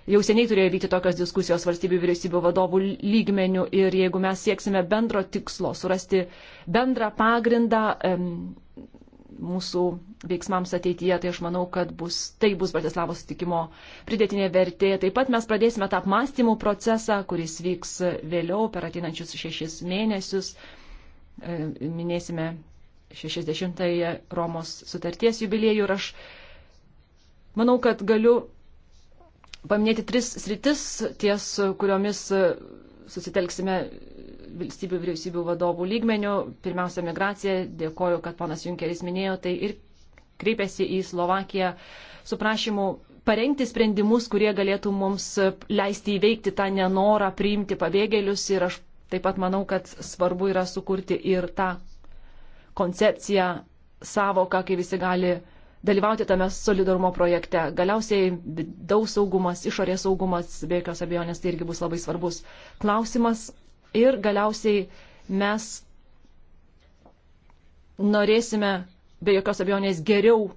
[SPEAKER 4] jau seniai turėjo vykti tokios diskusijos valstybių vyriausybių vadovų lygmenių ir jeigu mes sieksime bendro tikslo, surasti bendrą pagrindą, mūsų veiksmams ateityje, tai aš manau, kad bus, tai bus Bratislavos sutikimo pridėtinė vertė. Taip pat mes pradėsime tą apmąstymų procesą, kuris vyks vėliau per ateinančius šešis mėnesius. E, minėsime 60-ąją Romos sutarties jubiliejų ir aš manau, kad galiu paminėti tris sritis, ties kuriomis e, susitelksime valstybių vyriausybių vadovų lygmenių. Pirmiausia, migracija. Dėkoju, kad ponas Junkeris minėjo tai ir kreipėsi į Slovakiją su prašymu parengti sprendimus, kurie galėtų mums leisti įveikti tą nenorą priimti pabėgėlius. Ir aš taip pat manau, kad svarbu yra sukurti ir tą koncepciją, savoką, kai visi gali dalyvauti tame solidarumo projekte. Galiausiai vidaus saugumas, išorės saugumas, be jokios abejonės, tai irgi bus labai svarbus klausimas ir galiausiai mes norėsime be jokios abejonės geriau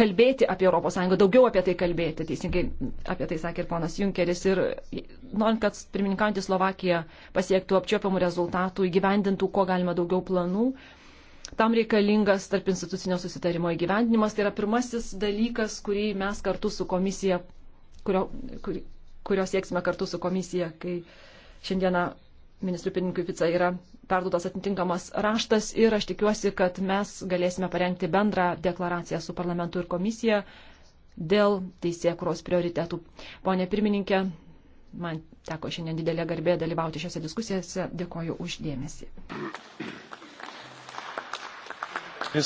[SPEAKER 4] kalbėti apie ES, daugiau apie tai kalbėti, teisingai apie tai sakė ir ponas Junkeris. Ir norint, kad pirmininkantį Slovakiją pasiektų apčiopiamų rezultatų, įgyvendintų kuo galima daugiau planų, tam reikalingas tarp institucinio susitarimo įgyvendinimas. Tai yra pirmasis dalykas, kurį mes kartu su komisija, kurio, kur, kurios sieksime kartu su komisija, kai šiandieną ministrų pirmininkui Fica yra perduotas atitinkamas raštas ir aš tikiuosi, kad mes galėsime parengti bendrą deklaraciją su parlamentu ir komisija dėl teisėkuros prioritetų. Pone pirmininkė, man teko šiandien didelė garbė dalyvauti šiuose diskusijose. Dėkoju už dėmesį.
[SPEAKER 2] E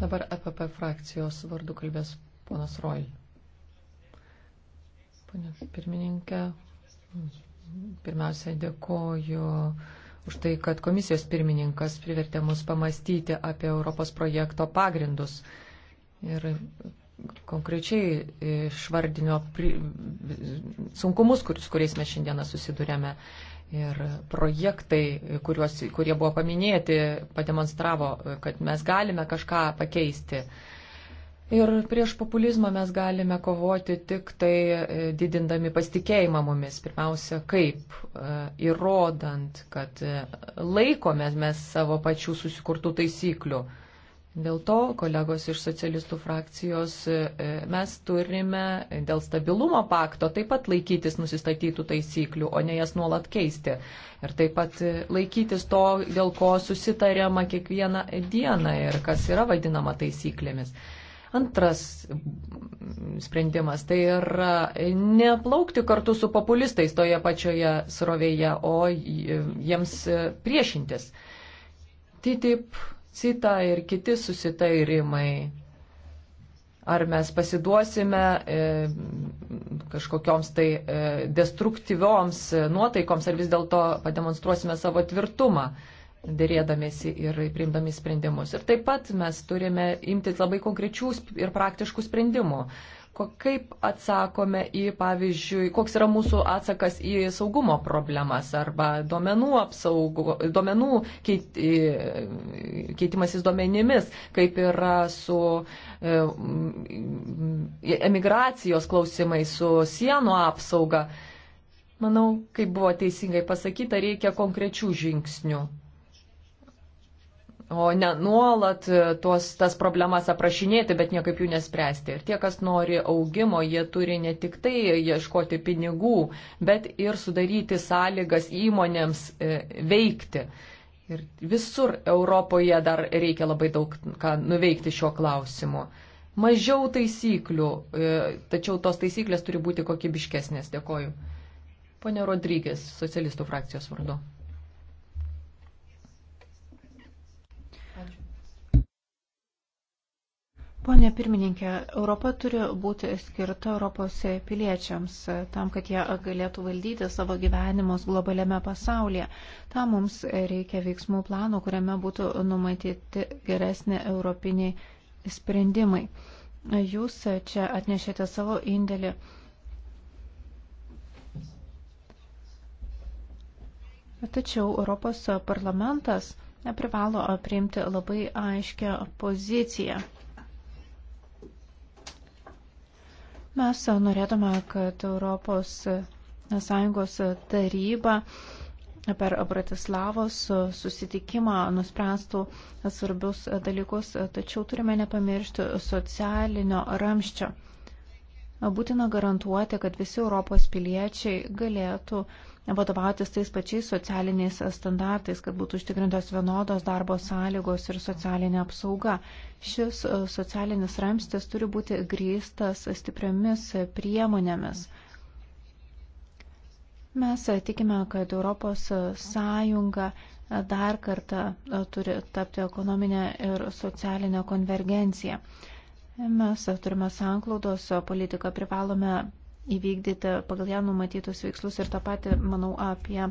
[SPEAKER 1] Dabar EPP frakcijos vardu kalbės ponas Roil. Pane pirmininkė, pirmiausia dėkoju už tai, kad komisijos pirmininkas privertė mus pamastyti apie Europos projekto pagrindus. Ir konkrečiai išvardinio pri... sunkumus, kur, su kuriais mes šiandieną susidurėme. Ir projektai, kuriuos, kurie buvo paminėti, pademonstravo, kad mes galime kažką pakeisti. Ir prieš populizmą mes galime kovoti tik tai e, didindami pasitikėjimą mumis. Pirmiausia, kaip e, įrodant, kad e, laikomės mes savo pačių susikurtų taisyklių. Dėl to, kolegos iš socialistų frakcijos, mes turime dėl stabilumo pakto taip pat laikytis nusistatytų taisyklių, o ne jas nuolat keisti. Ir taip pat laikytis to, dėl ko susitarėma kiekvieną dieną ir kas yra vadinama taisyklėmis. Antras sprendimas tai yra neplaukti kartu su populistais toje pačioje srovėje, o jiems priešintis. TTIP, CITA ir kiti susitairimai ar mes pasiduosime e, kažkokioms tai e, destruktyvioms e, nuotaikoms, ar vis dėlto pademonstruosime savo tvirtumą. E, dėrėdamėsi ir priimdami sprendimus. Ir taip pat mes turime imtis labai konkrečių ir praktiškų sprendimų. Kaip atsakome į, pavyzdžiui, koks yra mūsų atsakas į saugumo problemas arba duomenų, apsaugo, duomenų keit, keitimasis duomenimis, kaip yra su e, emigracijos klausimai, su sienų apsauga. Manau, kaip buvo teisingai pasakyta, reikia konkrečių žingsnių o ne nuolat e, tuos, tas problemas aprašinėti, bet niekaip jų nespręsti. Ir tie, kas nori augimo, jie turi ne tik tai ieškoti pinigų, bet ir sudaryti sąlygas įmonėms e, veikti. Ir visur Europoje dar reikia labai daug ką nuveikti šiuo klausimu. Mažiau taisyklių, e, tačiau tos taisyklės turi būti kokybiškesnės. Dėkoju. Pone Rodrygės, socialistų frakcijos vardu.
[SPEAKER 3] Pone pirmininkė, Europa turi būti skirta Europos piliečiams, tam, kad jie galėtų valdyti savo gyvenimus globaliame pasaulyje. Tam mums reikia veiksmų plano, kuriame būtų numatyti geresni europiniai sprendimai. Jūs čia atnešėte savo indėlį. Tačiau Europos parlamentas privalo priimti labai aiškę poziciją Mes norėtume, kad Europos Sąjungos taryba per Bratislavos susitikimą nuspręstų svarbius dalykus, tačiau turime nepamiršti socialinio ramščio. Būtina garantuoti, kad visi Europos piliečiai galėtų uh, vadovautis tais pačiais socialiniais standartais, kad būtų užtikrintos vienodos darbo sąlygos ir socialinė apsauga. Šis e, socialinis ramstis turi būti grįstas stipriamis priemonėmis. Mes e, tikime, kad Europos Sąjunga e, dar kartą turi tapti ekonominę ir socialinę konvergenciją. Mes turime sanklaudos politiką, privalome įvykdyti pagal ją numatytus veikslus ir tą patį, manau, apie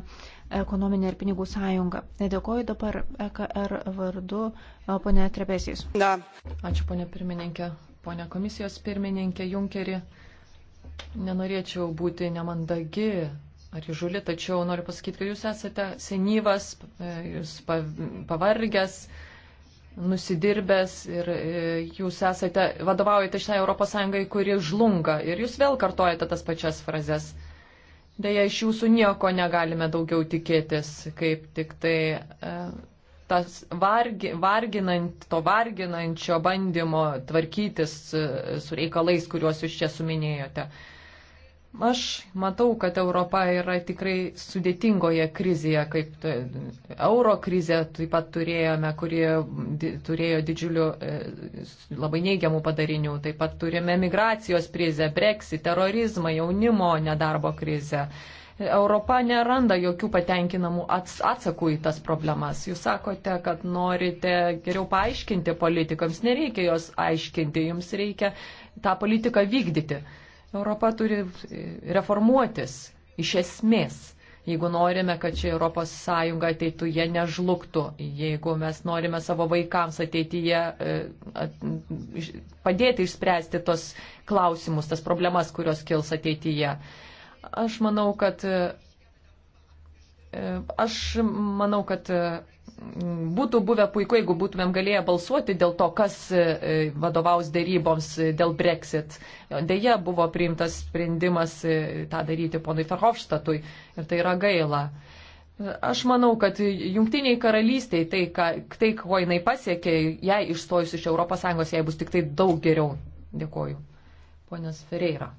[SPEAKER 3] ekonominę ir pinigų sąjungą. Dėkoju dabar EKR vardu, ponė Trebesys. Da.
[SPEAKER 1] Ačiū, ponė pirmininkė, ponė komisijos pirmininkė Junkeri. Nenorėčiau būti nemandagi ar įžuli, tačiau noriu pasakyti, kad jūs esate senyvas, e, jūs pavargęs nusidirbęs ir e, jūs esate, vadovaujate šitai ES, kuri žlunga ir jūs vėl kartojate tas pačias frazes. Deja, iš jūsų nieko negalime daugiau tikėtis, kaip tik tai e, tas vargi, varginant, to varginančio bandymo tvarkytis e, su reikalais, kuriuos jūs čia suminėjote. Aš matau, kad Europa yra tikrai sudėtingoje krizėje, kaip euro krizė taip pat turėjome, kurie turėjo didžiulių e, labai neigiamų padarinių. Taip pat turime migracijos krizę, brexit, terorizmą, jaunimo nedarbo krizę. Europa neranda jokių patenkinamų atsakų į tas problemas. Jūs sakote, kad norite geriau paaiškinti politikams, nereikia jos aiškinti, jums reikia tą politiką vykdyti. Europa turi e, reformuotis iš esmės, jeigu norime, kad ši Europos Sąjunga ateityje nežlugtų, jeigu mes norime savo vaikams ateityje e, padėti išspręsti tos klausimus, tas problemas, kurios kils ateityje. Aš manau, kad. E, aš manau, kad būtų buvę puiku, jeigu būtumėm galėję balsuoti dėl to, kas e, e, vadovaus dėryboms e, dėl Brexit. Deja, buvo priimtas sprendimas tą daryti ponui Ferhofštatui ir tai yra gaila. Aš manau, kad jungtiniai karalystiai tai, ką, tai ko jinai pasiekė, jai išstojus iš ES, jai bus tik tai daug geriau. Dėkoju. Ponas Ferreira.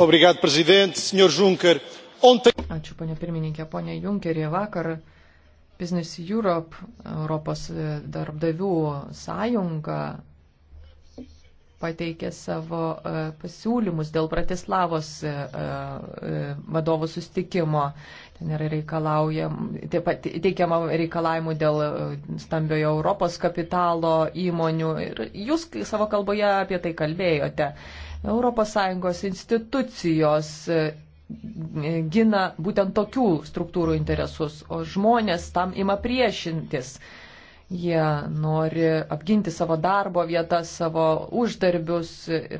[SPEAKER 2] Obrigado, prezident, senor Juncker.
[SPEAKER 1] Ačiū, ponė pirmininkė, ponė Junkerė, vakar Business Europe, Europos e, darbdavių sąjunga, pateikė savo e, pasiūlymus dėl Pratislavos e, vadovų sustikimo. Ten yra teikiama reikalavimų dėl stambiojo Europos kapitalo įmonių. Ir jūs savo kalboje apie tai kalbėjote. ES institucijos gina būtent tokių struktūrų interesus, o žmonės tam ima priešintis. Jie nori apginti savo darbo vietas, savo uždarbius,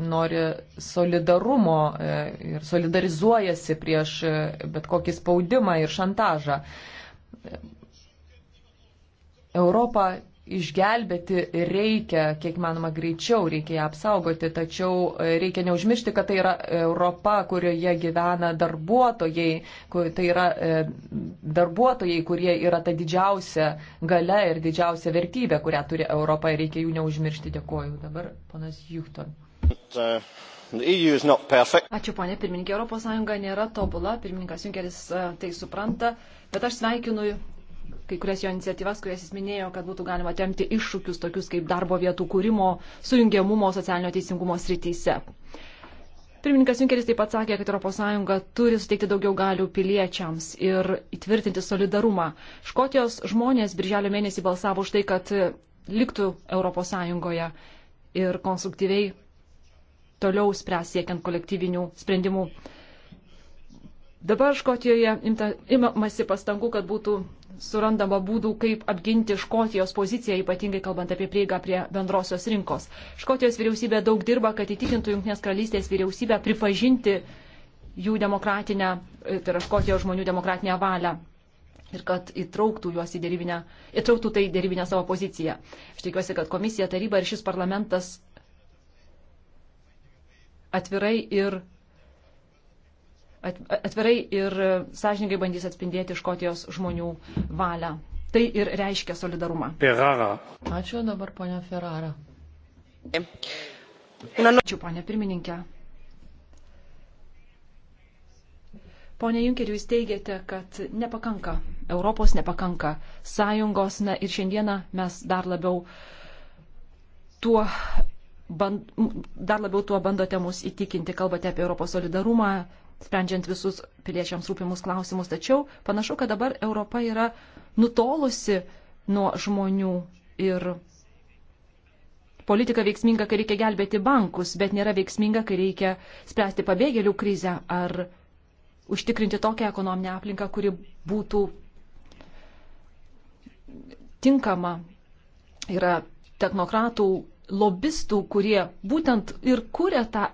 [SPEAKER 1] nori solidarumo e, ir solidarizuojasi prieš e, bet kokį spaudimą ir šantažą. Europa išgelbėti reikia, kiek manoma, greičiau, reikia ją apsaugoti, tačiau e, reikia neužmiršti, kad tai yra Europa, kurioje gyvena darbuotojai, tai yra e, darbuotojai, kurie yra ta didžiausia gale ir didžiausia vertybė, kurią turi Europa ir reikia jų neužmiršti. Dėkuoju. Dabar ponas Juhton.
[SPEAKER 2] Uh, e
[SPEAKER 4] Ačiū, ponė pirmininkė. Europos Sąjunga nėra tobula, pirmininkas Junkeris uh, tai supranta, bet aš sveikinu kai kurias jo iniciatyvas, kurias jis minėjo, kad būtų galima temti iššūkius tokius kaip darbo vietų kūrimo, sujungiamumo, socialinio teisingumo srityse. Pirmininkas Junkeris taip pat sakė, kad ES turi suteikti daugiau galių piliečiams ir įtvirtinti solidarumą. Škotijos žmonės birželio mėnesį balsavo už tai, kad liktų ES ir konstruktyviai toliau spręs siekiant kolektyvinių sprendimų. Dabar Škotijoje imamasi pastangų, kad būtų surandama būdų, kaip apginti Škotijos poziciją, ypatingai kalbant apie prieigą prie bendrosios rinkos. Škotijos vyriausybė daug dirba, kad įtikintų Junktinės karalystės vyriausybę pripažinti jų demokratinę, e, tai yra Škotijos žmonių demokratinę valią ir kad įtrauktų, dėrybinę, įtrauktų tai dėrybinę savo poziciją. Aš tikiuosi, kad komisija, taryba ir šis parlamentas atvirai ir atvirai ir sąžininkai bandys atspindėti Škotijos žmonių valią. Tai ir reiškia solidarumą. Ferrara. Ačiū dabar, ponia Ferrara. Nu- Ačiū, ponia pirmininkė. Pone Junkeriu, jūs teigiate, kad nepakanka Europos, nepakanka sąjungos, na ir šiandieną mes dar labiau tuo, band, dar labiau tuo bandote mus įtikinti, kalbate apie Europos solidarumą, sprendžiant visus piliečiams rūpimus klausimus. Tačiau panašu, kad dabar Europa yra nutolusi nuo žmonių ir politika veiksminga, kai reikia gelbėti bankus, bet nėra veiksminga, kai reikia spręsti pabėgėlių krizę ar užtikrinti tokią ekonominę aplinką, kuri būtų tinkama. Yra technokratų, lobistų, kurie būtent ir kūrė tą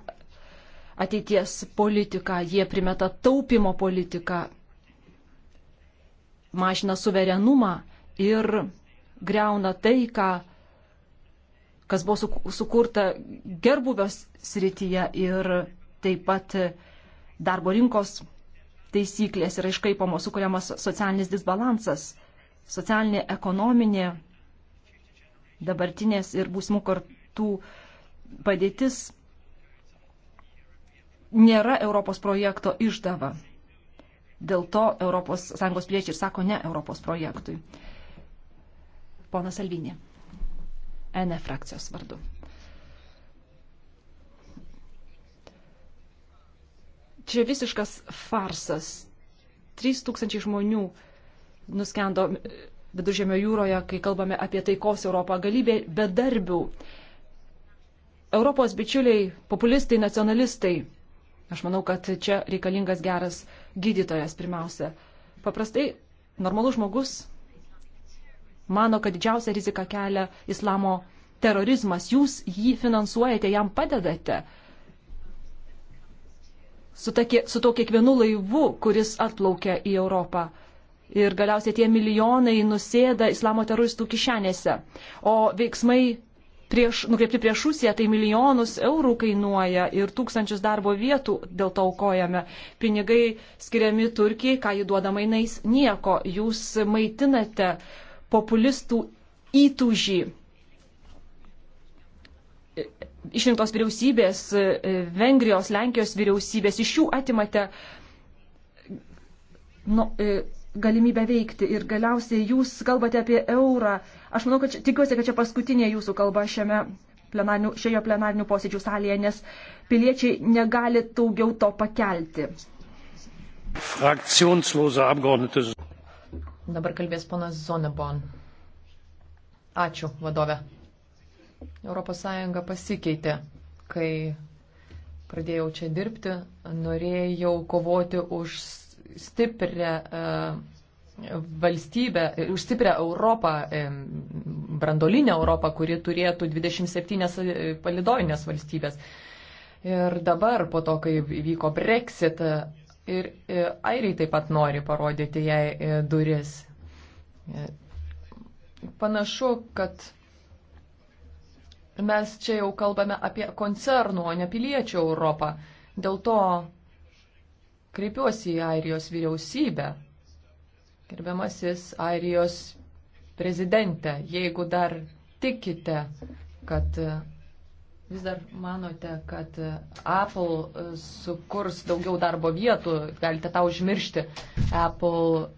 [SPEAKER 4] ateities politiką, jie primeta taupimo politiką, mažina suverenumą ir greuna tai, ką, kas buvo sukurta gerbuvios srityje ir taip pat darbo rinkos taisyklės yra iškaipamos, sukuriamas socialinis disbalansas, socialinė, ekonominė, dabartinės ir būsimų kartų padėtis nėra Europos projekto išdava. Dėl to ES piliečiai ir sako ne Europos projektui. Ponas Alvinė, NE frakcijos vardu. Čia visiškas farsas. 3000 žmonių nuskendo Viduržėmio jūroje, kai kalbame apie taikos Europą, galybė bedarbių. Europos bičiuliai, populistai, nacionalistai Aš manau, kad čia reikalingas geras gydytojas pirmiausia. Paprastai normalus žmogus mano, kad didžiausia rizika kelia islamo terorizmas. Jūs jį finansuojate, jam padedate. Su, takie, su to kiekvienu laivu, kuris atplaukia į Europą. Ir galiausiai tie milijonai nusėda islamo teroristų kišenėse. O veiksmai prieš, nukreipti prieš Rusiją, tai milijonus eurų kainuoja ir tūkstančius darbo vietų dėl to aukojame. Pinigai skiriami Turkijai, ką jį duoda mainais, nieko. Jūs maitinate populistų įtūžį. Išrinktos vyriausybės, Vengrijos, Lenkijos vyriausybės, iš jų atimate nu, e, galimybę veikti. Ir galiausiai jūs kalbate apie eurą, Aš manau, kad čia, tikiuosi, kad čia paskutinė jūsų kalba šiame plenarnių, šioje plenarnių posėdžių salėje, nes piliečiai negali daugiau to pakelti.
[SPEAKER 2] Frakcionsloza apgaunitis.
[SPEAKER 1] Dabar kalbės ponas Zonebon. Ačiū, vadovė. ES pasikeitė, kai pradėjau čia dirbti, norėjau kovoti už stiprią. Uh, valstybę, už stiprią Europą, brandolinę Europą, kuri turėtų 27 e, palidovinės valstybės. Ir dabar, po to, kai vyko Brexit, e, ir e, airiai taip pat nori parodyti jai duris. Panašu, kad mes čia jau kalbame apie koncernų, o ne piliečių Europą. Dėl to kreipiuosi į Airijos vyriausybę Gerbiamasis Airijos prezidente, jeigu dar tikite, kad vis dar manote, kad Apple e, sukurs daugiau darbo vietų, galite tą užmiršti. Apple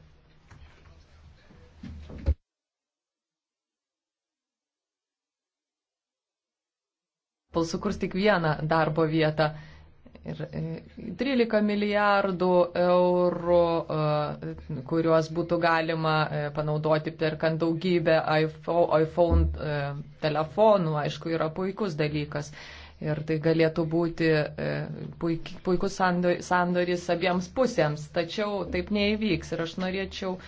[SPEAKER 1] Apple sukurs tik vieną darbo vietą. Ir 13 e, milijardų eurų, e, kuriuos būtų galima e, panaudoti perkant daugybę iPhone, iPhone telefonų, aišku, yra puikus dalykas. Ir tai galėtų būti puikus sandoris abiems pusėms, tačiau taip neįvyks. Ir aš norėčiau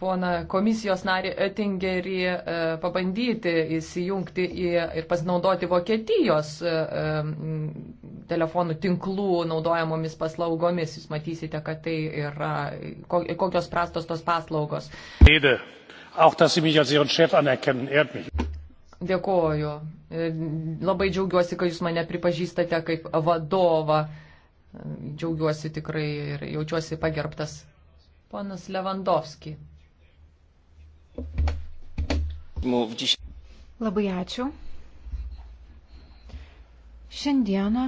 [SPEAKER 1] pona komisijos narį Oettingerį e, pabandyti įsijungti į, ir pasinaudoti Vokietijos e, e, telefonų tinklų naudojamomis paslaugomis. Jūs matysite, kad tai yra kokios prastos tos paslaugos.
[SPEAKER 2] Rede. Auch, dass Sie mich als Ihren Chef anerkennen, ehrt mich.
[SPEAKER 1] Dėkoju. Labai džiaugiuosi, kad Jūs mane pripažįstate kaip vadovą. Džiaugiuosi tikrai ir jaučiuosi pagerbtas. Ponas Levandovski.
[SPEAKER 3] Labai ačiū. Šiandieną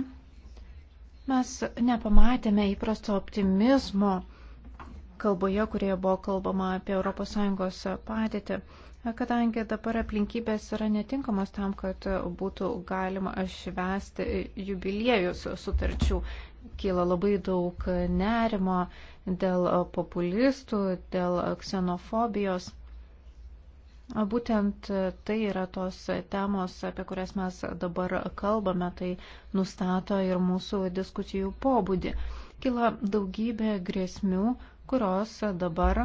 [SPEAKER 3] mes nepamatėme įprasto optimizmo kalboje, kurioje buvo kalbama apie ES padėtį, kadangi dabar aplinkybės yra netinkamos tam, kad būtų galima švęsti jubiliejus sutarčių. Kyla labai daug nerimo dėl e, populistų, dėl e, ksenofobijos. Būtent e, tai yra tos temos, apie kurias mes dabar kalbame, tai nustato ir mūsų diskusijų pobūdį. Kila daugybė grėsmių, kurios dabar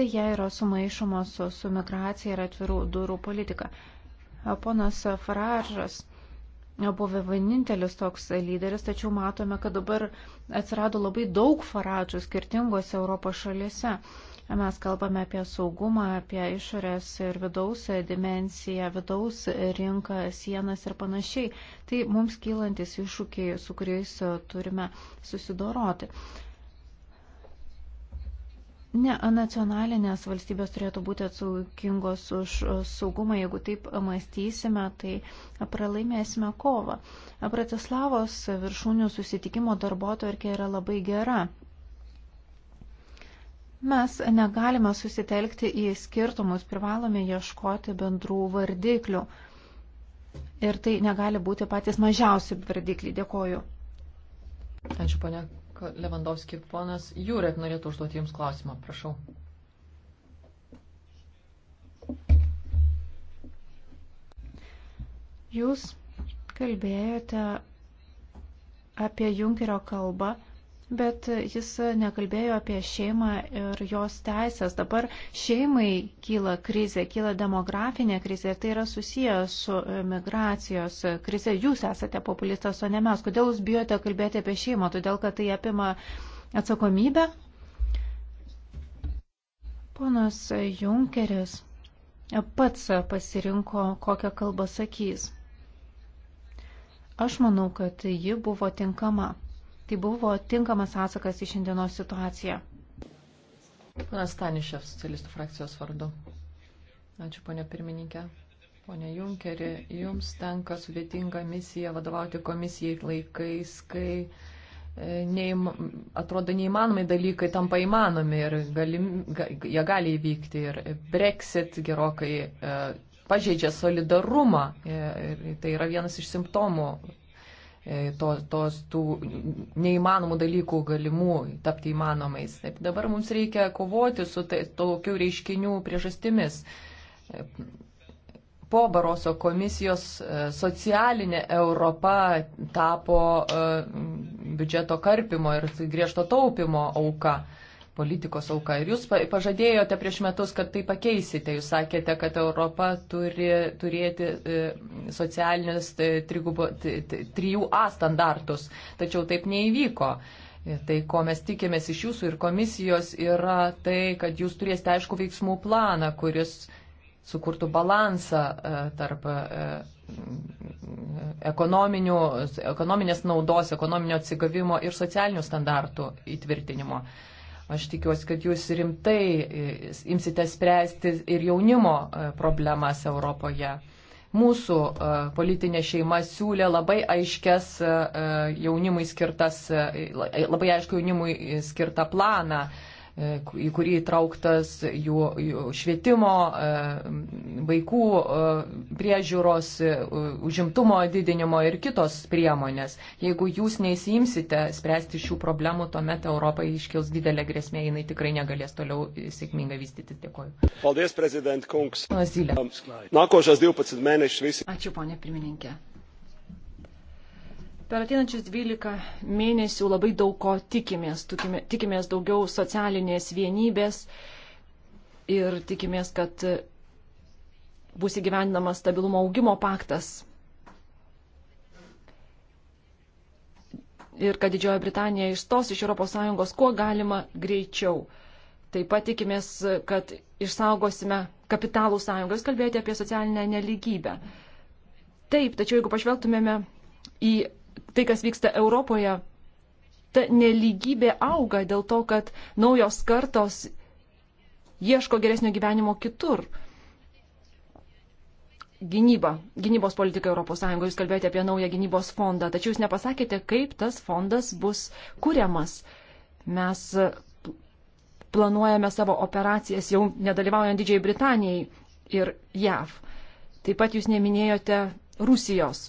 [SPEAKER 3] dėja yra sumaišomos su, su migracija ir atvirų durų politika. Ponas Faražas buvo vienintelis toks lyderis, tačiau matome, kad dabar atsirado labai daug faradžių skirtingose Europos šalise. Mes kalbame apie saugumą, apie išorės ir vidaus dimenciją, vidaus rinką, sienas ir panašiai. Tai mums kylantis iššūkiai, su kuriais turime susidoroti. Ne, nacionalinės valstybės turėtų būti atsakingos už e, saugumą. Jeigu taip mąstysime, tai pralaimėsime kovą. E, Bratislavos viršūnių susitikimo darbotvarkė yra labai gera. Mes negalime susitelkti į skirtumus, privalome ieškoti bendrų vardiklių. Ir tai negali būti patys mažiausi
[SPEAKER 1] vardikliai. Dėkoju. Ačiū, ponia Levandovski. Ponas Jurek norėtų užduoti Jums klausimą. Prašau. Jūs kalbėjote
[SPEAKER 3] apie Junkerio kalbą Bet jis nekalbėjo apie šeimą ir jos teisės. Dabar šeimai kyla krizė, kyla demografinė krizė ir tai yra susiję su e, migracijos krize. Jūs esate populistas, o ne mes. Kodėl jūs bijote kalbėti apie šeimą? Todėl, kad tai apima atsakomybę? Ponas Junkeris pats pasirinko, kokią kalbą sakys. Aš manau, kad ji buvo tinkama. Tai buvo tinkamas atsakas į šiandienos situaciją.
[SPEAKER 1] Pana Stanišev, socialistų frakcijos vardu. Ačiū, ponia pirmininkė. Pone Junkeri, jums tenka sudėtinga misija vadovauti komisijai laikais, kai e, neįm, atrodo neįmanomai dalykai tampa įmanomi ir galim, ga, jie gali įvykti. Ir Brexit gerokai e, pažeidžia solidarumą. E, tai yra vienas iš simptomų E, to, tos tų neįmanomų dalykų galimų tapti įmanomais. Taip, dabar mums reikia kovoti su tai, tokių reiškinių priežastimis. Po Baroso komisijos e, socialinė Europa tapo e, biudžeto karpimo ir griežto taupimo auka politikos auka. Ir jūs pažadėjote prieš metus, kad tai pakeisite. Jūs sakėte, kad Europa turi turėti e, socialinius e, trigubo, trijų A standartus. Tačiau taip neįvyko. Ir tai, ko mes tikėmės iš jūsų ir komisijos, yra tai, kad jūs turėsite aišku veiksmų planą, kuris sukurtų balansą e, tarp ekonominės naudos, ekonominio atsigavimo ir socialinių standartų įtvirtinimo. Aš tikiuosi, kad jūs rimtai e, imsite spręsti ir jaunimo e, problemas Europoje. Mūsų e, politinė šeima siūlė labai aiškias jaunimui skirtas, labai aišku jaunimui skirtą planą E, į kurį įtrauktas jų, jų švietimo, e, vaikų e, priežiūros, užimtumo didinimo ir kitos priemonės. Jeigu jūs neįsijimsite spręsti šių problemų, tuomet Europai iškils didelė grėsmė, jinai tikrai negalės toliau sėkmingai vystytis. Dėkuoju.
[SPEAKER 2] Paldies, prezident Kungs.
[SPEAKER 1] Zylė.
[SPEAKER 4] Nakošas 12 mėnesių visi. Ačiū, ponė pirmininkė. Per ateinančius 12 mėnesių labai daug ko tikimės. Tikimės daugiau socialinės vienybės ir tikimės, kad bus įgyvendinamas stabilumo augimo paktas. Ir kad Didžioji Britanija išstos iš ES kuo galima greičiau. Taip pat tikimės, kad išsaugosime kapitalų sąjungas, kalbėjote apie socialinę neligybę. Taip, tačiau jeigu pažvelgtumėme į tai, kas vyksta Europoje, ta neligybė auga dėl to, kad naujos kartos ieško geresnio gyvenimo kitur. Gynyba, gynybos politika ES, jūs kalbėjote apie naują gynybos fondą, tačiau jūs nepasakėte, kaip tas fondas bus kuriamas. Mes planuojame savo operacijas jau nedalyvaujant Didžiai Britanijai ir JAV. Taip pat jūs neminėjote Rusijos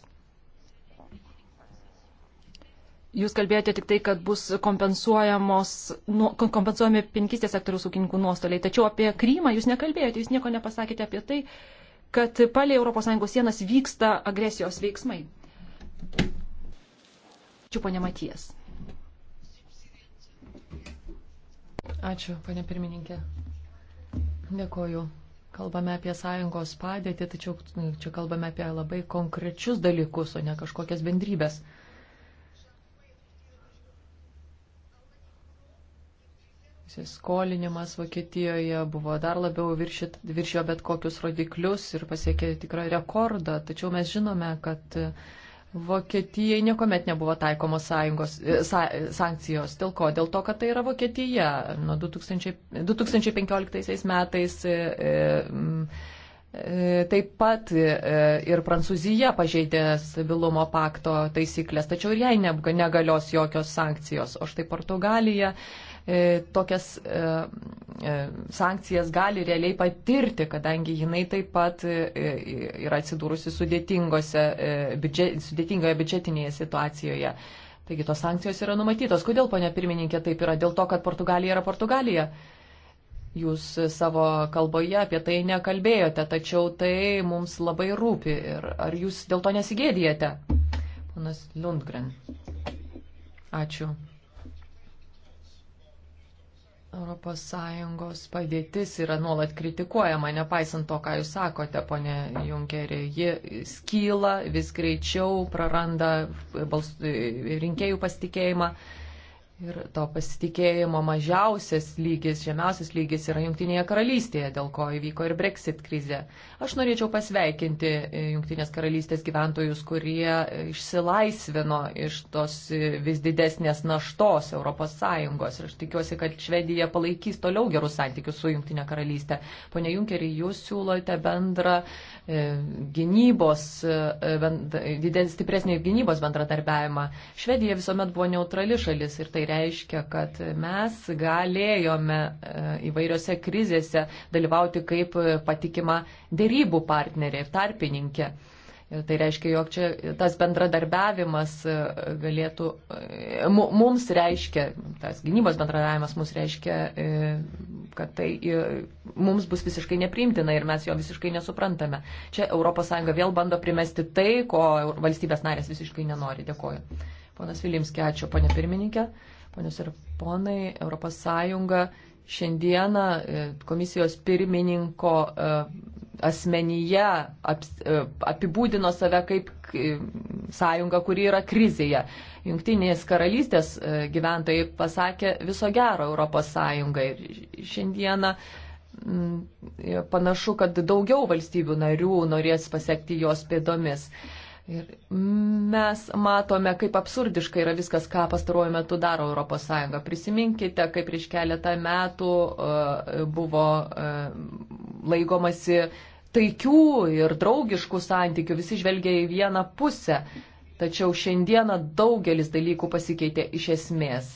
[SPEAKER 4] Jūs kalbėjote tik tai, kad bus kompensuojamos, nu, kompensuojami pinkistės sektoriaus ūkininkų nuostoliai, tačiau apie Krymą jūs nekalbėjote, jūs nieko nepasakėte apie tai, kad palie ES sienas vyksta agresijos veiksmai.
[SPEAKER 1] Ačiū, ponė Matijas. Ačiū, ponė pirmininkė. Dėkoju. Kalbame apie sąjungos padėtį, tačiau čia kalbame apie labai konkrečius dalykus, o ne kažkokias bendrybės. Įsiskolinimas Vokietijoje buvo dar labiau viršit, viršio bet kokius rodiklius ir pasiekė tikrą rekordą. Tačiau mes žinome, kad Vokietijai niekuomet nebuvo taikomos sąjungos, e, sa, e, sankcijos. Dėl ko? Dėl to, kad tai yra Vokietija. Nuo 2000, 2015 metais e, e, e, taip pat e, ir Prancūzija pažeidė stabilumo pakto taisyklės, tačiau ir jai negalios jokios sankcijos. O štai Portugalija. E, E, tokias e, e, sankcijas gali realiai patirti, kadangi jinai taip pat yra atsidūrusi biudžet, sudėtingoje biudžetinėje situacijoje. Taigi tos sankcijos yra numatytos. Kodėl, ponia pirmininkė, taip yra? Dėl to, kad Portugalija yra Portugalija. Jūs savo kalboje apie tai nekalbėjote, tačiau tai mums labai rūpi. Ir ar jūs dėl to nesigėdijate? Ponas Lundgren. Ačiū. ES padėtis yra nuolat kritikuojama, nepaisant to, ką jūs sakote, ponė Junkerė. Ji skyla vis greičiau, praranda rinkėjų pasitikėjimą. Ir to pasitikėjimo mažiausias lygis, žemiausias lygis yra Junktinėje karalystėje, dėl ko įvyko ir Brexit krizė. Aš norėčiau pasveikinti e, Junktinės karalystės gyventojus, kurie išsilaisvino iš tos e, vis didesnės naštos ES. Ir aš tikiuosi, kad Švedija palaikys toliau gerus santykius su Junktinė karalystė. Pone Junkeri, jūs siūlote bendrą E, gynybos, e, didens stipresnį gynybos bendradarbiavimą. Švedija visuomet buvo neutrali šalis ir tai reiškia, kad mes galėjome e, įvairiose krizėse dalyvauti kaip patikima dėrybų partnerė ir tarpininkė. Ir tai reiškia, jog čia tas bendradarbiavimas e, galėtų, e, mums reiškia, tas gynybos bendradarbiavimas mums reiškia, e, kad tai mums bus visiškai nepriimtina ir mes jo visiškai nesuprantame. Čia ES vėl bando primesti tai, ko valstybės narės visiškai nenori. Dėkoju. Ponas Vilimski, ačiū, ponė pirmininkė. Ponios ir ponai, ES šiandieną komisijos pirmininko asmenyje e, apibūdino save kaip sąjunga, kuri yra krizėje. Junktinės karalystės e, gyventojai pasakė viso gero Europos sąjungai. Šiandieną e, panašu, kad daugiau valstybių narių norės pasiekti jos pėdomis. Ir mes matome, kaip absurdiškai yra viskas, ką pastaruoju metu daro ES. Prisiminkite, kaip prieš keletą metų buvo laikomasi taikių ir draugiškų santykių, visi žvelgia į vieną pusę. Tačiau šiandieną daugelis dalykų pasikeitė iš esmės.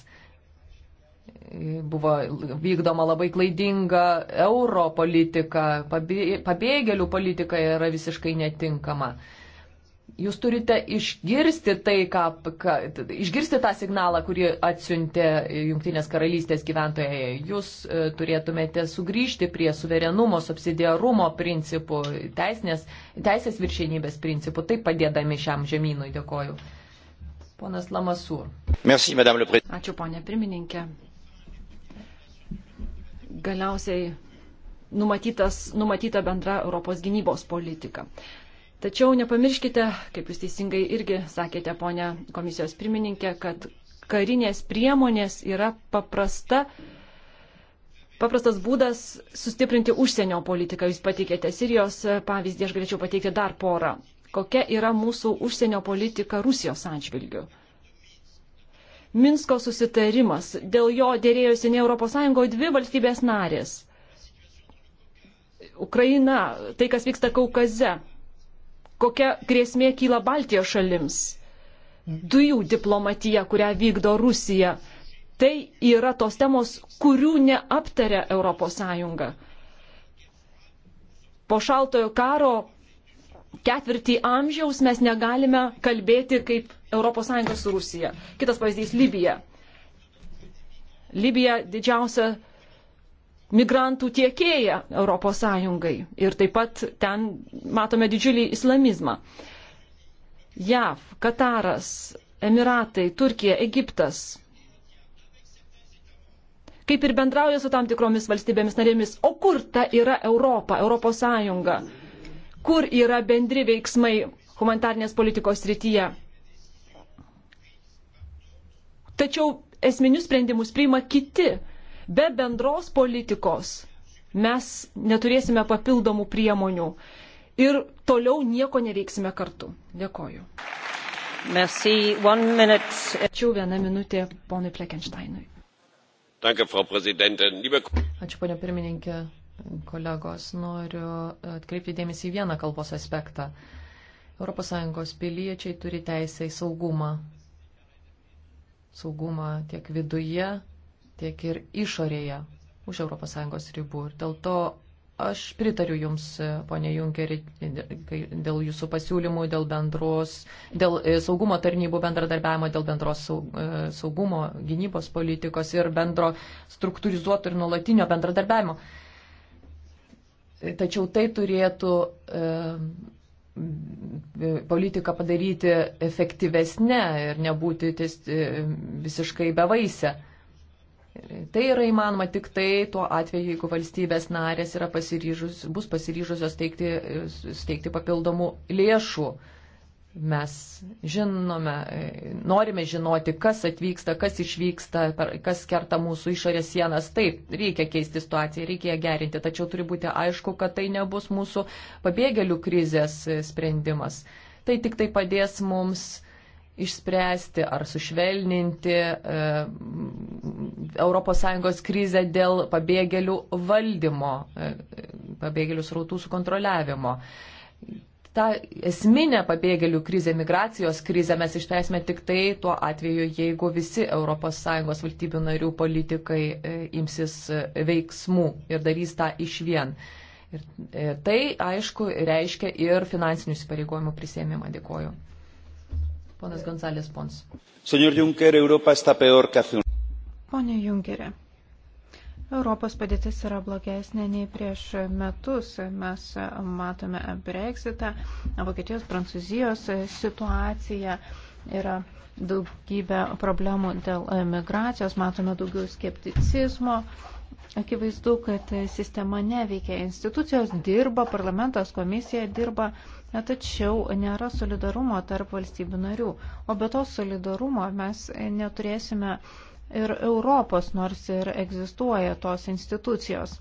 [SPEAKER 1] Buvo vykdoma labai klaidinga euro politika, pabėgėlių politika yra visiškai netinkama. Jūs turite išgirsti tai, ką, ką, išgirsti tą signalą, kurį atsiuntė Junktinės karalystės gyventojai. Jūs e, turėtumėte sugrįžti prie suverenumo, subsidiarumo principų, teisnės, teisės viršienybės principų, taip padėdami šiam žemynui. Dėkoju. Ponas Lamasur.
[SPEAKER 2] Merci, Ačiū,
[SPEAKER 1] ponė pirmininkė.
[SPEAKER 4] Galiausiai numatytas, numatyta bendra Europos gynybos politika. Tačiau nepamirškite, kaip jūs teisingai irgi sakėte, ponia komisijos pirmininkė, kad karinės priemonės yra paprasta, paprastas būdas sustiprinti užsienio politiką. Jūs patikėte Sirijos pavyzdį, aš galėčiau pateikti dar porą. Kokia yra mūsų užsienio politika Rusijos atžvilgiu? Minsko susitarimas. Dėl jo dėrėjosi ne ES, o dvi valstybės narės. Ukraina, tai kas vyksta Kaukaze, kokia grėsmė kyla Baltijos šalims. Dujų diplomatija, kurią vykdo Rusija, tai yra tos temos, kurių neaptaria ES. Po šaltojo karo ketvirtį amžiaus mes negalime kalbėti kaip ES su Rusija. Kitas pavyzdys - Libija. Libija didžiausia migrantų tiekėja ES ir taip pat ten matome didžiulį islamizmą. JAV, Kataras, Emiratai, Turkija, Egiptas kaip ir bendrauja su tam tikromis valstybėmis narėmis. O kur ta yra Europa, Europos Sąjunga? Kur yra bendri veiksmai humanitarnės politikos srityje? Tačiau esminius sprendimus priima kiti Be bendros politikos mes neturėsime papildomų priemonių ir toliau nieko neveiksime kartu. Dėkoju. Merci, Ačiū vieną minutę ponui Plekensteinui.
[SPEAKER 2] Danke, Frau Präsidentin. Liebe...
[SPEAKER 1] Ačiū, ponia pirmininkė, kolegos. Noriu atkreipti dėmesį į vieną kalbos aspektą. ES piliečiai turi teisę į saugumą. Saugumą tiek viduje, tiek ir išorėje, už ES ribų. Ir dėl to aš pritariu Jums, ponė Junkeri, dėl Jūsų pasiūlymų, dėl bendros, dėl e, saugumo tarnybų bendradarbiavimo, dėl bendros e, saugumo, gynybos politikos ir bendro struktūrizuoto ir nuolatinio bendradarbiavimo. Tačiau tai turėtų e, politiką padaryti efektyvesnę ir nebūti visiškai bevaisę. Tai yra įmanoma tik tai tuo atveju, jeigu valstybės narės pasiryžus, bus pasiryžusios teikti, steigti papildomų lėšų. Mes žinome, norime žinoti, kas atvyksta, kas išvyksta, kas kerta mūsų išorės sienas. Taip, reikia keisti situaciją, reikia ją gerinti, tačiau turi būti aišku, kad tai nebus mūsų pabėgėlių krizės e, sprendimas. Tai tik tai padės mums išspręsti ar sušvelninti ES krizę dėl pabėgėlių valdymo, e, pabėgėlių srautų sukontroliavimo. Ta esminė pabėgėlių krizė, migracijos krizė mes išteisime tik tai tuo atveju, jeigu visi ES valstybių narių politikai e, imsis e, veiksmų ir darys tą iš vien. Ir tai, aišku, reiškia ir finansinių įsipareigojimų prisėmimą. Dėkuoju. Ponas Gonzalės Pons.
[SPEAKER 2] Senor Juncker, Europa está peor que hace un.
[SPEAKER 1] Pone Junkerė,
[SPEAKER 3] Europos padėtis yra blogesnė nei prieš metus. Mes matome Brexitą, Vokietijos, Prancūzijos situaciją yra daugybė problemų dėl migracijos, matome daugiau skepticizmo. Akivaizdu, kad sistema neveikia. Institucijos dirba, parlamentas, komisija dirba, tačiau nėra solidarumo tarp valstybių narių. O be to solidarumo mes neturėsime ir Europos, nors ir egzistuoja tos institucijos.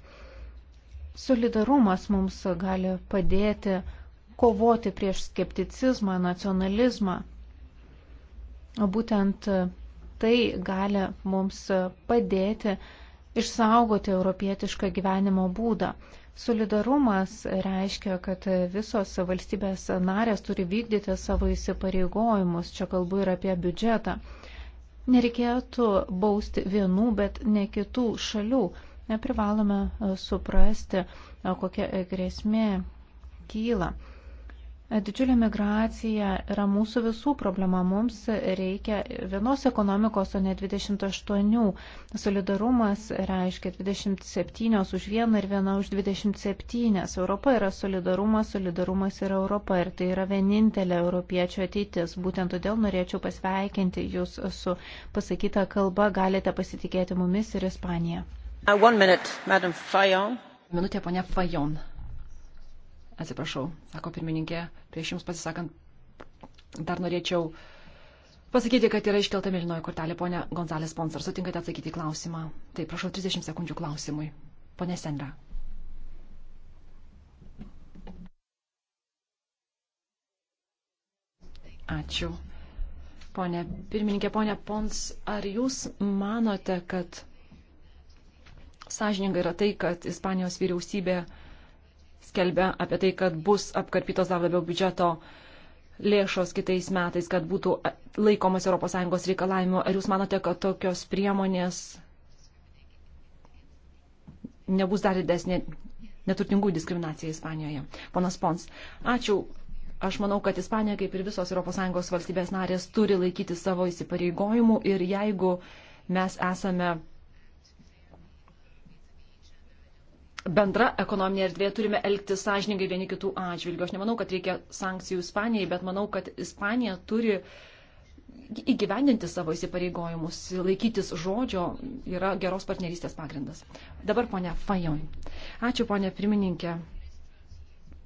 [SPEAKER 3] Solidarumas mums gali padėti kovoti prieš skepticizmą, nacionalizmą. O būtent tai gali mums padėti išsaugoti europietišką gyvenimo būdą. Solidarumas reiškia, kad visos valstybės narės turi vykdyti savo įsipareigojimus, čia kalbu ir apie biudžetą. Nereikėtų bausti vienų, bet ne kitų šalių. Neprivalome suprasti, kokia grėsmė kyla. Didžiulė migracija yra mūsų visų problema. Mums reikia vienos ekonomikos, o ne 28. Solidarumas reiškia 27 už vieną ir viena už 27. Europa yra solidarumas, solidarumas yra Europa ir tai yra vienintelė europiečio ateitis. Būtent todėl norėčiau pasveikinti Jūs su pasakyta kalba. Galite pasitikėti mumis ir Ispaniją.
[SPEAKER 4] Uh, Minutė, ponia Fajon. Atsiprašau, sako pirmininkė, prieš jums pasisakant, dar norėčiau pasakyti, kad yra iškelta mėlynoji kortelė, ponia Gonzalės Sponsor. Sutinkate atsakyti klausimą? Taip, prašau, 30 sekundžių klausimui. Pone Sendra. Ačiū. Pone pirmininkė, ponė Pons, ar jūs manote, kad sąžininga yra tai, kad Ispanijos vyriausybė skelbia apie tai, kad bus apkarpytos dar labiau biudžeto lėšos kitais metais, kad būtų laikomas ES reikalavimo. Ar jūs manote, kad tokios priemonės nebus dar didesnė neturtingų diskriminacija Ispanijoje? Ponas Pons, ačiū. Aš manau, kad Ispanija, kaip ir visos ES valstybės narės, turi laikyti savo įsipareigojimų ir jeigu mes esame bendra ekonominė erdvė turime elgtis sąžiningai vieni kitų atžvilgių. Aš nemanau, kad reikia sankcijų Ispanijai, bet manau, kad Ispanija turi įgyvendinti savo įsipareigojimus, laikytis žodžio yra geros partnerystės pagrindas. Dabar ponia Fajon. Ačiū ponia pirmininkė.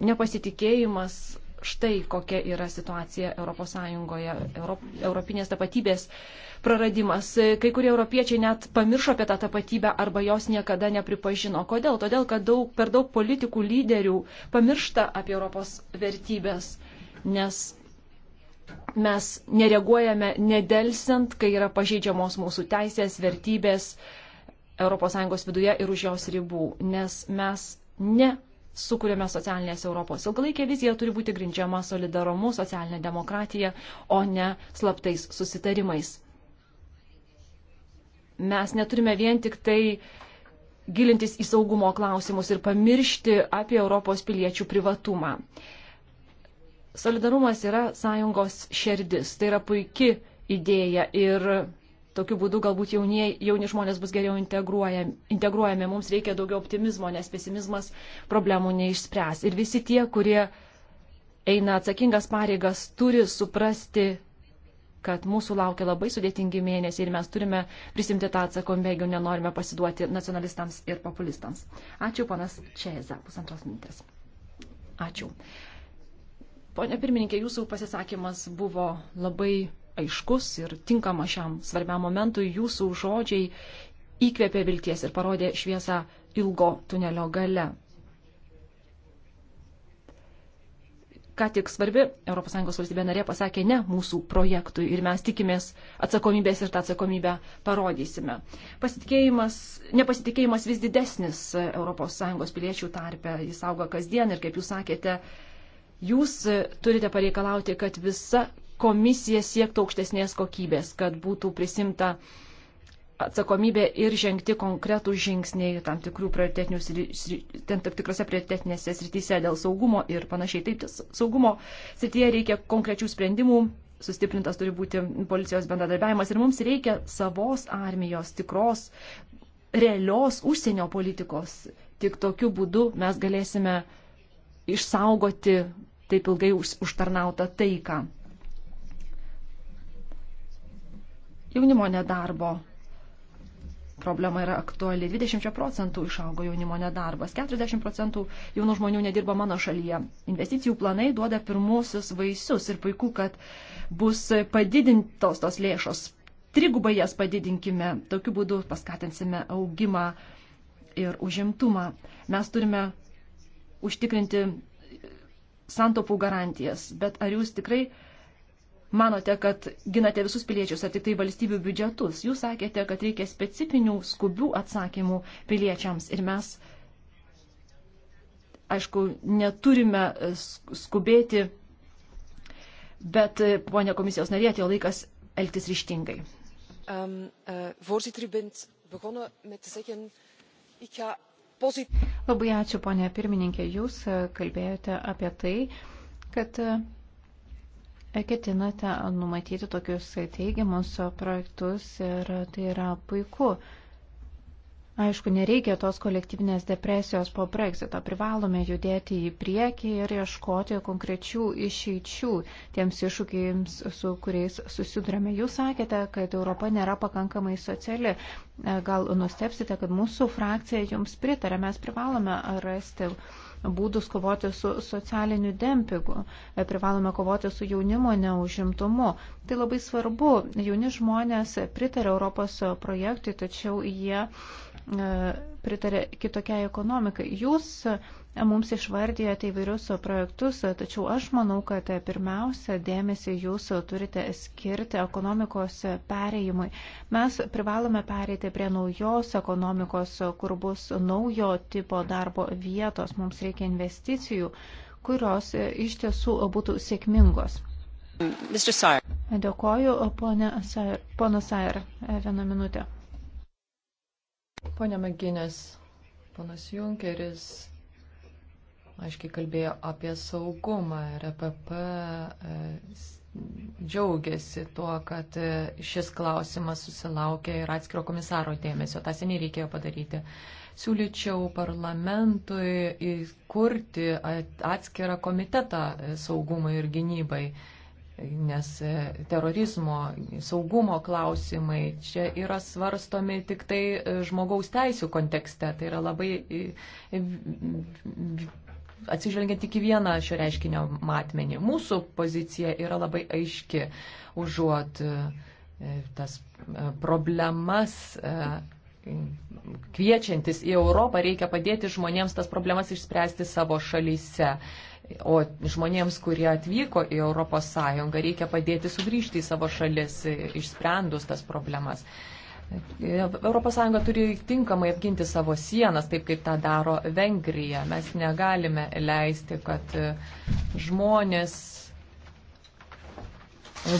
[SPEAKER 4] Nepasitikėjimas štai kokia yra situacija ES, Europ, Europinės tapatybės praradimas. Kai kurie europiečiai net pamiršo apie tą tapatybę arba jos niekada nepripažino. Kodėl? Todėl, kad daug, per daug politikų lyderių pamiršta apie Europos vertybės, nes mes nereaguojame nedelsiant, kai yra pažeidžiamos mūsų teisės, vertybės ES viduje ir už jos ribų, nes mes ne sukūrėme socialinės Europos. Ilgalaikė vizija turi būti grindžiama solidarumu, socialinė demokratija, o ne slaptais susitarimais mes neturime vien tik tai gilintis į saugumo klausimus ir pamiršti apie Europos piliečių privatumą. Solidarumas yra sąjungos šerdis, tai yra puiki idėja ir tokiu būdu galbūt jaunie, jauni žmonės bus geriau integruojami, integruojami, mums reikia daugiau optimizmo, nes pesimizmas problemų neišspręs. Ir visi tie, kurie eina atsakingas pareigas, turi suprasti kad mūsų laukia labai sudėtingi mėnesiai ir mes turime prisimti tą atsakomybę, jeigu nenorime pasiduoti nacionalistams ir populistams. Ačiū, panas Čeza, pusantros minutės. Ačiū. Pone pirmininkė, jūsų pasisakymas buvo labai aiškus ir tinkama šiam svarbiam momentui. Jūsų žodžiai įkvėpė vilties ir parodė šviesą ilgo tunelio gale. ką tik svarbi ES valstybė narė pasakė ne mūsų projektui ir mes tikimės atsakomybės ir tą atsakomybę parodysime. Pasitikėjimas, nepasitikėjimas vis didesnis ES piliečių tarpe, jis auga kasdien ir kaip jūs sakėte, jūs turite pareikalauti, kad visa komisija siektų aukštesnės kokybės, kad būtų prisimta uh, atsakomybė ir žengti konkretų žingsniai tam, tam tikrose prioritetinėse srityse dėl saugumo ir panašiai. Taip, saugumo srityje reikia konkrečių sprendimų, sustiprintas turi būti policijos bendradarbiavimas ir mums reikia savos armijos, tikros, realios užsienio politikos. Tik tokiu būdu mes galėsime išsaugoti taip ilgai užtarnautą taiką. Jaunimo nedarbo problema yra aktuali. 20 procentų išaugo jaunimo nedarbas, 40 procentų jaunų žmonių nedirba mano šalyje. Investicijų planai duoda pirmusius vaisius ir puiku, kad bus padidintos tos lėšos. Trigubai jas padidinkime, tokiu būdu paskatinsime augimą ir užimtumą. Mes turime užtikrinti santopų garantijas, bet ar jūs tikrai manote, kad ginate visus piliečius ar tik tai valstybių biudžetus. Jūs sakėte, kad reikia specifinių skubių atsakymų piliečiams ir mes, aišku, neturime e, skubėti, bet, e, ponia komisijos narė, atėjo laikas elgtis ryštingai.
[SPEAKER 5] Um, uh, voorzitter, u bent begonnen met te zeggen, ik ga Labai
[SPEAKER 3] ačiū, ponė pirmininkė. Jūs kalbėjote apie tai, kad ketinate numatyti tokius teigiamus projektus ir tai yra puiku. Aišku, nereikia tos kolektyvinės depresijos po Brexito. Privalome judėti į priekį ir ieškoti konkrečių išeičių tiems iššūkiams, su kuriais susidurėme. Jūs sakėte, kad Europa nėra pakankamai sociali. Gal nustepsite, kad mūsų frakcija jums pritarė. Mes privalome rasti būdus kovoti su socialiniu dempingu. E, privalome kovoti su jaunimo neužimtumu. Tai labai svarbu. Jauni žmonės pritarė Europos projektui, tačiau jie e, pritarė kitokiai ekonomikai. Jūs Mums išvardėjote įvairius projektus, tačiau aš manau, kad pirmiausia dėmesį jūs turite skirti ekonomikos pereimui. Mes privalome pereiti prie naujos ekonomikos, kur bus naujo tipo darbo vietos. Mums reikia investicijų, kurios iš tiesų būtų sėkmingos. Dėkoju,
[SPEAKER 1] pono Sair. Vieną minutę. Pone Maginės, ponas Junkeris aiškiai kalbėjo apie saugumą ir EPP e, džiaugiasi tuo, kad e, šis klausimas susilaukė ir atskiro komisaro dėmesio. Tas seniai reikėjo padaryti. Siūlyčiau parlamentui įkurti atskirą komitetą e, saugumui ir gynybai, nes terorizmo, saugumo klausimai čia yra svarstomi tik tai žmogaus teisų kontekste. Tai yra labai atsižvelgiant tik į vieną šio reiškinio matmenį. Mūsų pozicija yra labai aiški, užuot e, tas e, problemas e, kviečiantis į Europą, reikia padėti žmonėms tas problemas išspręsti savo šalyse. O žmonėms, kurie atvyko į ES, reikia padėti sugrįžti į savo šalis, išsprendus tas problemas. ES turi tinkamai apginti savo sienas, taip kaip tą daro Vengrija. Mes negalime leisti, kad e, žmonės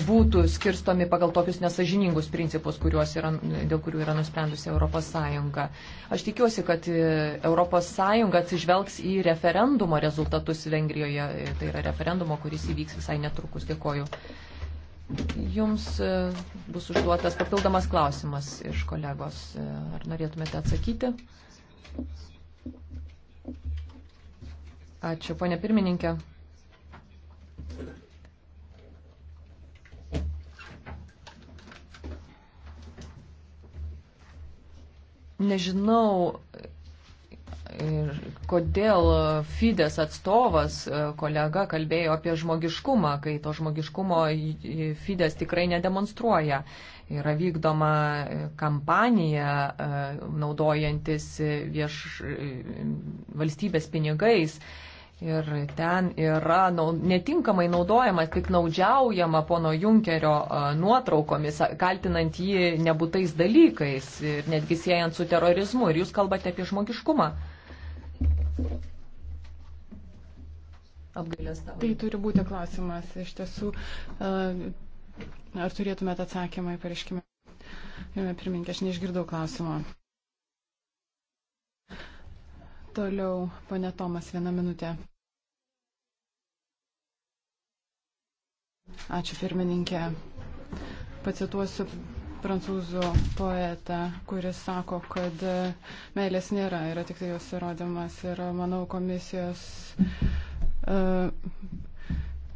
[SPEAKER 1] būtų skirstomi pagal tokius nesažiningus principus, yra, dėl kurių yra nusprendusi ES. Aš tikiuosi, kad ES atsižvelgs į referendumo rezultatus Vengrijoje. E, tai yra referendumo, kuris įvyks visai netrukus. Dėkoju. Jums e, bus užduotas papildomas klausimas iš kolegos. E, ar norėtumėte atsakyti? Ačiū, ponė pirmininkė. Nežinau, Ir kodėl Fides atstovas, e, kolega, kalbėjo apie žmogiškumą, kai to žmogiškumo Fides tikrai nedemonstruoja. Yra vykdoma e, kampanija, e, naudojantis vieš valstybės pinigais. Ir ten yra nau, netinkamai naudojama, tik naudžiaujama pono Junkerio nuotraukomis, kaltinant jį nebūtais dalykais ir netgi siejant su terorizmu. Ir jūs kalbate apie žmogiškumą.
[SPEAKER 3] Apgailės
[SPEAKER 6] tavo. Tai turi būti klausimas. Iš tiesų, e, ar turėtumėte atsakymą į pareiškimą? E, pirmininkė, aš neišgirdau klausimo. Toliau, pane Tomas, vieną minutę. Ačiū, pirmininkė. Pacituosiu prancūzų poetą, kuris sako, kad meilės nėra, yra tik tai jos įrodymas. Ir manau, komisijos e,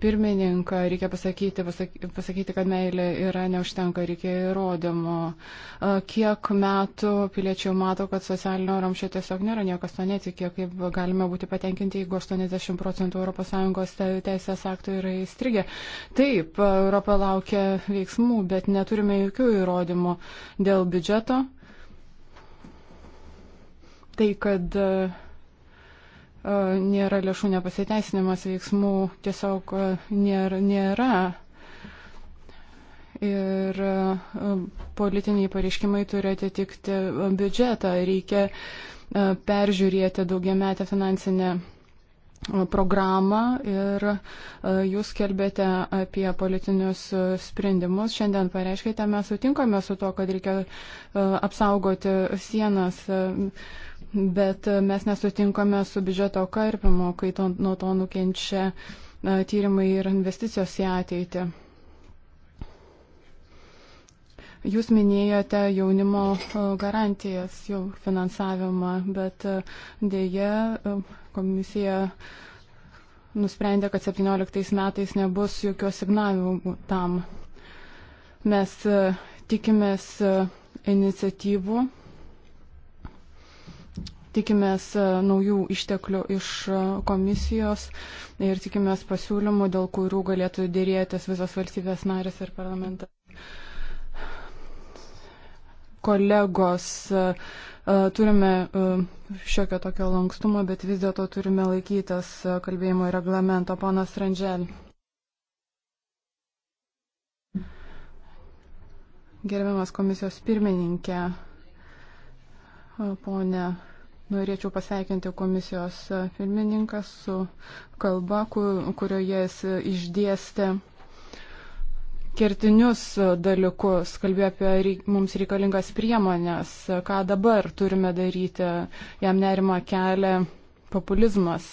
[SPEAKER 6] pirmininką, reikia pasakyti, pasakyti, kad meilė yra neužtenka, reikia įrodymo. Kiek metų piliečiai mato, kad socialinio ramščio tiesiog nėra, niekas to netikė, kaip galime būti patenkinti, jeigu 80 procentų ES teisės aktų yra įstrigę. Taip, Europa laukia veiksmų, bet neturime jokių įrodymų dėl biudžeto. Tai, kad uh, E, nėra lėšų nepasiteisinimas veiksmų, tiesiog e, nėra. nėra. Ir e, politiniai pareiškimai turi atitikti biudžetą, reikia peržiūrėti daugiametę finansinę programą ir jūs kelbėte apie politinius sprendimus. Šiandien pareiškite, mes sutinkame su to, kad reikia apsaugoti sienas bet e, mes nesutinkame su biudžeto karpimu, kai to, nuo to nukenčia e, tyrimai ir investicijos į ateitį. Jūs minėjote jaunimo e, garantijas, jų finansavimą, bet dėje komisija nusprendė, kad 17 metais nebus jokių signalų tam. Mes tikimės iniciatyvų tikimės e, naujų išteklių iš e, komisijos ir tikimės pasiūlymų, dėl kurių galėtų dėrėtis visos valstybės narės ir parlamentas. Kolegos, e, turime šiokio tokio lankstumo, bet vis dėlto turime laikytas kalbėjimo reglamento. Panas Randžel. Gerbiamas komisijos pirmininkė, ponė Norėčiau pasveikinti komisijos pirmininką su kalba, kurioje jis išdėstė kertinius dalykus, kalbėjo apie mums reikalingas priemonės, ką dabar turime daryti, jam nerima kelia populizmas,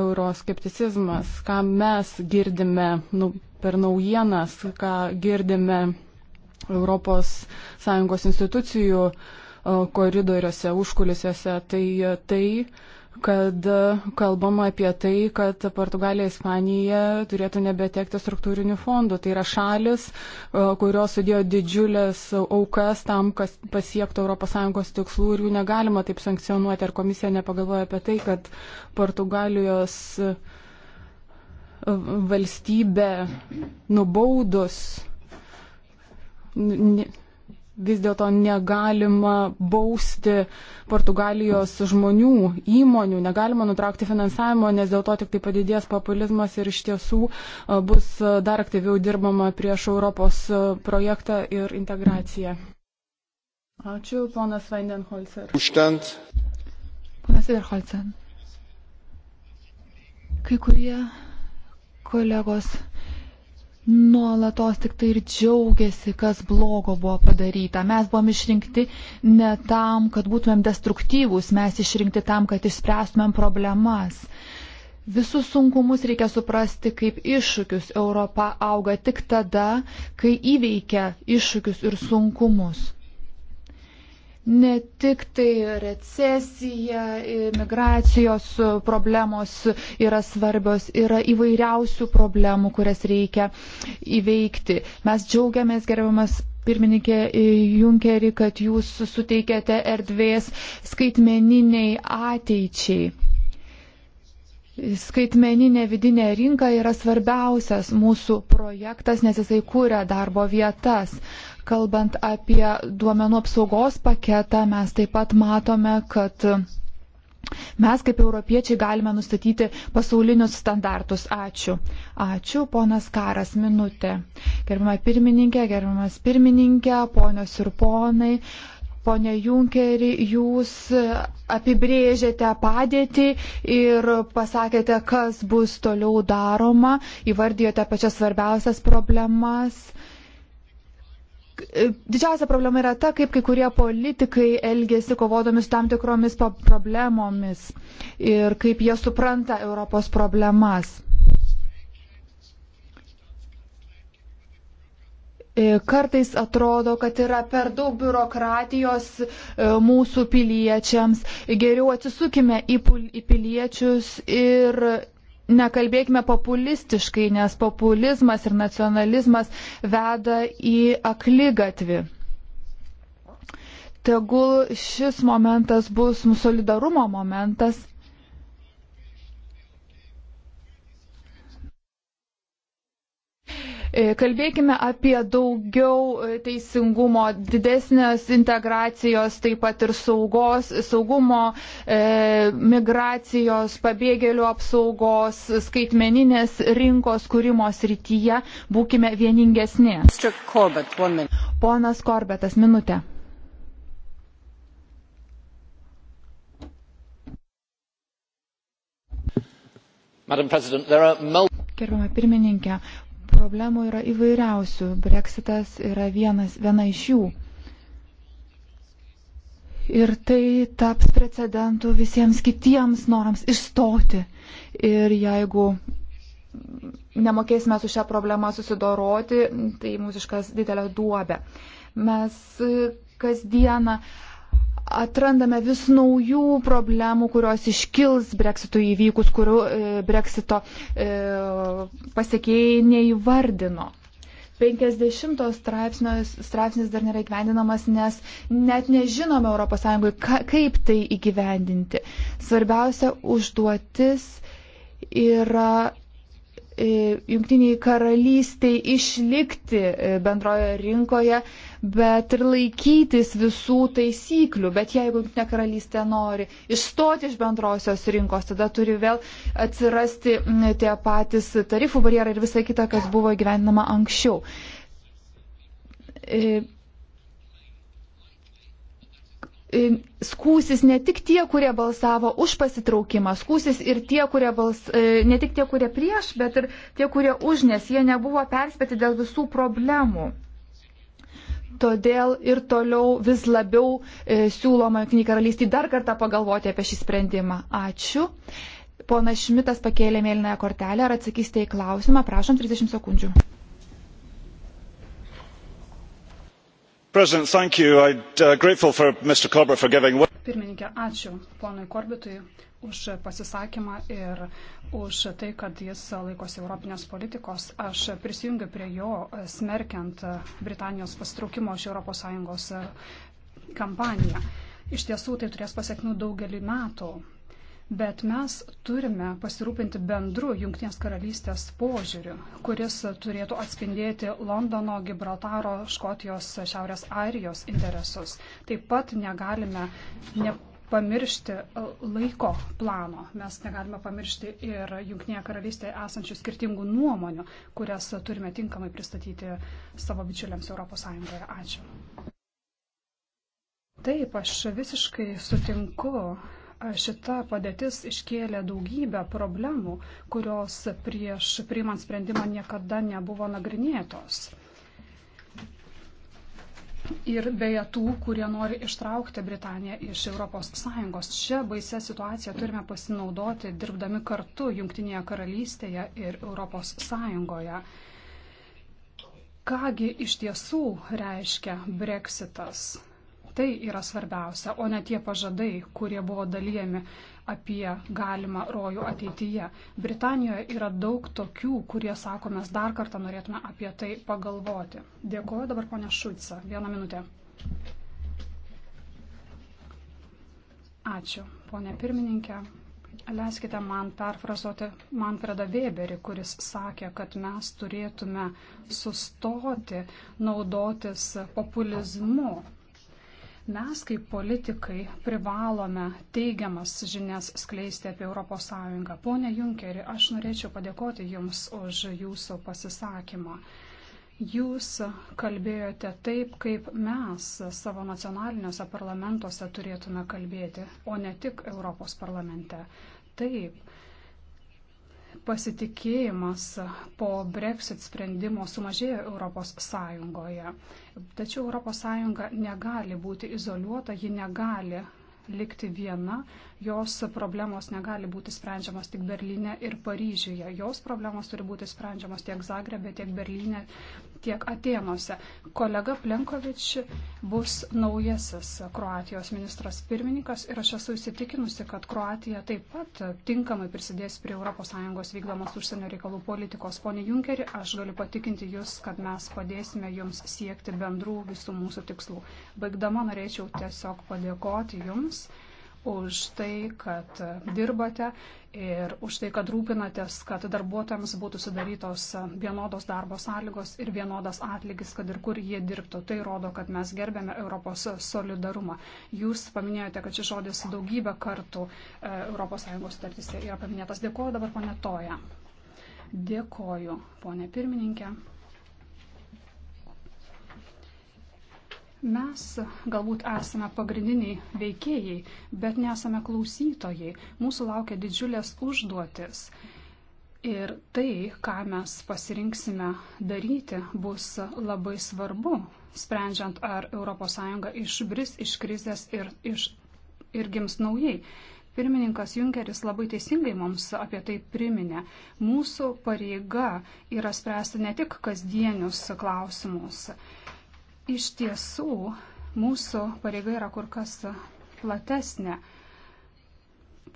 [SPEAKER 6] euroskepticizmas, ką mes girdime nu, per naujienas, ką girdime ES institucijų uh, koridoriuose, užkulisiuose, tai tai, kad kalbama apie tai, kad Portugalija, Ispanija turėtų nebetekti struktūrinių fondų. Tai yra šalis, kurios sudėjo didžiulės aukas tam, kas pasiektų ES tikslų ir jų negalima taip sankcionuoti. Ar komisija nepagalvoja apie tai, kad Portugalijos valstybė nubaudus vis dėlto negalima bausti Portugalijos žmonių, įmonių, negalima nutraukti finansavimo, nes dėl to tik tai padidės populizmas ir iš tiesų bus dar aktyviau dirbama prieš Europos projektą ir integraciją. Ačiū, ponas Vandenholzer. Užtent.
[SPEAKER 7] Ponas Vandenholzer. Kai kurie kolegos nuolatos tik tai ir džiaugiasi, kas blogo buvo padaryta. Mes buvom išrinkti ne tam, kad būtumėm destruktyvūs, mes išrinkti tam, kad išspręstumėm problemas. Visus sunkumus reikia suprasti kaip iššūkius. Europa auga tik tada, kai įveikia iššūkius ir sunkumus ne tik tai recesija, migracijos problemos yra svarbios, yra įvairiausių problemų, kurias reikia įveikti. Mes džiaugiamės, gerbiamas pirmininkė Junkerį, kad jūs suteikėte erdvės skaitmeniniai ateičiai. Skaitmeninė vidinė rinka yra svarbiausias mūsų projektas, nes jisai kūrė darbo vietas. Kalbant apie duomenų apsaugos paketą, mes taip pat matome, kad mes kaip europiečiai galime nustatyti pasaulinius standartus. Ačiū. Ačiū, ponas Karas, minutė. Gerbama pirmininkė, gerbamas pirmininkė, ponios ir ponai. Pone Junkeri, jūs apibrėžėte padėtį ir pasakėte, kas bus toliau daroma, įvardijote pačias svarbiausias problemas. Didžiausia problema yra ta, kaip kai kurie politikai elgesi kovodami su tam tikromis problemomis ir kaip jie supranta Europos problemas. E, kartais atrodo, kad yra per daug biurokratijos e, mūsų piliečiams. Geriau atsisukime į piliečius ir nekalbėkime populistiškai, nes populizmas ir nacionalizmas veda į aklygatvį. Tegul šis momentas bus solidarumo momentas E, kalbėkime apie daugiau e, teisingumo, didesnės integracijos, taip pat ir saugos, saugumo, e, migracijos, pabėgėlių apsaugos, skaitmeninės rinkos kūrimo srityje. Būkime vieningesni. Ponas Korbetas, minutė. Gerbiama pirmininkė, Problemų yra įvairiausių. Brexitas yra vienas, viena iš jų. Ir tai taps precedentu visiems kitiems norams išstoti. Ir jeigu nemokėsime su šią problemą susidoroti, tai mūsiškas didelė duobė. Mes e, kasdieną uh, atrandame vis naujų problemų, kurios iškils breksito įvykus, kurių e, breksito e, pasiekėjai neįvardino. 50 straipsnis, straipsnis dar nėra įgyvendinamas, nes net nežinome ES, ka, kaip tai įgyvendinti. Svarbiausia užduotis yra E, jungtiniai karalystiai išlikti e, bendroje rinkoje, bet ir laikytis visų taisyklių. Bet jeigu jungtinė karalystė nori išstoti iš bendrosios rinkos, tada turi vėl atsirasti tie patys tarifų barjerai ir visa kita, kas buvo gyvenama anksčiau. E, E, skūsis ne tik tie, kurie balsavo už pasitraukimą, skūsis ir tie, kurie bals, e, ne tik tie, kurie prieš, bet ir tie, kurie už, nes jie nebuvo perspėti dėl visų problemų. Todėl ir toliau vis labiau e, siūloma Junktinį karalystį dar kartą pagalvoti apie šį sprendimą. Ačiū. Pona Šmitas pakėlė mėlynąją kortelę. Ar atsakysite į klausimą? Prašom 30 sekundžių.
[SPEAKER 2] Uh,
[SPEAKER 5] Pirmininkė, ačiū ponui Korbitui už pasisakymą ir už tai, kad jis laikosi Europinės politikos. Aš prisijungiu prie jo smerkiant Britanijos pastraukimo iš ES kampaniją. Iš tiesų tai turės pasiekmių daugelį metų Bet mes turime pasirūpinti bendru Junktinės karalystės požiūriu, kuris turėtų atspindėti Londono, Gibraltaro, Škotijos, Šiaurės Airijos interesus. Taip pat negalime nepamiršti laiko plano. Mes negalime pamiršti ir Junktinėje karalystėje esančių skirtingų nuomonių, kurias turime tinkamai pristatyti savo bičiuliams ES. Ačiū. Taip, aš visiškai sutinku šita padėtis iškėlė daugybę problemų, kurios prieš priimant sprendimą niekada nebuvo nagrinėtos. Ir beje tų, kurie nori ištraukti Britaniją iš ES. Šią baisę situaciją turime pasinaudoti dirbdami kartu Junktinėje karalystėje ir ES. Kągi iš tiesų reiškia Brexitas? Tai yra svarbiausia, o ne tie pažadai, kurie buvo dalyjami apie galimą rojų ateityje. Britanijoje yra daug tokių, kurie sako, mes dar kartą norėtume apie tai pagalvoti. Dėkuoju dabar ponia Šuica. Vieną minutę. Ačiū, ponė pirmininkė. Leiskite man perfrazuoti Manfredą Weberį, kuris sakė, kad mes turėtume sustoti naudotis populizmu Mes kaip politikai privalome teigiamas žinias skleisti apie ES. Pone Junkeri, aš norėčiau padėkoti Jums už Jūsų pasisakymą. Jūs kalbėjote taip, kaip mes savo nacionaliniuose parlamentuose turėtume kalbėti, o ne tik Europos parlamente. Taip, pasitikėjimas po Brexit sprendimo sumažėjo ES. Tačiau ES negali būti izoliuota, ji negali likti viena, jos problemos negali būti sprendžiamas tik Berlyne ir Paryžiuje. Jos problemos turi būti sprendžiamas tiek Zagrebe, tiek Berlyne, tiek Atenuose. Kolega Plenkovič bus naujasis Kroatijos ministras pirmininkas ir aš esu įsitikinusi, kad Kroatija taip pat tinkamai prisidės prie ES vykdomos užsienio reikalų politikos. Pone Junkeri, aš galiu patikinti Jūs, kad mes padėsime Jums siekti bendrų visų mūsų tikslų. Baigdama norėčiau tiesiog padėkoti Jums už tai, kad dirbate ir už tai, kad rūpinatės, kad darbuotojams būtų sudarytos vienodos darbo sąlygos ir vienodas atlygis, kad ir kur jie dirbtų. Tai rodo, kad mes gerbėme Europos solidarumą. Jūs paminėjote, kad šis žodis daugybę kartų ES sutartyse yra paminėtas. Dėkuoju dabar, ponė Toja. Dėkoju, ponė pirmininkė. Mes galbūt esame pagrindiniai veikėjai, bet nesame klausytojai. Mūsų laukia didžiulės užduotis. Ir tai, ką mes pasirinksime daryti, bus labai svarbu, sprendžiant, ar ES išbris iš krizės ir, iš, ir gims naujai. Pirmininkas Junkeris labai teisingai mums apie tai priminė. Mūsų pareiga yra spręsti ne tik kasdienius klausimus. Iš tiesų, mūsų pareiga yra kur kas platesnė.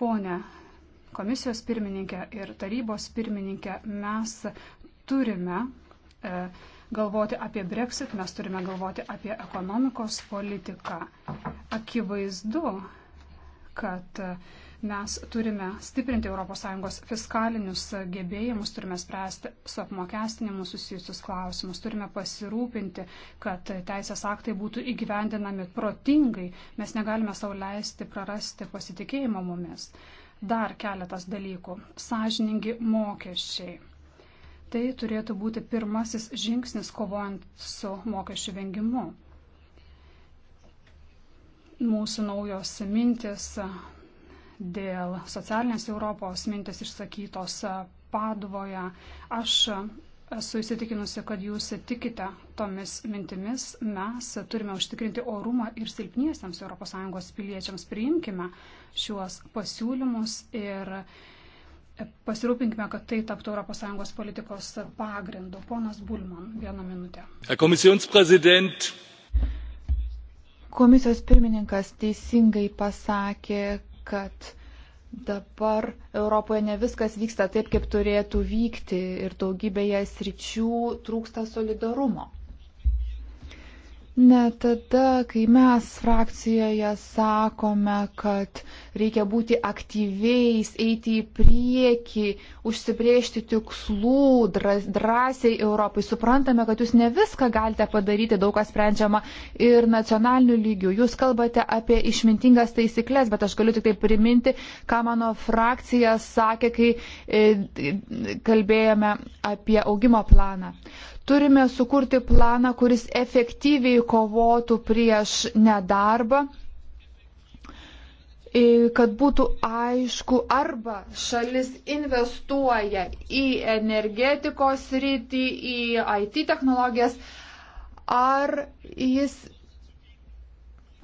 [SPEAKER 5] Pone komisijos pirmininkė ir tarybos pirmininkė, mes turime e, galvoti apie Brexit, mes turime galvoti apie ekonomikos politiką. Akivaizdu, kad e, Mes turime stiprinti ES fiskalinius gebėjimus, turime spręsti su apmokestinimu susijusius klausimus, turime pasirūpinti, kad teisės aktai būtų įgyvendinami protingai. Mes negalime sauliaisti prarasti pasitikėjimo mumis. Dar keletas dalykų. Sažiningi mokesčiai. Tai turėtų būti pirmasis žingsnis kovojant su mokesčių vengimu. Mūsų naujos mintis, dėl socialinės Europos mintis išsakytos Padovoje. Aš esu įsitikinusi, kad jūs tikite tomis mintimis. Mes turime užtikrinti orumą ir silpniesiams ES piliečiams. Priimkime šiuos pasiūlymus ir pasirūpinkime, kad tai taptų ES politikos pagrindu. Ponas Bulman, vieną minutę.
[SPEAKER 7] Komisijos pirmininkas teisingai pasakė, kad dabar Europoje ne viskas vyksta taip, kaip turėtų vykti ir daugybėje sričių trūksta solidarumo. Ne tada, kai mes frakcijoje sakome, kad reikia būti aktyviais, eiti į priekį, užsibriežti tikslų drąsiai Europai. Suprantame, kad jūs ne viską galite padaryti, daug kas sprendžiama ir nacionaliniu lygiu. Jūs kalbate apie išmintingas taisyklės, bet aš galiu tik tai priminti, ką mano frakcija sakė, kai e, kalbėjome apie augimo planą. Turime sukurti planą, kuris efektyviai kovotų prieš nedarbą kad būtų aišku, arba šalis investuoja į energetikos rytį, į IT technologijas, ar jis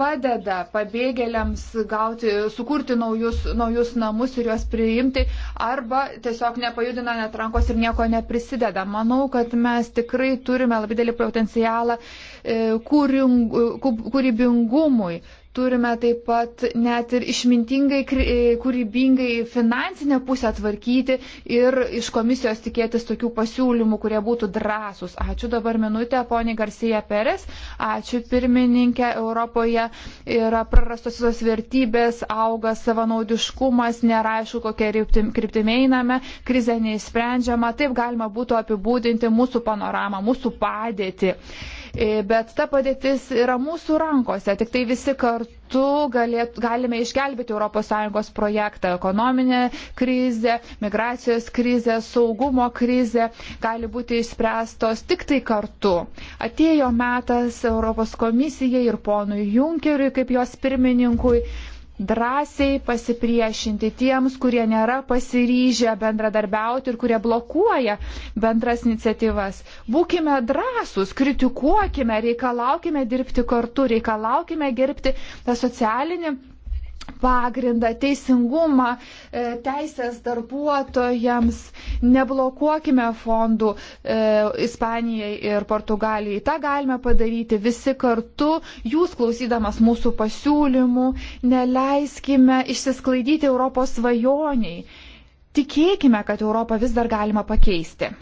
[SPEAKER 7] padeda pabėgėliams gauti, sukurti naujus, naujus namus ir juos priimti, arba tiesiog nepajudina net rankos ir nieko neprisideda. Manau, kad mes tikrai turime labai didelį potencialą e, kūrybingumui. Kūring, Turime taip pat net ir išmintingai, e, kūrybingai finansinę pusę tvarkyti ir iš komisijos tikėtis tokių pasiūlymų, kurie būtų drąsūs. Ačiū dabar minutę, poniai Garcija Peres. Ačiū pirmininkė. Europoje yra prarastos visos vertybės, auga savanaudiškumas, nėra aišku, kokia kryptimi einame, krizė neįsprendžiama. Taip galima būtų apibūdinti mūsų panoramą, mūsų padėtį. E, bet ta padėtis yra mūsų rankose. Tik tai visi kartu galėt, galime išgelbėti ES projektą. Ekonominė krizė, migracijos krizė, saugumo krizė gali būti išspręstos tik tai kartu. Atėjo metas Europos komisijai ir ponui Junkeriui kaip jos pirmininkui drąsiai pasipriešinti tiems, kurie nėra pasiryžę bendradarbiauti ir kurie blokuoja bendras iniciatyvas. Būkime drąsūs, kritikuokime, reikalaukime dirbti kartu, reikalaukime gerbti tą socialinį pagrindą, teisingumą, e, teisės darbuotojams, neblokuokime fondų e, Ispanijai ir Portugalijai. Ta galime padaryti visi kartu, jūs klausydamas mūsų pasiūlymų, neleiskime išsisklaidyti Europos svajoniai. Tikėkime, kad Europą vis dar galima pakeisti.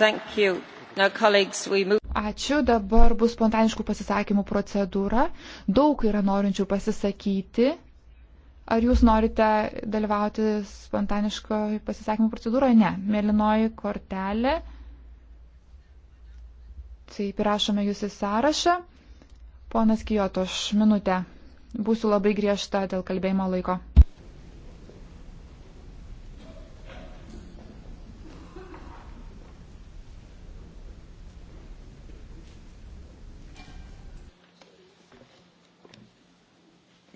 [SPEAKER 4] Now, move... Ačiū,
[SPEAKER 7] dabar bus spontaniškų pasisakymų procedūra. Daug yra norinčių pasisakyti. Ar jūs norite dalyvauti spontaniško pasisakymų procedūroje? Ne. Mėlynoji kortelė. Taip, įrašome jūs į sąrašą. Ponas Kijotoš, minutę. Būsiu labai griežta dėl kalbėjimo laiko.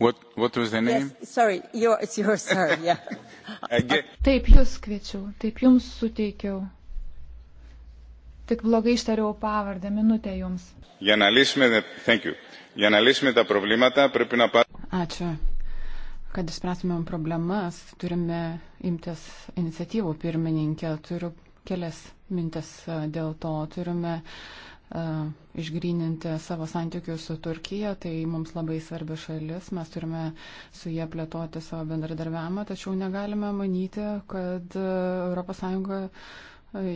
[SPEAKER 2] What, what was the name?
[SPEAKER 3] Yes, sorry, your, it's
[SPEAKER 7] yours, sorry, yeah. get... Taip, jūs kviečiau, taip jums suteikiau. Tik blogai ištariau pavardę, minutė jums.
[SPEAKER 2] Για να λύσουμε,
[SPEAKER 1] thank you. Για να λύσουμε τα προβλήματα πρέπει να πάρουμε. Ačiū.
[SPEAKER 6] Kad išspręstumėm problemas, turime imtis iniciatyvų pirmininkė. Turiu kelias mintis e, dėl to. Turime uh, E, išgryninti savo santykius su Turkija, tai mums labai svarbi šalis, mes turime su jie plėtoti savo bendradarbiavimą, tačiau negalime manyti, kad ES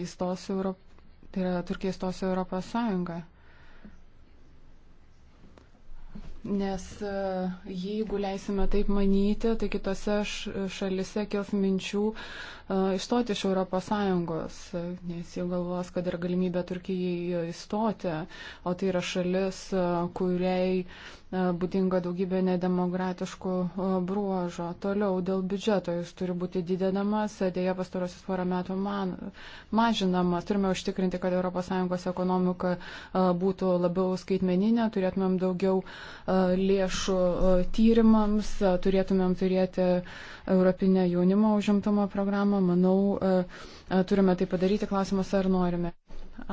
[SPEAKER 6] įstos Europą, tai yra Turkija įstos Europos Sąjungą. Nes e, jeigu leisime taip manyti, tai kitose šalise kils minčių e, išstoti iš ES, nes jau galvos, kad yra galimybė Turkijai įstoti, o tai yra šalis, e, kuriai E, būdinga daugybė nedemokratiškų e, bruožo. Toliau dėl biudžeto jis turi būti didinamas, dėja pastarosius porą metų man, mažinamas. Turime užtikrinti, kad ES ekonomika e, būtų labiau skaitmeninė, turėtumėm daugiau lėšų tyrimams, turėtumėm turėti Europinę jaunimo užimtumo programą. Manau, turime tai padaryti. Klausimas,
[SPEAKER 7] ar norime.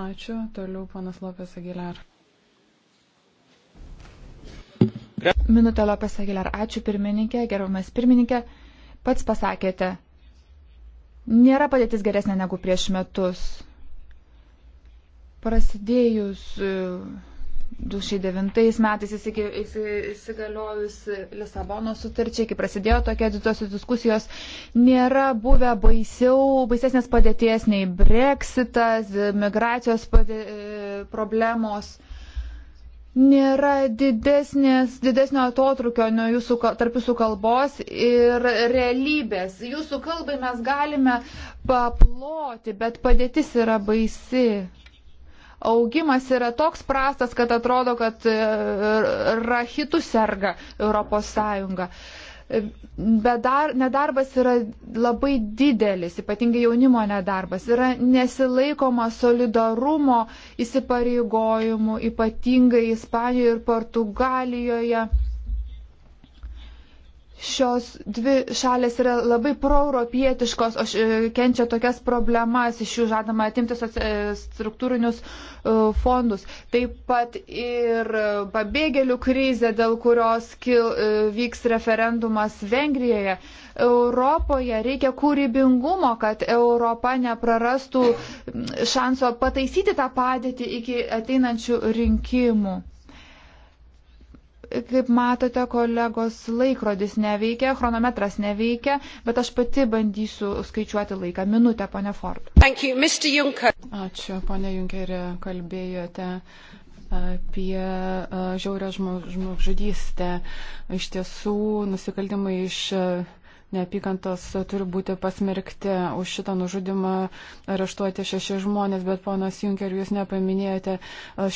[SPEAKER 7] Ačiū. Toliau panas Lopės Agiliar. Minutė Lopes Agilar. Ačiū pirmininkė, gerbamas pirmininkė. Pats pasakėte, nėra padėtis geresnė negu prieš metus. Prasidėjus 2009 e, metais įsigaliojus Lisabono sutarčiai, kai prasidėjo tokia didžiosios diskusijos, nėra buvę baisiau, baisesnės padėties nei breksitas, migracijos padė, e, problemos nėra didesnės, didesnio atotrukio nuo jūsų, tarp jūsų kalbos ir realybės. Jūsų kalbai mes galime paploti, bet padėtis yra baisi. Augimas yra toks prastas, kad atrodo, kad e, rachitų serga Europos Sąjunga. Uh, Bedar, nedarbas yra labai didelis, ypatingai jaunimo nedarbas. Yra nesilaikoma solidarumo įsipareigojimų, ypatingai Ispanijoje ir Portugalijoje šios dvi šalės yra labai proeuropietiškos, o e, kenčia tokias problemas, iš jų žadama atimti e, struktūrinius e, fondus. Taip pat ir pabėgėlių krizė, dėl kurios kil, vyks referendumas Vengrijoje. Europoje reikia kūrybingumo, kad Europa neprarastų šanso pataisyti tą padėtį iki ateinančių rinkimų. Kaip matote, kolegos laikrodis neveikia, chronometras neveikia, bet aš pati bandysiu skaičiuoti laiką. Minutę, ponė Ford.
[SPEAKER 5] You,
[SPEAKER 6] Ačiū, ponė Junkerė, kalbėjote apie žiaurę žmogžudystę. Iš tiesų, nusikaltimai iš. Uh, neapykantos turi būti pasmerkti. Už šitą nužudimą areštuoti šeši žmonės, bet ponas Junker, jūs nepaminėjote e,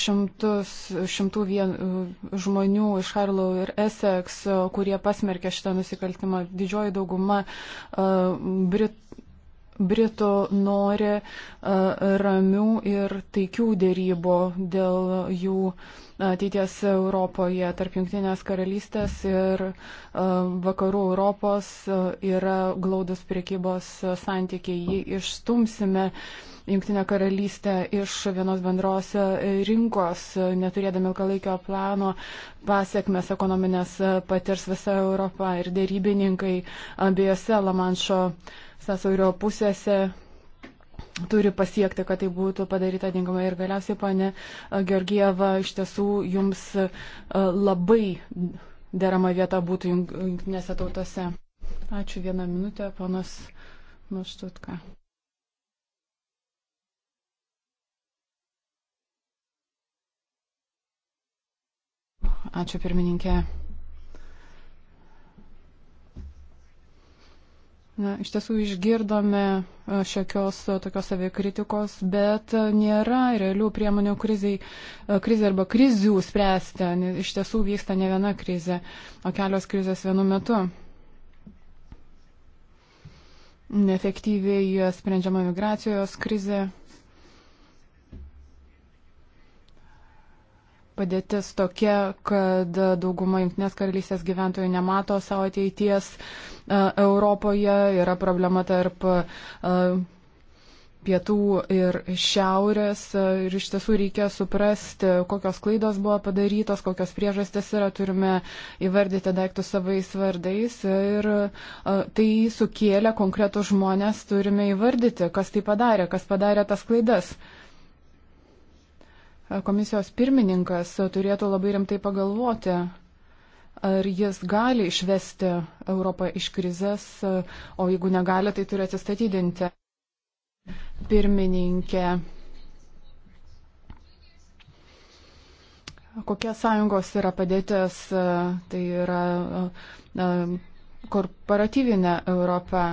[SPEAKER 6] šimtus, šimtų vien, e, žmonių iš Harlow ir Essex, e, kurie pasmerkė šitą nusikaltimą. Didžioji dauguma uh, Brit. Britų nori uh, ramių ir taikių dėrybų dėl jų uh, ateities Europoje tarp Junktinės karalystės ir e, vakarų Europos e, yra glaudus priekybos santykiai. Jį išstumsime Junktinę karalystę iš vienos bendros rinkos, neturėdami ilgalaikio plano, pasiekmes ekonominės patirs visa Europa ir dėrybininkai abiejose Lamanšo sąsaurio pusėse turi pasiekti, kad tai būtų padaryta dingamai. Ir galiausiai, pane Georgieva, iš tiesų jums labai derama vieta būtų jungtinėse tautose. Ačiū vieną minutę, panas Maštutka. Ačiū pirmininkė. Na, iš tiesų išgirdome e, šiokios e, tokios savikritikos, bet e, nėra realių priemonių kriziai, krizė arba krizių spręsti. Iš tiesų vyksta ne viena krizė, o kelios krizės vienu metu. Neefektyviai sprendžiama migracijos krizė, padėtis tokia, kad dauguma Junktinės karalystės gyventojų nemato savo ateities e, Europoje, yra problema tarp e, pietų ir šiaurės ir iš tiesų reikia suprasti, kokios klaidos buvo padarytos, kokios priežastis yra, turime įvardyti daiktus savais vardais ir e, tai sukėlė konkretų žmonės, turime įvardyti, kas tai padarė, kas padarė tas klaidas. Uh, komisijos pirmininkas turėtų labai rimtai pagalvoti, ar jis gali išvesti Europą iš krizės, o jeigu negali, tai turi atsistatydinti. Pirmininkė. Kokia sąjungos yra padėtis, tai yra korporatyvinė Europa.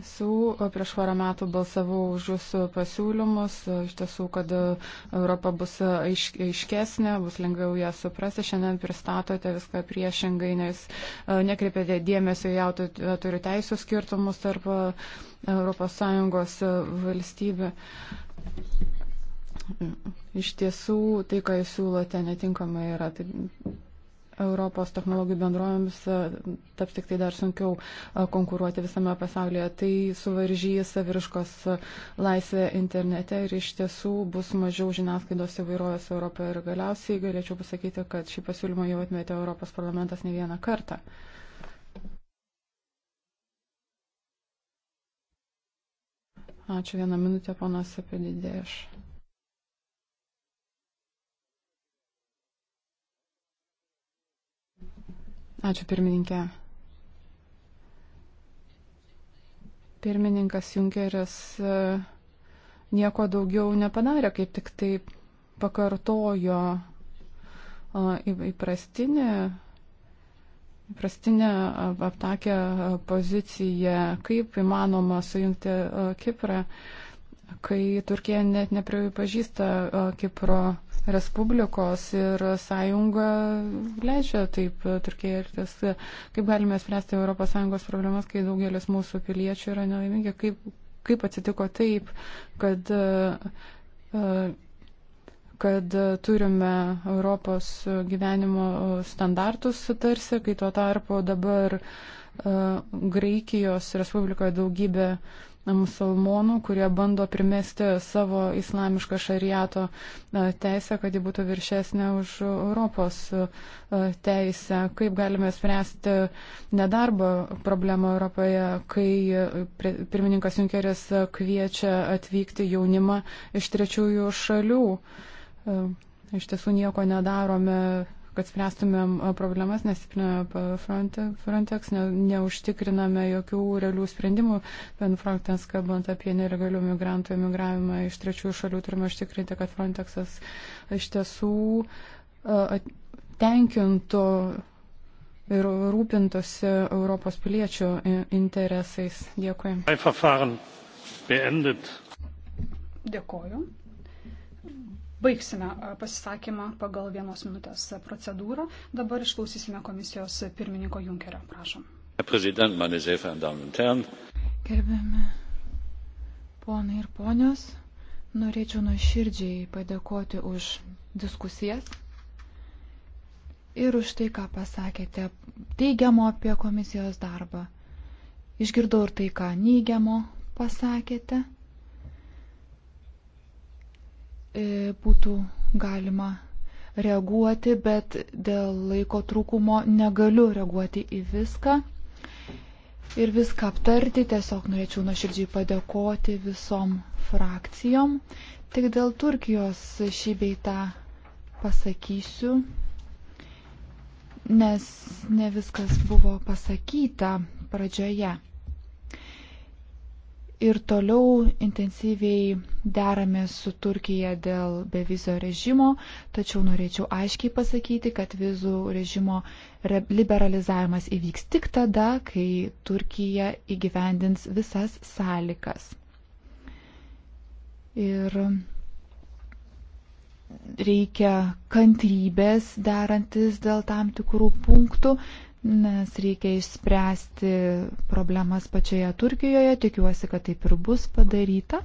[SPEAKER 6] Visų e, prieš porą metų balsavau už jūsų pasiūlymus, e, iš tiesų, kad e, Europa bus aišk, aiškesnė, bus lengviau ją suprasti. Šiandien pristatote viską priešingai, nes nekreipėte dėmesio į autorių teisų skirtumus tarp ES valstybių. Iš tiesų, tai, ką jūs siūlote, netinkamai yra. Tai Europos technologijų bendrovėms e, taps tik tai dar sunkiau e, konkuruoti visame pasaulyje. Tai suvaržys saviriškos e, laisvę internete ir iš tiesų bus mažiau žiniasklaidos įvairovės Europoje. Ir galiausiai galėčiau pasakyti, kad šį pasiūlymą jau atmetė Europos parlamentas ne vieną kartą. Ačiū vieną minutę, ponas Sapididėš. Ačiū pirmininkė. Pirmininkas Junkeris e, nieko daugiau nepadarė, kaip tik taip pakartojo e, įprastinį prastinę aptakę poziciją, kaip įmanoma sujungti e, Kiprą, kai Turkija net nepripažįsta Kipro Respublikos ir sąjunga leidžia taip Turkija ir tas, kaip galime spręsti ES problemas, kai daugelis mūsų piliečių yra nelaimingi, kaip, kaip atsitiko taip, kad, kad turime Europos gyvenimo standartus tarsi, kai tuo tarpu dabar Graikijos Respublikoje daugybė uh, musulmonų, kurie bando primesti savo islamišką šariato e, teisę, kad ji būtų viršesnė už Europos e, teisę. Kaip galime spręsti nedarbo problemą Europoje, kai e, pirmininkas Junkeris kviečia atvykti jaunimą iš trečiųjų šalių. Iš tiesų nieko nedarome kad spręstumėm e, problemas, nes e, Frontex ne, neužtikriname jokių realių sprendimų. Ben Frontex, kalbant apie neregalių migrantų emigravimą iš trečiųjų šalių, turime užtikrinti, kad Frontexas iš tiesų e, tenkintų ir rūpintųsi Europos piliečių interesais. Dėkui.
[SPEAKER 5] Dėkoju. Baigsime pasisakymą pagal vienos minutės procedūrą. Dabar išklausysime komisijos pirmininko Junkerio. Prašom. Gerbiami
[SPEAKER 7] ponai ir ponios, norėčiau nuoširdžiai padėkoti už diskusijas ir už tai, ką pasakėte teigiamo apie komisijos darbą. Išgirdau ir tai, ką neigiamo pasakėte. E, būtų galima reaguoti, bet dėl laiko trūkumo negaliu reaguoti į viską ir viską aptarti. Tiesiog norėčiau nuoširdžiai padėkoti visom frakcijom. Tik dėl Turkijos šį beitą pasakysiu, nes ne viskas buvo pasakyta pradžioje ir toliau intensyviai deramės su Turkija dėl bevizio režimo, tačiau norėčiau aiškiai pasakyti, kad vizų režimo liberalizavimas įvyks tik tada, kai Turkija įgyvendins visas sąlygas. Ir reikia kantrybės derantis dėl tam tikrų punktų, nes reikia išspręsti problemas pačioje Turkijoje. Tikiuosi, kad taip ir bus padaryta.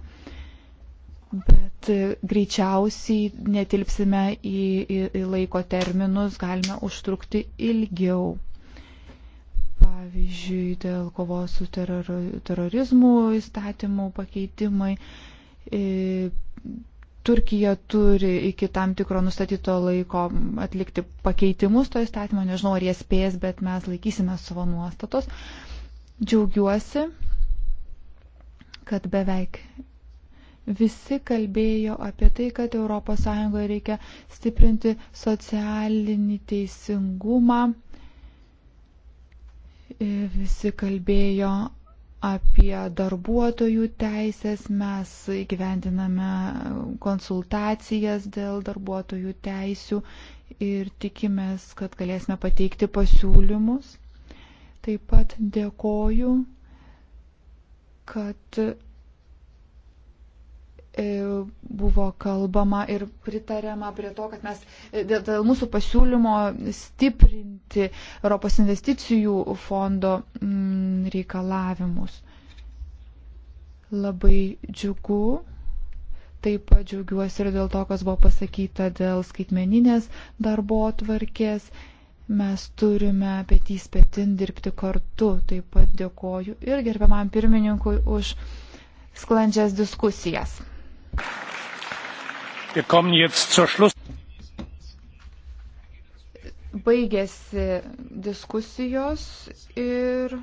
[SPEAKER 7] Bet greičiausiai netilpsime į, į, į laiko terminus, galime užtrukti ilgiau pavyzdžiui, dėl kovos su teror, terorizmu įstatymų pakeitimai, e, Turkija turi iki tam tikro nustatyto laiko atlikti pakeitimus to įstatymo, nežinau ar jie spės, bet mes laikysime savo nuostatos. Džiaugiuosi, kad beveik visi kalbėjo apie tai, kad ES reikia stiprinti socialinį teisingumą. Visi kalbėjo apie darbuotojų teisės, mes įgyvendiname konsultacijas dėl darbuotojų teisių ir tikimės, kad galėsime pateikti pasiūlymus. Taip pat dėkoju, kad E, buvo kalbama ir pritariama prie to, kad mes e, dėl mūsų pasiūlymo stiprinti Europos investicijų fondo mm, reikalavimus. Labai džiugu. Taip pat džiaugiuosi ir dėl to, kas buvo pasakyta dėl skaitmeninės darbo tvarkės. Mes turime petys petin dirbti kartu. Taip pat dėkoju ir gerbiamam pirmininkui už sklandžias diskusijas. Baigėsi diskusijos ir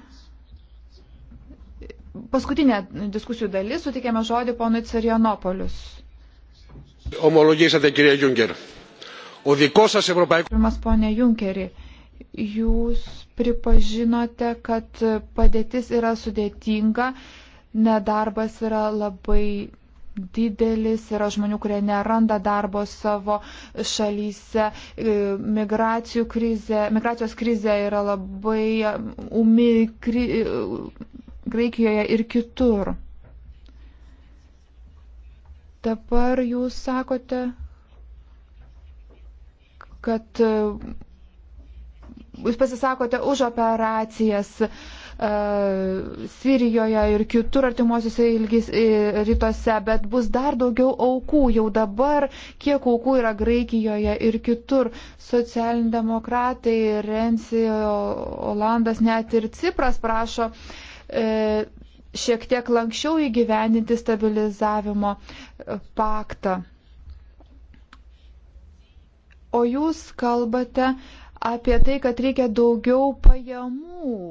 [SPEAKER 7] paskutinė diskusijų dalis sutikėme žodį ponui Carianopolius.
[SPEAKER 2] Ομολογήσατε κύριε Γιούγκερ. Ο δικός σας ευρωπαϊκός... Pirmas
[SPEAKER 7] ponė Junkerį, jūs pripažinote, kad padėtis yra sudėtinga, nedarbas yra labai didelis, yra žmonių, kurie neranda darbo savo šalyse, e, krize, migracijos krizė yra labai e, umi kri, e, Graikijoje ir kitur. Dabar jūs sakote, kad jūs pasisakote už operacijas E, Sirijoje ir kitur artimuosiuose e, rytuose, bet bus dar daugiau aukų. Jau dabar kiek aukų yra Graikijoje ir kitur. Socialdemokratai, Rensi, Olandas, net ir Cipras prašo e, šiek tiek lankščiau įgyveninti stabilizavimo e, paktą. O jūs kalbate apie tai, kad reikia daugiau pajamų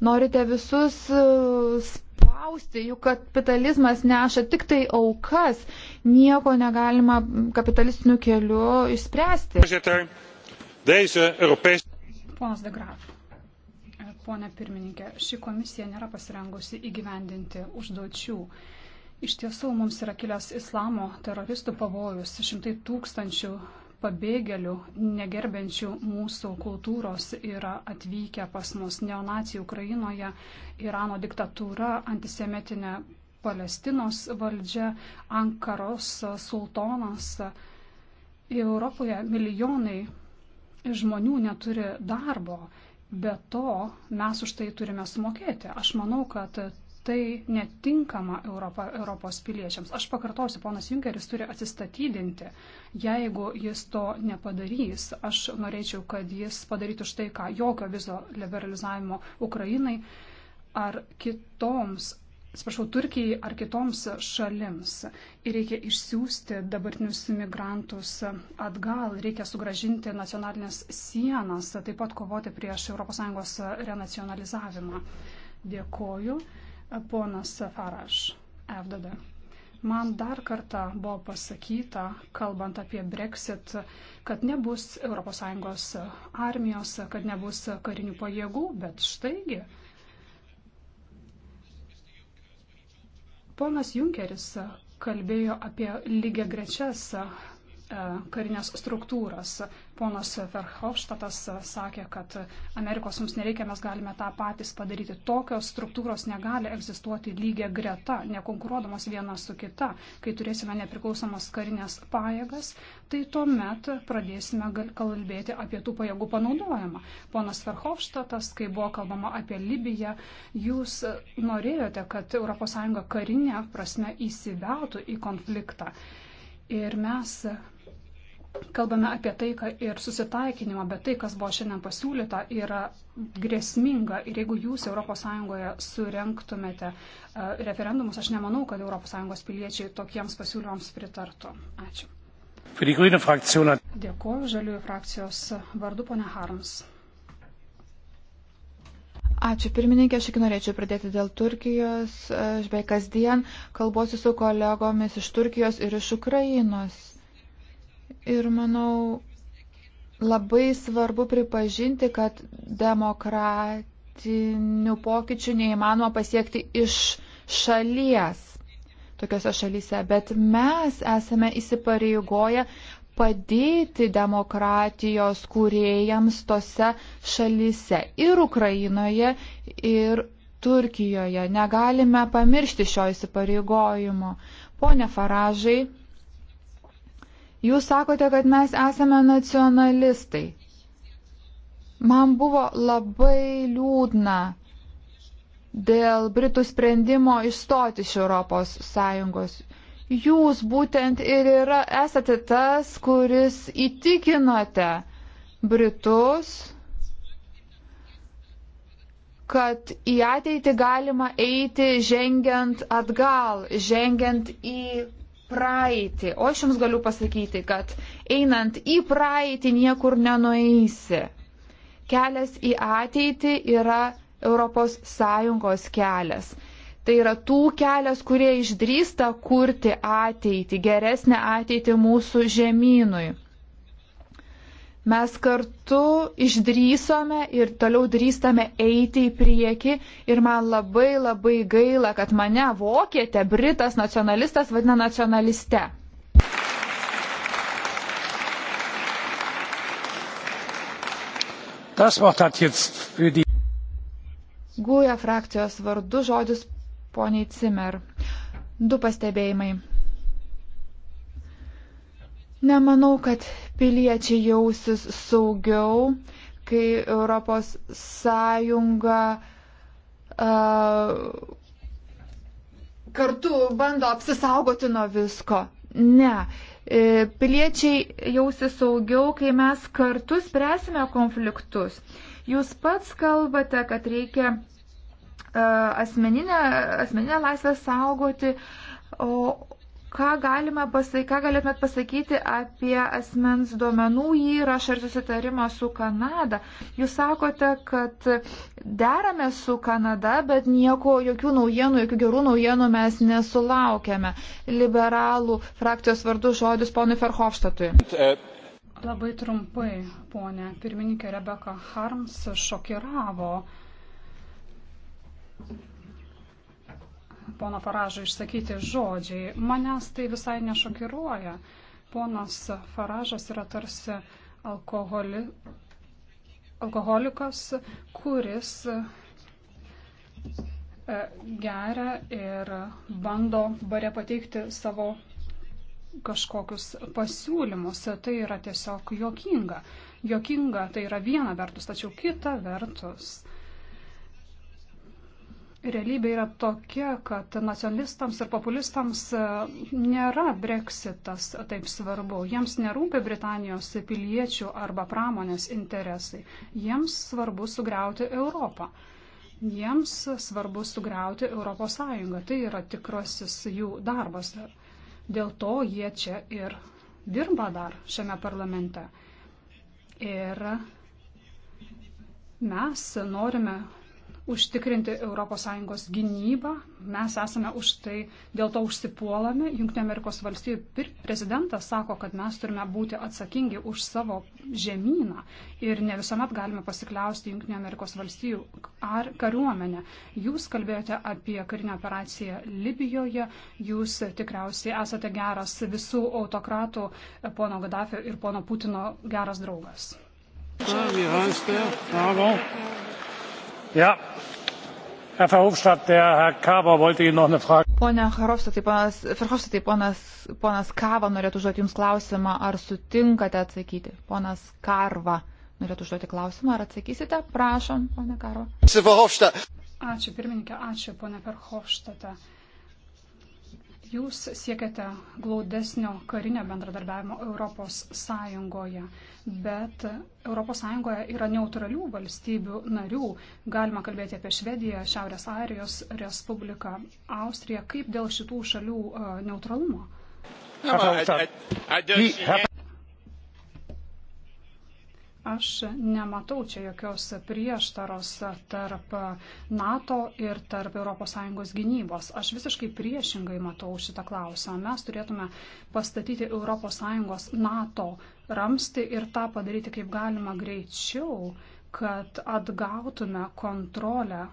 [SPEAKER 7] norite visus uh, spausti, juk kapitalizmas neša tik tai aukas, nieko negalima kapitalistiniu keliu
[SPEAKER 2] išspręsti.
[SPEAKER 5] Ponas de Graf, ponė pirmininkė, ši komisija nėra pasirengusi įgyvendinti užduočių. Iš tiesų mums yra kilęs islamo teroristų pavojus, šimtai tūkstančių pabėgėlių, negerbiančių mūsų kultūros yra atvykę pas mus neonacijai Ukrainoje, Irano diktatūra, antisemitinė Palestinos valdžia, Ankaros sultonas. Europoje milijonai žmonių neturi darbo, be to mes už tai turime sumokėti. Aš manau, kad tai netinkama Europa, Europos piliečiams. Aš pakartosiu, ponas Junkeris turi atsistatydinti. Jeigu jis to nepadarys, aš norėčiau, kad jis padarytų štai ką, jokio vizo liberalizavimo Ukrainai ar kitoms, atsiprašau, Turkijai ar kitoms šalims. Ir reikia išsiųsti dabartinius migrantus atgal, reikia sugražinti nacionalinės sienas, taip pat kovoti prieš ES renacionalizavimą. Dėkoju ponas Faraš, FDD. Man dar kartą buvo pasakyta, kalbant apie Brexit, kad nebus ES armijos, kad nebus karinių pajėgų, bet štaigi. Ponas Junkeris kalbėjo apie lygiagrečias E, karinės struktūras. Ponas Verhofštatas e, sakė, kad Amerikos mums nereikia, mes galime tą patys padaryti. Tokios struktūros negali egzistuoti lygia greta, nekonkuruodamos viena su kita. Kai turėsime nepriklausomas karinės pajėgas, tai tuomet pradėsime kalbėti apie tų pajėgų panaudojimą. Ponas Verhofštatas, kai buvo kalbama apie Libiją, jūs norėjote, kad ES karinė prasme įsiveltų į konfliktą. Ir mes kalbame apie taiką ir susitaikinimą, bet tai, kas buvo šiandien pasiūlyta, yra grėsminga. Ir jeigu jūs ES surenktumėte e, referendumus, aš nemanau, kad ES piliečiai tokiems pasiūlymams pritartų. Ačiū.
[SPEAKER 2] Dėkuoju
[SPEAKER 5] Žaliųjų frakcijos vardu, ponė Harms.
[SPEAKER 7] Ačiū pirmininkė, aš tik norėčiau pradėti dėl Turkijos. E, aš beveik kasdien kalbuosiu su kolegomis iš Turkijos ir iš Ukrainos Ir manau, labai svarbu pripažinti, kad demokratinių pokyčių neįmanoma pasiekti iš šalies, tokiose šalyse, bet mes esame įsipareigoję padėti demokratijos kūrėjams tose šalyse ir Ukrainoje, ir Turkijoje. Negalime pamiršti šio įsipareigojimo. Pone Faražai, Jūs sakote, kad mes esame nacionalistai. Man buvo labai liūdna dėl Britų sprendimo išstoti iš Europos Sąjungos. Jūs būtent ir yra, esate tas, kuris įtikinote Britus, kad į ateitį galima eiti žengiant atgal, žengiant į praeitį. O aš jums galiu pasakyti, kad einant į praeitį niekur nenueisi. Kelias į ateitį yra ES kelias. Tai yra tų kelias, kurie išdrįsta kurti ateitį, geresnę ateitį mūsų žemynui. Mes kartu išdrysome ir toliau drįstame eiti į priekį ir man labai labai gaila, kad mane vokietė, britas nacionalistas vadina nacionaliste. Guja frakcijos vardu žodis poniai Cimer. Du pastebėjimai. Nemanau, kad piliečiai jausis saugiau, kai Europos Sąjunga uh, kartu bando apsisaugoti nuo visko. Ne. E, piliečiai jausis saugiau, kai mes kartu spręsime konfliktus. Jūs pats kalbate, kad reikia asmeninę, asmeninę laisvę saugoti, o, ką, pasak, ką galėtumėt pasakyti apie asmens duomenų įrašą ir susitarimą su Kanada? Jūs sakote, kad derame su Kanada, bet nieko, jokių naujienų, jokių gerų naujienų mes nesulaukėme. Liberalų frakcijos vardu žodis ponui Ferhofštatui.
[SPEAKER 5] Labai trumpai, ponė. Pirmininkė Rebeka Harms šokiravo pono Faražo išsakyti žodžiai. Manęs tai visai nešokiruoja. Ponas Faražas yra tarsi alkoholi, alkoholikas, kuris e, geria ir bando bare pateikti savo kažkokius pasiūlymus. Tai yra tiesiog jokinga. Jokinga tai yra viena vertus, tačiau kita vertus realybė yra tokia, kad nacionalistams ir populistams e, nėra breksitas taip svarbu. Jiems nerūpi Britanijos piliečių arba pramonės interesai. Jiems svarbu sugriauti Europą. Jiems svarbu sugriauti Europos Sąjungą. Tai yra tikrasis jų darbas. Dėl to jie čia ir dirba dar šiame parlamente. Ir mes norime užtikrinti ES gynybą. Mes esame už tai, dėl to užsipuolami. JAV prezidentas sako, kad mes turime būti atsakingi už savo žemyną ir ne visuomet galime pasikliausti JAV ar kariuomenę. Jūs kalbėjote apie karinę operaciją Libijoje. Jūs tikriausiai esate geras visų autokratų, pono Gaddafio ir pono Putino geras draugas. Ah,
[SPEAKER 2] Ja. Herr Verhofstadt, der Herr Kaber wollte Ihnen noch eine Frage. Pone Verhofstadt,
[SPEAKER 7] ponas, Verhofstadt, ponas, ponas Kava norėtų užduoti Jums klausimą, ar sutinkate atsakyti. Ponas Karva norėtų užduoti klausimą,
[SPEAKER 5] ar atsakysite? Prašom, pone Karva.
[SPEAKER 7] Ačiū
[SPEAKER 5] pirmininkė, ačiū pone Verhofštate. Jūs siekiate glaudesnio karinio bendradarbiavimo Europos Sąjungoje, bet Europos Sąjungoje yra neutralių valstybių narių. Galima kalbėti apie Švediją, Šiaurės Airijos Respubliką, Austriją. Kaip dėl šitų šalių e, neutralumo? No,
[SPEAKER 2] I, I,
[SPEAKER 5] I Aš nematau čia jokios prieštaros tarp NATO ir tarp ES gynybos. Aš visiškai priešingai matau šitą klausimą. Mes turėtume pastatyti ES NATO ramsti ir tą padaryti kaip galima greičiau, kad atgautume kontrolę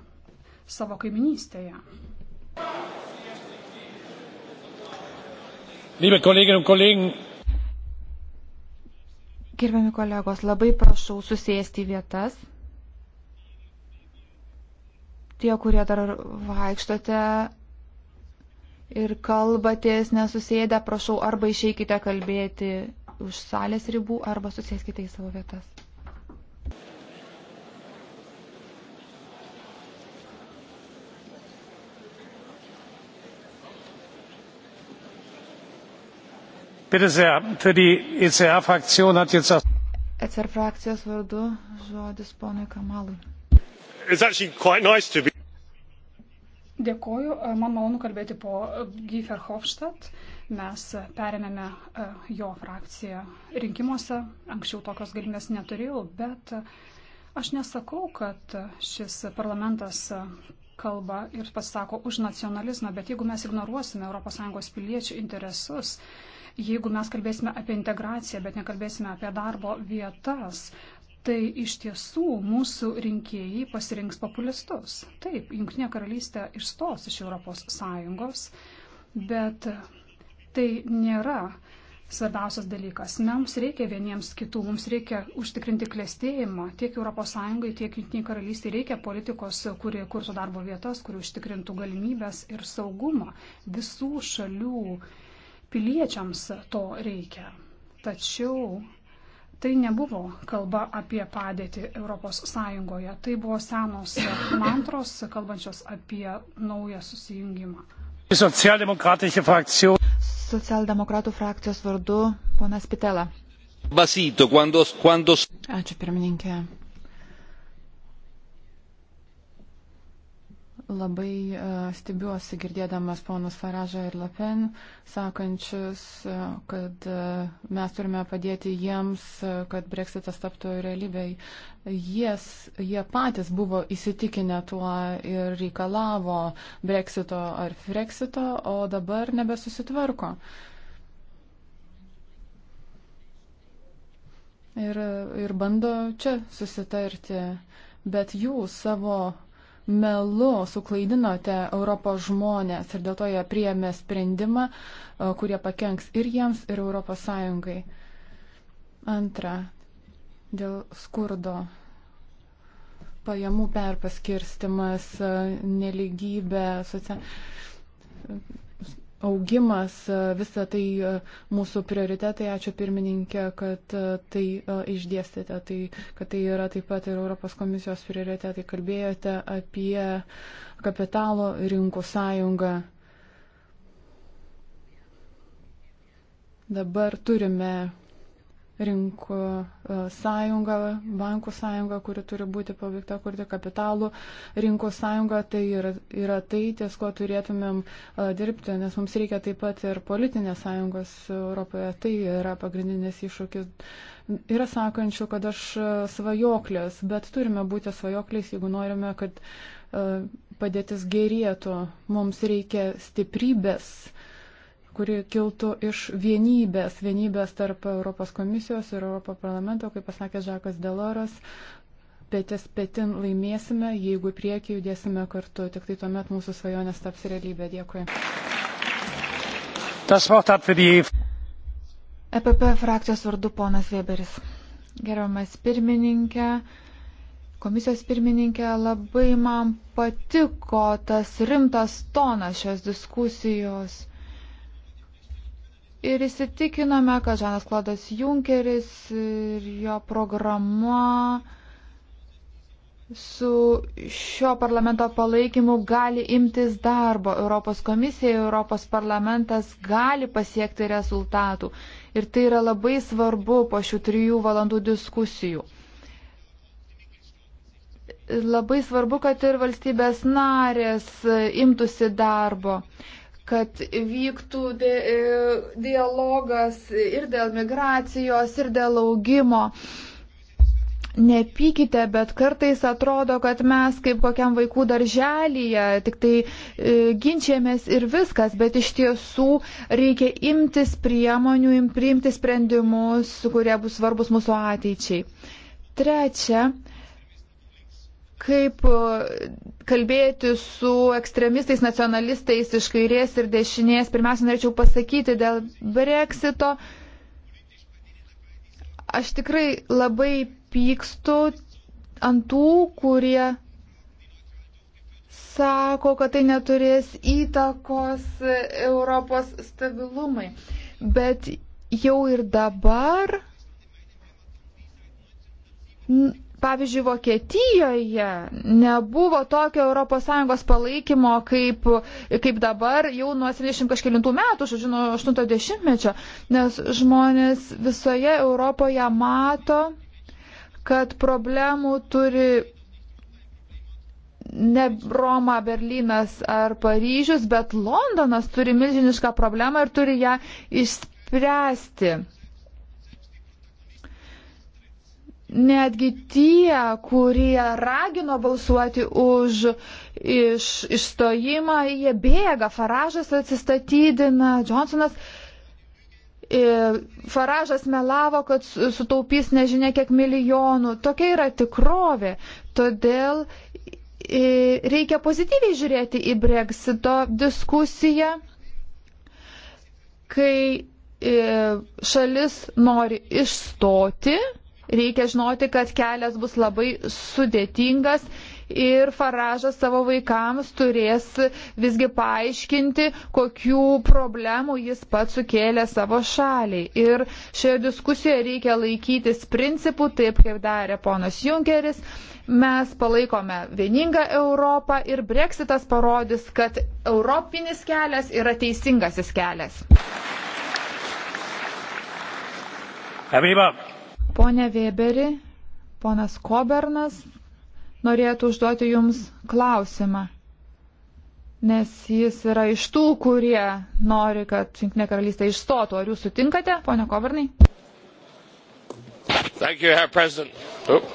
[SPEAKER 5] savo kaiminystėje.
[SPEAKER 2] Liebe Kolleginnen und Kollegen,
[SPEAKER 7] Gerbiami kolegos, labai prašau susėsti į vietas. Tie, kurie dar vaikštote ir kalbatės nesusėdę, prašau arba išeikite kalbėti už salės ribų, arba susėskite į savo vietas.
[SPEAKER 2] ecr e
[SPEAKER 7] e frakcijos vardu žodis ponui kamalui.
[SPEAKER 2] Nice be...
[SPEAKER 5] Dėkuoju, man malonu kalbėti po Giefer Hofstadt. Mes perėmėme e, jo frakciją rinkimuose, anksčiau tokios galimės neturėjau, bet aš nesakau, kad šis parlamentas kalba ir pasisako už nacionalizmą, bet jeigu mes ignoruosime ES piliečių interesus, Jeigu mes kalbėsime apie integraciją, bet nekalbėsime apie darbo vietas, tai iš tiesų mūsų rinkėjai pasirinks populistus. Taip, Junktinė karalystė išstos iš ES, bet tai nėra svarbiausias dalykas. Mums reikia vieniems kitų, mums reikia užtikrinti klėstėjimą. Tiek ES, tiek Junktiniai karalystiai reikia politikos, kuri kurtų darbo vietas, kuri užtikrintų galimybės ir saugumą visų šalių Piliečiams to reikia. Tačiau tai nebuvo kalba apie padėtį ES. Tai buvo senos mantros, kalbančios apie naują susijungimą.
[SPEAKER 7] Socialdemokratų frakcijos vardu ponas Pitela. Ačiū pirmininkė.
[SPEAKER 6] Labai e, stebiuosi girdėdamas ponus Faražą ir Lapen, sakančius, e, kad e, mes turime padėti jiems, kad breksitas taptų realybėj. Jies, jie patys buvo įsitikinę tuo ir reikalavo breksito ar freksito, o dabar nebesusitvarko. Ir, ir bando čia susitarti. Bet jūs savo melu suklaidinote Europos žmonės ir dėl to jie priėmė sprendimą, e, kurie pakenks ir jiems, ir Europos Sąjungai. Antra, dėl skurdo pajamų perpaskirstimas, e, neligybė, socialinė augimas, e, visa tai e, mūsų prioritetai. Ačiū pirmininkė, kad e, tai išdėstėte, tai, kad tai yra taip pat ir Europos komisijos prioritetai. Kalbėjote apie kapitalo rinkų sąjungą. Dabar turime rinkų e, sąjunga, bankų sąjunga, kuri turi būti paveikta kurti kapitalų rinkų sąjunga, tai yra, yra tai, ties ko turėtumėm e, dirbti, nes mums reikia taip pat ir politinės sąjungos Europoje. Tai yra pagrindinis iššūkis. Yra sakančių, kad aš e, svajoklės, bet turime būti svajoklės, jeigu norime, kad padėtis gerėtų. Mums reikia stiprybės kuri kiltų iš vienybės, vienybės tarp Europos komisijos ir Europos parlamento, kaip pasakė Žakas Deloras, pėtis pėtin laimėsime, jeigu į priekį judėsime kartu. Tik tai tuomet mūsų svajonės taps realybė. Dėkui.
[SPEAKER 7] EPP e frakcijos vardu ponas Weberis. Gerbiamas pirmininkė, komisijos pirmininkė, labai man patiko tas rimtas tonas šios diskusijos ir įsitikinome, kad Žanas Klodas Junkeris ir jo programa su šio parlamento palaikymu gali imtis darbo. Europos komisija, Europos parlamentas gali pasiekti rezultatų. Ir tai yra labai svarbu po šių trijų valandų diskusijų. Labai svarbu, kad ir valstybės narės imtųsi darbo kad vyktų di e, dialogas ir dėl migracijos, ir dėl augimo. Nepykite, bet kartais atrodo, kad mes kaip kokiam vaikų darželyje tik tai e, ginčiamės ir viskas, bet iš tiesų reikia imtis priemonių, priimti sprendimus, kurie bus svarbus mūsų ateičiai. Trečia, kaip e, kalbėti su ekstremistais, nacionalistais iš kairės ir dešinės. Pirmiausia, norėčiau pasakyti dėl breksito. Aš tikrai labai pykstu ant tų, kurie sako, kad tai neturės įtakos Europos stabilumai. Bet jau ir dabar Pavyzdžiui, Vokietijoje nebuvo tokio ES palaikymo kaip, kaip dabar jau nuo 70 kažkėlintų metų, žodžiu, nuo 80-mečio, nes žmonės visoje Europoje mato, kad problemų turi ne Roma, Berlynas ar Paryžius, bet Londonas turi milžinišką problemą ir turi ją išspręsti. netgi tie, kurie ragino balsuoti už iš, išstojimą, jie bėga, Faražas atsistatydina, Johnsonas. E, Faražas melavo, kad sutaupys nežinia kiek milijonų. Tokia yra tikrovė. Todėl e, reikia pozityviai žiūrėti į Brexito diskusiją, kai e, šalis nori išstoti Reikia žinoti, kad kelias bus labai sudėtingas ir Faražas savo vaikams turės visgi paaiškinti, kokių problemų jis pats sukėlė savo šaliai. Ir šioje diskusijoje reikia laikytis principų, taip kaip darė ponas Junkeris. Mes palaikome vieningą Europą ir breksitas parodys, kad europinis kelias yra teisingasis kelias. Herr Weber, Pone Weberi, ponas Kobernas norėtų užduoti Jums klausimą, nes jis yra iš tų, kurie nori, kad Junktinė karalystė išstotų. Ar Jūs sutinkate, pone Kobernai?
[SPEAKER 2] Thank you, Herr President. Oh.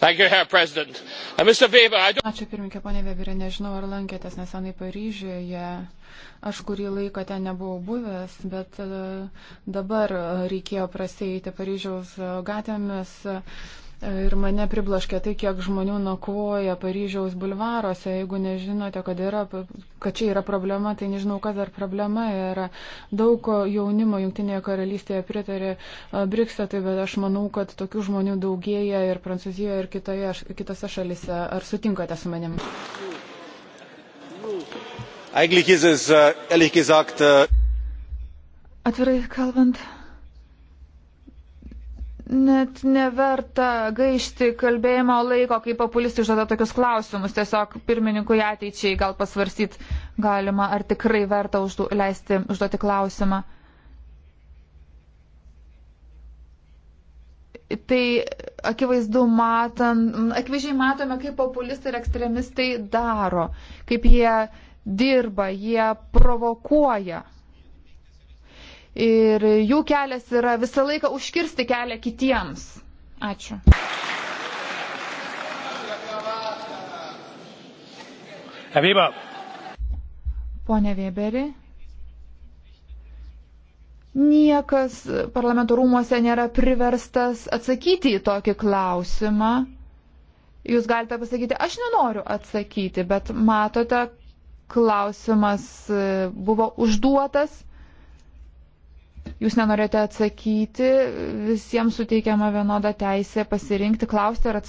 [SPEAKER 2] Uh, Ačiū
[SPEAKER 6] pirmininkė, ponė Weberė, nežinau, ar lankėtės nesenai Paryžiuje. Aš kurį laiką ten nebuvau buvęs, bet uh, dabar uh, reikėjo praseiti Paryžiaus gatėmis. Ir mane priblaškė tai, kiek žmonių nakvoja Paryžiaus bulvaruose. Jeigu nežinote, kad, yra, kad čia yra problema, tai nežinau, kas dar problema yra. Daug jaunimo Junktinėje karalystėje pritarė Brikstatui, bet aš manau, kad tokių žmonių daugėja ir Prancūzijoje, ir kitoje, kitose šalise. Ar sutinkate su manim?
[SPEAKER 3] Eigentlich ist es, äh,
[SPEAKER 1] ehrlich gesagt, äh,
[SPEAKER 7] Atvirai kalbant, Net neverta gaišti kalbėjimo laiko, kai populistai užduoda tokius klausimus. Tiesiog pirmininkui ateičiai gal pasvarstyt galima, ar tikrai verta uždu, leisti užduoti klausimą. Tai akivaizdu matant, akivaizdžiai matome, kaip populistai ir ekstremistai daro, kaip jie dirba, jie provokuoja ir jų kelias yra visą laiką užkirsti kelią kitiems. Ačiū. Avyba. Pone Weberi, niekas parlamento rūmose nėra priverstas atsakyti į tokį klausimą. Jūs galite pasakyti, aš nenoriu atsakyti, bet matote, klausimas buvo užduotas Jūs nenorėjote atsakyti, visiems suteikiama vienoda teisė pasirinkti, klausti ar atsakyti.